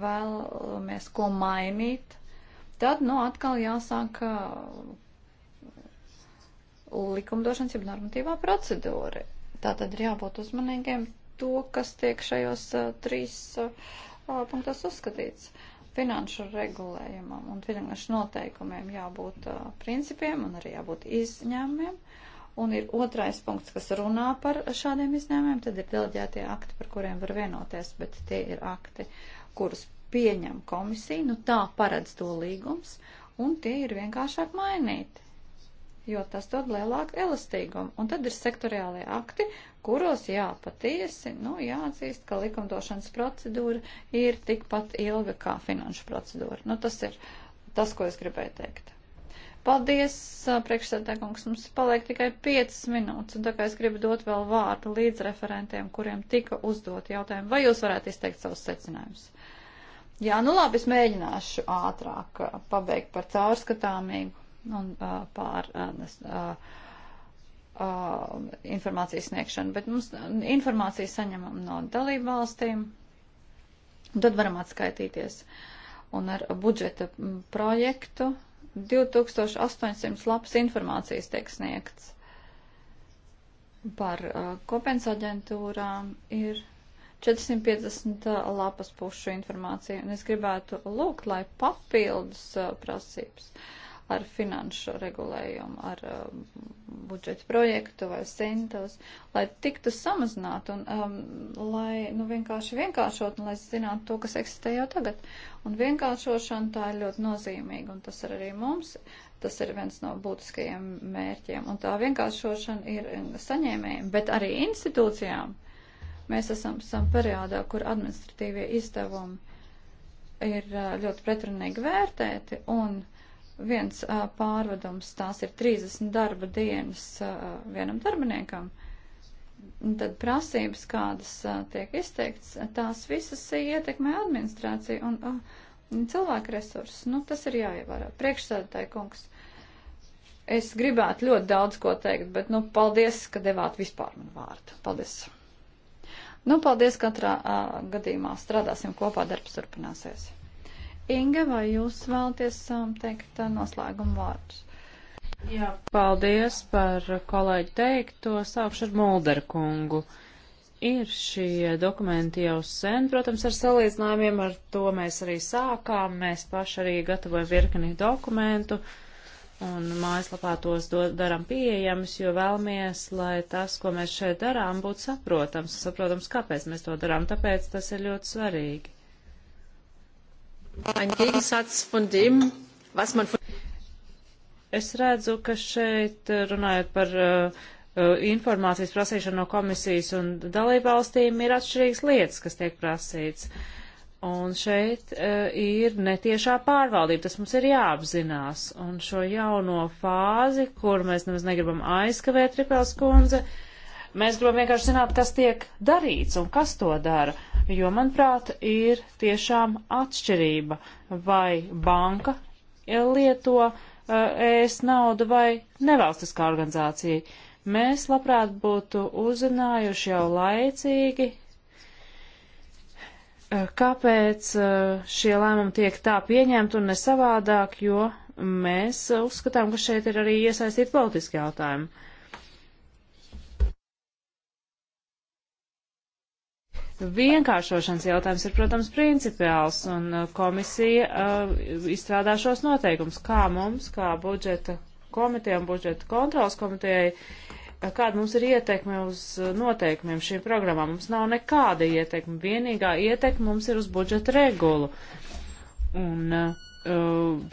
vēlamies ko mainīt, tad, nu, atkal jāsāk likumdošanas, jeb normatīvā procedūra. Tā tad ir jābūt uzmanīgiem to, kas tiek šajos uh, trīs uh, punktos uzskatīts. Finanšu regulējumam un finanšu noteikumiem jābūt uh, principiem un arī jābūt izņēmumiem. Un ir otrais punkts, kas runā par šādiem izņēmumiem, tad ir deleģētie akti, par kuriem var vienoties, bet tie ir akti, kurus pieņem komisija, nu tā paredz to līgums, un tie ir vienkāršāk mainīti jo tas dod lielāku elastīgumu. Un tad ir sektoriālie akti, kuros jā, patiesi, nu, jāatzīst, ka likumdošanas procedūra ir tikpat ilga kā finanšu procedūra. Nu, tas ir tas, ko es gribēju teikt. Paldies, priekšsēdētājkungs, mums paliek tikai 5 minūtes, un tā kā es gribu dot vēl vārdu līdz referentiem, kuriem tika uzdot jautājumu, vai jūs varētu izteikt savus secinājumus? Jā, nu labi, es mēģināšu ātrāk pabeigt par caurskatāmību un pār informācijas sniegšanu, bet mums informāciju saņemam no dalību valstīm, tad varam atskaitīties. Un ar budžeta projektu 2800 lapas informācijas tiek sniegts par kopienas aģentūrām ir 450 lapas pušu informācija, un es gribētu lūgt, lai papildus prasības. Uh, ar finanšu regulējumu, ar um, budžetu projektu vai centos, lai tiktu samazināt un um, lai nu, vienkārši vienkāršot un lai zinātu to, kas eksistē jau tagad. Un vienkāršošana tā ir ļoti nozīmīga un tas ir arī mums. Tas ir viens no būtiskajiem mērķiem. Un tā vienkāršošana ir saņēmējiem, bet arī institūcijām. Mēs esam, esam periodā, kur administratīvie izdevumi ir uh, ļoti pretrunīgi vērtēti un viens uh, pārvadums, tās ir 30 darba dienas uh, vienam darbiniekam, tad prasības, kādas uh, tiek izteikts, tās visas ietekmē administrāciju un uh, cilvēku resursus. Nu, tas ir jāievērā. Priekšsēdētāji kungs, es gribētu ļoti daudz ko teikt, bet, nu, paldies, ka devāt vispār man vārdu. Paldies. Nu, paldies katrā uh, gadījumā. Strādāsim kopā, darbs turpināsies. Inga, vai jūs vēlaties um, teikt uh, noslēgumu vārdus? Jā, paldies par kolēģi teikto. Sākšu ar Mulderu kungu. Ir šie dokumenti jau sen, protams, ar salīdzinājumiem, ar to mēs arī sākām. Mēs paši arī gatavojam virkni dokumentu un mājaslapā tos do, daram pieejamus, jo vēlamies, lai tas, ko mēs šeit darām, būtu saprotams. Saprotams, kāpēc mēs to darām, tāpēc tas ir ļoti svarīgi. Ein Gegensatz von dem, was man von Es redzu, ka šeit eh, runājot par uh, informācijas prasīšanu no komisijas un dalībvalstīm ir atšķirīgas lietas, kas tiek prasīts. Un šeit uh, ir netiešā pārvaldība, tas mums ir jāapzinās. Un šo jauno fāzi, kur mēs nemaz negribam aizkavēt, Ripels kundze, uh, Mēs gribam vienkārši zināt, kas tiek darīts un kas to dara, jo, manuprāt, ir tiešām atšķirība, vai banka lieto uh, ēst naudu vai nevalstiskā organizācija. Mēs labprāt būtu uzzinājuši jau laicīgi, uh, kāpēc uh, šie lēmumi tiek tā pieņemti un ne savādāk, jo mēs uzskatām, ka šeit ir arī iesaistīti politiski jautājumi. Vienkāršošanas jautājums ir, protams, principiāls, un uh, komisija uh, izstrādā šos noteikumus, kā mums, kā budžeta komitejām, budžeta kontrolas komitejai, uh, kāda mums ir ietekme uz uh, noteikumiem šīm programmām. Mums nav nekāda ietekme, vienīgā ietekme mums ir uz budžeta regulu. Un uh,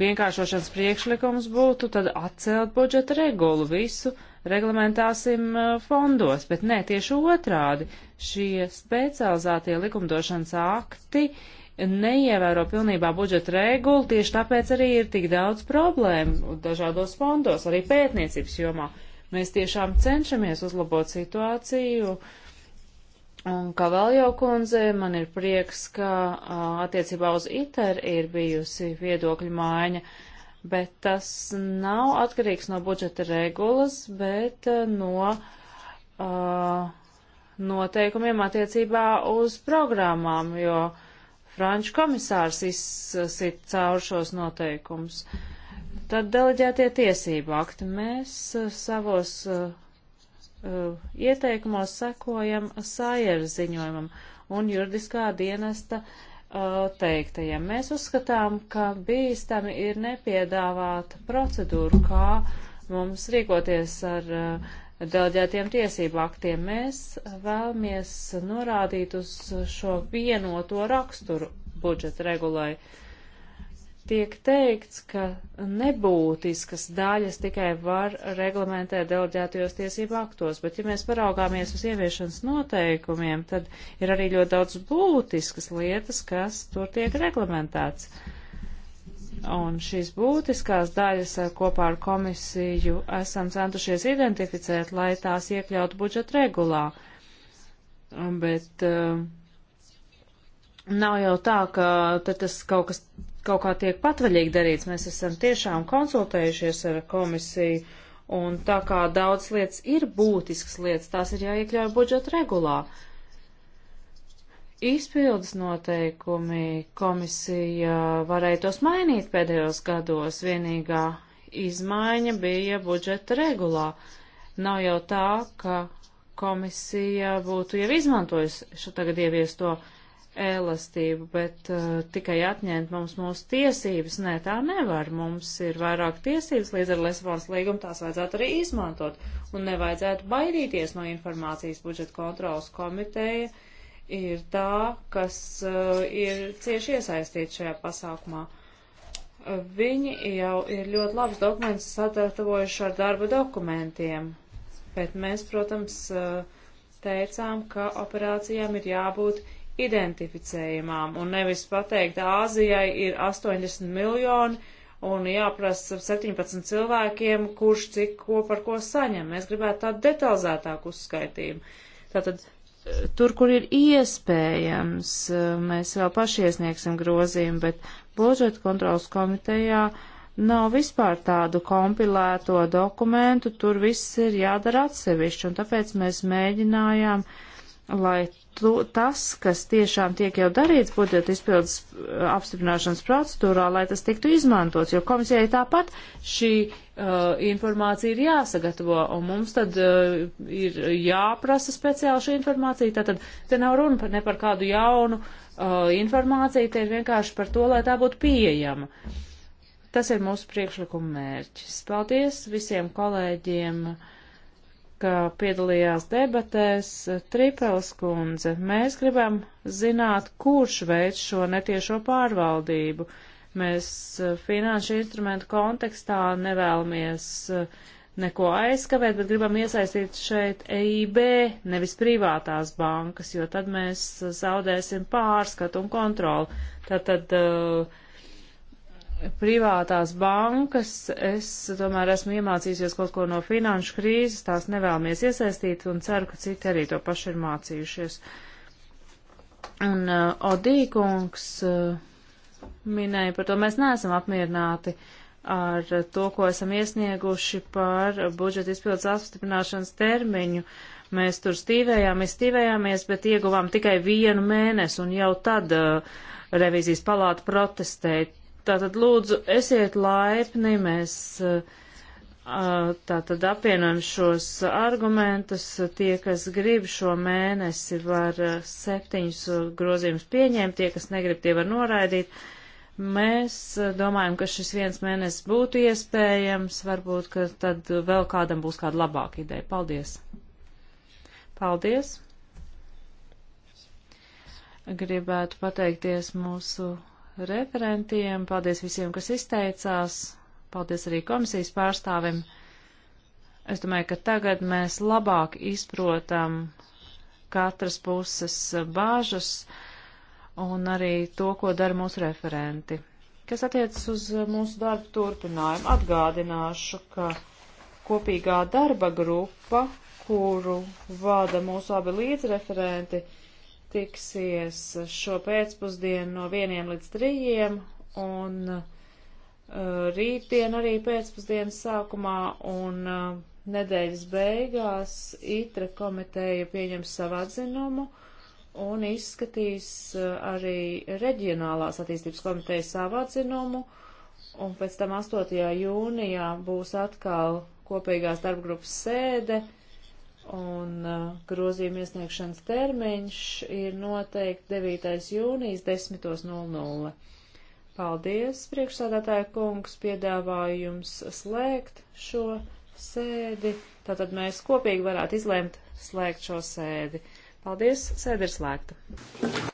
vienkāršošanas priekšlikums būtu tad atcelt budžeta regulu visu. Uh, reglamentāsim eh, fondos, bet nē, tieši otrādi. Šie specializētie likumdošanas akti neievēro pilnībā budžeta regulu, tieši tāpēc arī ir tik daudz problēmu dažādos fondos, arī pētniecības jomā. Mēs tiešām cenšamies uzlabot situāciju. Un kā vēl jau kundze, man ir prieks, ka a, attiecībā uz ITER ir bijusi viedokļu mājaņa. Uh, bet tas nav atkarīgs no budžeta regulas, bet eh, no uh, noteikumiem attiecībā uz programmām, jo franču komisārs izsit caur šos noteikumus. Tad deleģētie tiesību akti. Mēs eh, savos uh, ieteikumos sekojam Sājera ziņojumam un juridiskā dienesta uh, Uh, teiktajiem. Mēs uzskatām, ka bīstami ir nepiedāvāt procedūru, kā mums rīkoties ar uh, delģētiem tiesību aktiem. Mēs vēlamies norādīt uz šo vienoto raksturu budžeta regulai. Uh, tiek teikts, ka nebūtiskas daļas tikai var reglamentēt deleģētajos tiesību aktos, bet ja mēs paraugāmies uz ieviešanas noteikumiem, tad ir arī ļoti daudz būtiskas lietas, kas tur tiek reglamentēts. Un šīs būtiskās daļas kopā ar komisiju esam centušies identificēt, lai tās iekļautu budžeta regulā. Bet uh, Nav jau tā, ka tas kaut kas kaut kā tiek patvaļīgi darīts. Mēs esam tiešām konsultējušies ar komisiju, un tā kā daudz lietas ir būtisks lietas, tās ir jāiekļauj budžeta regulā. Izpildus noteikumi komisija varēja tos mainīt pēdējos gados, vienīgā izmaiņa bija budžeta regulā. Nav jau tā, ka komisija būtu jau izmantojusi šo tagad ieviesto to elastību, bet uh, tikai atņemt mums mūsu tiesības, nē, tā nevar. Mums ir vairāk tiesības līdz ar Lesabonas līgumu, tās vajadzētu arī izmantot. Un nevajadzētu baidīties no informācijas budžeta kontrolas komiteja ir tā, kas uh, ir cieši iesaistīta šajā pasākumā. Uh, viņi jau ir ļoti labs dokuments sagatavojuši ar darba dokumentiem, bet mēs, protams, uh, teicām, ka operācijām ir jābūt identificējumām un nevis pateikt, Āzijai ir 80 miljoni un jāprasa 17 cilvēkiem, kurš cik ko par ko saņem. Mēs gribētu tādu detalizētāku uzskaitījumu. Tātad eh, tur, kur ir iespējams, eh, mēs vēl paši iesniegsim grozījumu, bet budžeta kontrolas komitejā nav vispār tādu kompilēto dokumentu, tur viss ir jādara atsevišķi, un tāpēc mēs mēģinājām uh, lai to, tas, kas tiešām tiek jau darīts, būtot izpildes eh, apstiprināšanas procedūrā, lai tas tiktu izmantots, jo komisijai tāpat šī uh, informācija ir jāsagatavo, un mums tad uh, ir jāprasa speciāli šī informācija, tātad te nav runa par, ne par kādu jaunu uh, informāciju, te ir vienkārši par to, lai tā būtu pieejama. Tas ir mūsu priekšlikuma mērķis. Paldies visiem kolēģiem! Uh, ka piedalījās debatēs Tripels kundze. Mēs gribam zināt, kurš veids šo netiešo pārvaldību. Mēs eh, finanšu instrumentu kontekstā nevēlamies eh, neko aizskavēt, bet gribam iesaistīt šeit EIB, nevis privātās bankas, jo tad mēs eh, zaudēsim pārskatu un kontroli. Tātad uh, privātās bankas, es tomēr esmu iemācījusies kaut ko no finanšu krīzes, tās nevēlamies iesaistīt un ceru, ka citi arī to paši ir mācījušies. Un uh, Odīkungs uh, minēja par to, mēs neesam apmierināti ar to, ko esam iesnieguši par budžeta izpildes apstiprināšanas termiņu. Mēs tur stīvējāmies, stīvējāmies, bet ieguvām tikai vienu mēnesi un jau tad uh, revīzijas palāta protestēja Tātad lūdzu, esiet laipni, mēs tātad apvienojam šos argumentus. Tie, kas grib šo mēnesi, var septiņus grozījumus pieņemt, tie, kas negrib, tie var noraidīt. Mēs domājam, ka šis viens mēnesis būtu iespējams, varbūt, ka tad vēl kādam būs kāda labāka ideja. Paldies! Paldies! Gribētu pateikties mūsu referentiem, paldies visiem, kas izteicās, paldies arī komisijas pārstāvim. Es domāju, ka tagad mēs labāk izprotam katras puses bāžas un arī to, ko dara mūsu referenti. Kas attiecas uz mūsu darbu turpinājumu, atgādināšu, ka kopīgā darba grupa, kuru vada mūsu abi līdzreferenti, tiksies šo pēcpusdienu no vieniem līdz trījiem un uh, rītdien arī pēcpusdienas sākumā un uh, nedēļas beigās ITRA komiteja pieņems savu atzinumu un izskatīs uh, arī reģionālās attīstības komiteja savu atzinumu, un pēc tam 8. jūnijā būs atkal kopīgās darbgrupas sēde, Un uh, grozījuma iesniegšanas termiņš ir noteikti 9. jūnijas 10.00. Paldies, priekšsādātāja kungs, piedāvāju jums slēgt šo sēdi. Tātad mēs kopīgi varētu izlēmt slēgt šo sēdi. Paldies, sēde ir slēgta.